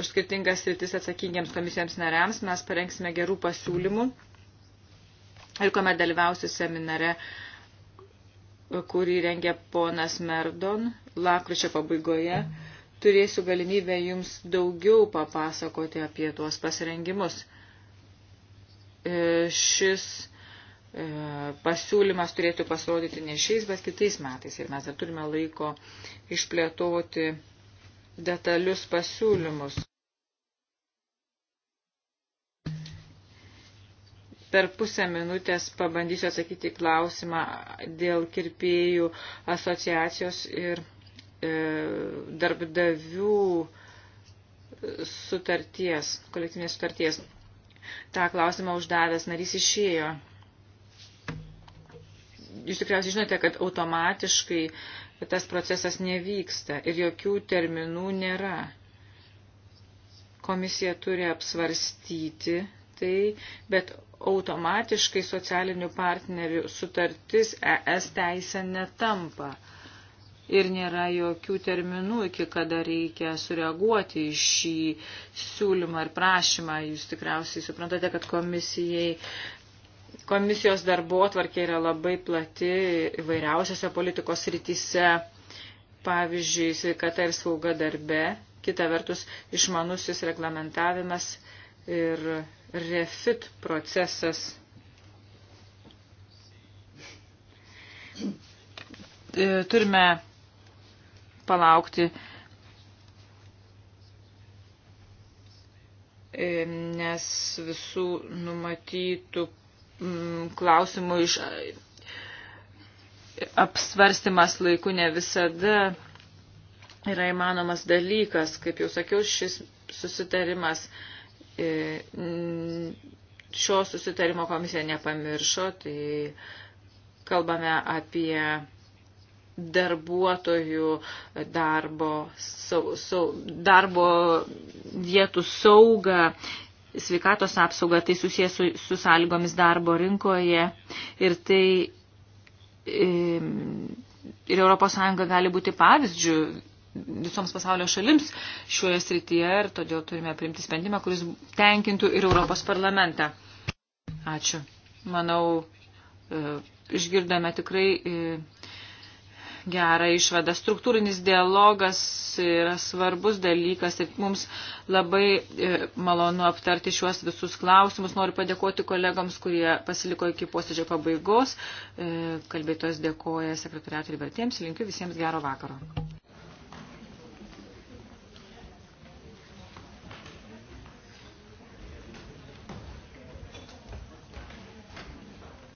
S4: už skirtingas sritis atsakingiams komisijams nariams mes parengsime gerų pasiūlymų. Ir kuomet dalyvausiu seminare, kurį rengia ponas Merdon lakryčio pabaigoje, turėsiu galimybę jums daugiau papasakoti apie tuos pasirengimus. E, šis E, pasiūlymas turėtų pasirodyti ne šiais, bet kitais metais. Ir mes dar turime laiko išplėtoti detalius pasiūlymus. Per pusę minutės pabandysiu atsakyti klausimą dėl kirpėjų asociacijos ir e, darbdavių sutarties, kolektyvinės sutarties. Ta klausimą uždavęs narys išėjo jūs tikriausiai žinote, kad automatiškai tas procesas nevyksta ir jokių terminų nėra. Komisija turi apsvarstyti tai, bet automatiškai socialinių partnerių sutartis ES teisė netampa. Ir nėra jokių terminų, iki kada reikia sureaguoti į šį siūlymą ir prašymą. Jūs tikriausiai suprantate, kad komisijai Komisijos darbo atvarkė yra labai plati įvairiausiose politikos rytise, pavyzdžiui, sveikata ir sauga darbe, kita vertus išmanusis reglamentavimas ir refit procesas. E, turime palaukti, e, nes visų numatytų Mm, klausimų iš apsvarstimas laiku ne visada yra įmanomas dalykas. Kaip jau sakiau, šis susitarimas, e, šio susitarimo komisija nepamiršo, tai kalbame apie darbuotojų darbo, sau, sau, darbo vietų saugą sveikatos apsaugą, tai susijęs su, su sąlygomis darbo rinkoje ir tai ir ES gali būti pavyzdžių visoms pasaulio šalims šioje srityje ir todėl turime priimti sprendimą, kuris tenkintų ir Europos parlamentą. Ačiū. Manau, e, išgirdome tikrai e, gerą išvadą. Struktūrinis dialogas yra svarbus dalykas ir mums labai e, malonu aptarti šiuos visus klausimus. Noriu padėkoti kolegams, kurie pasiliko iki posėdžio pabaigos. E, Kalbėtojas dėkoja sekretoriatui ir vertėms. Linkiu visiems gero vakaro.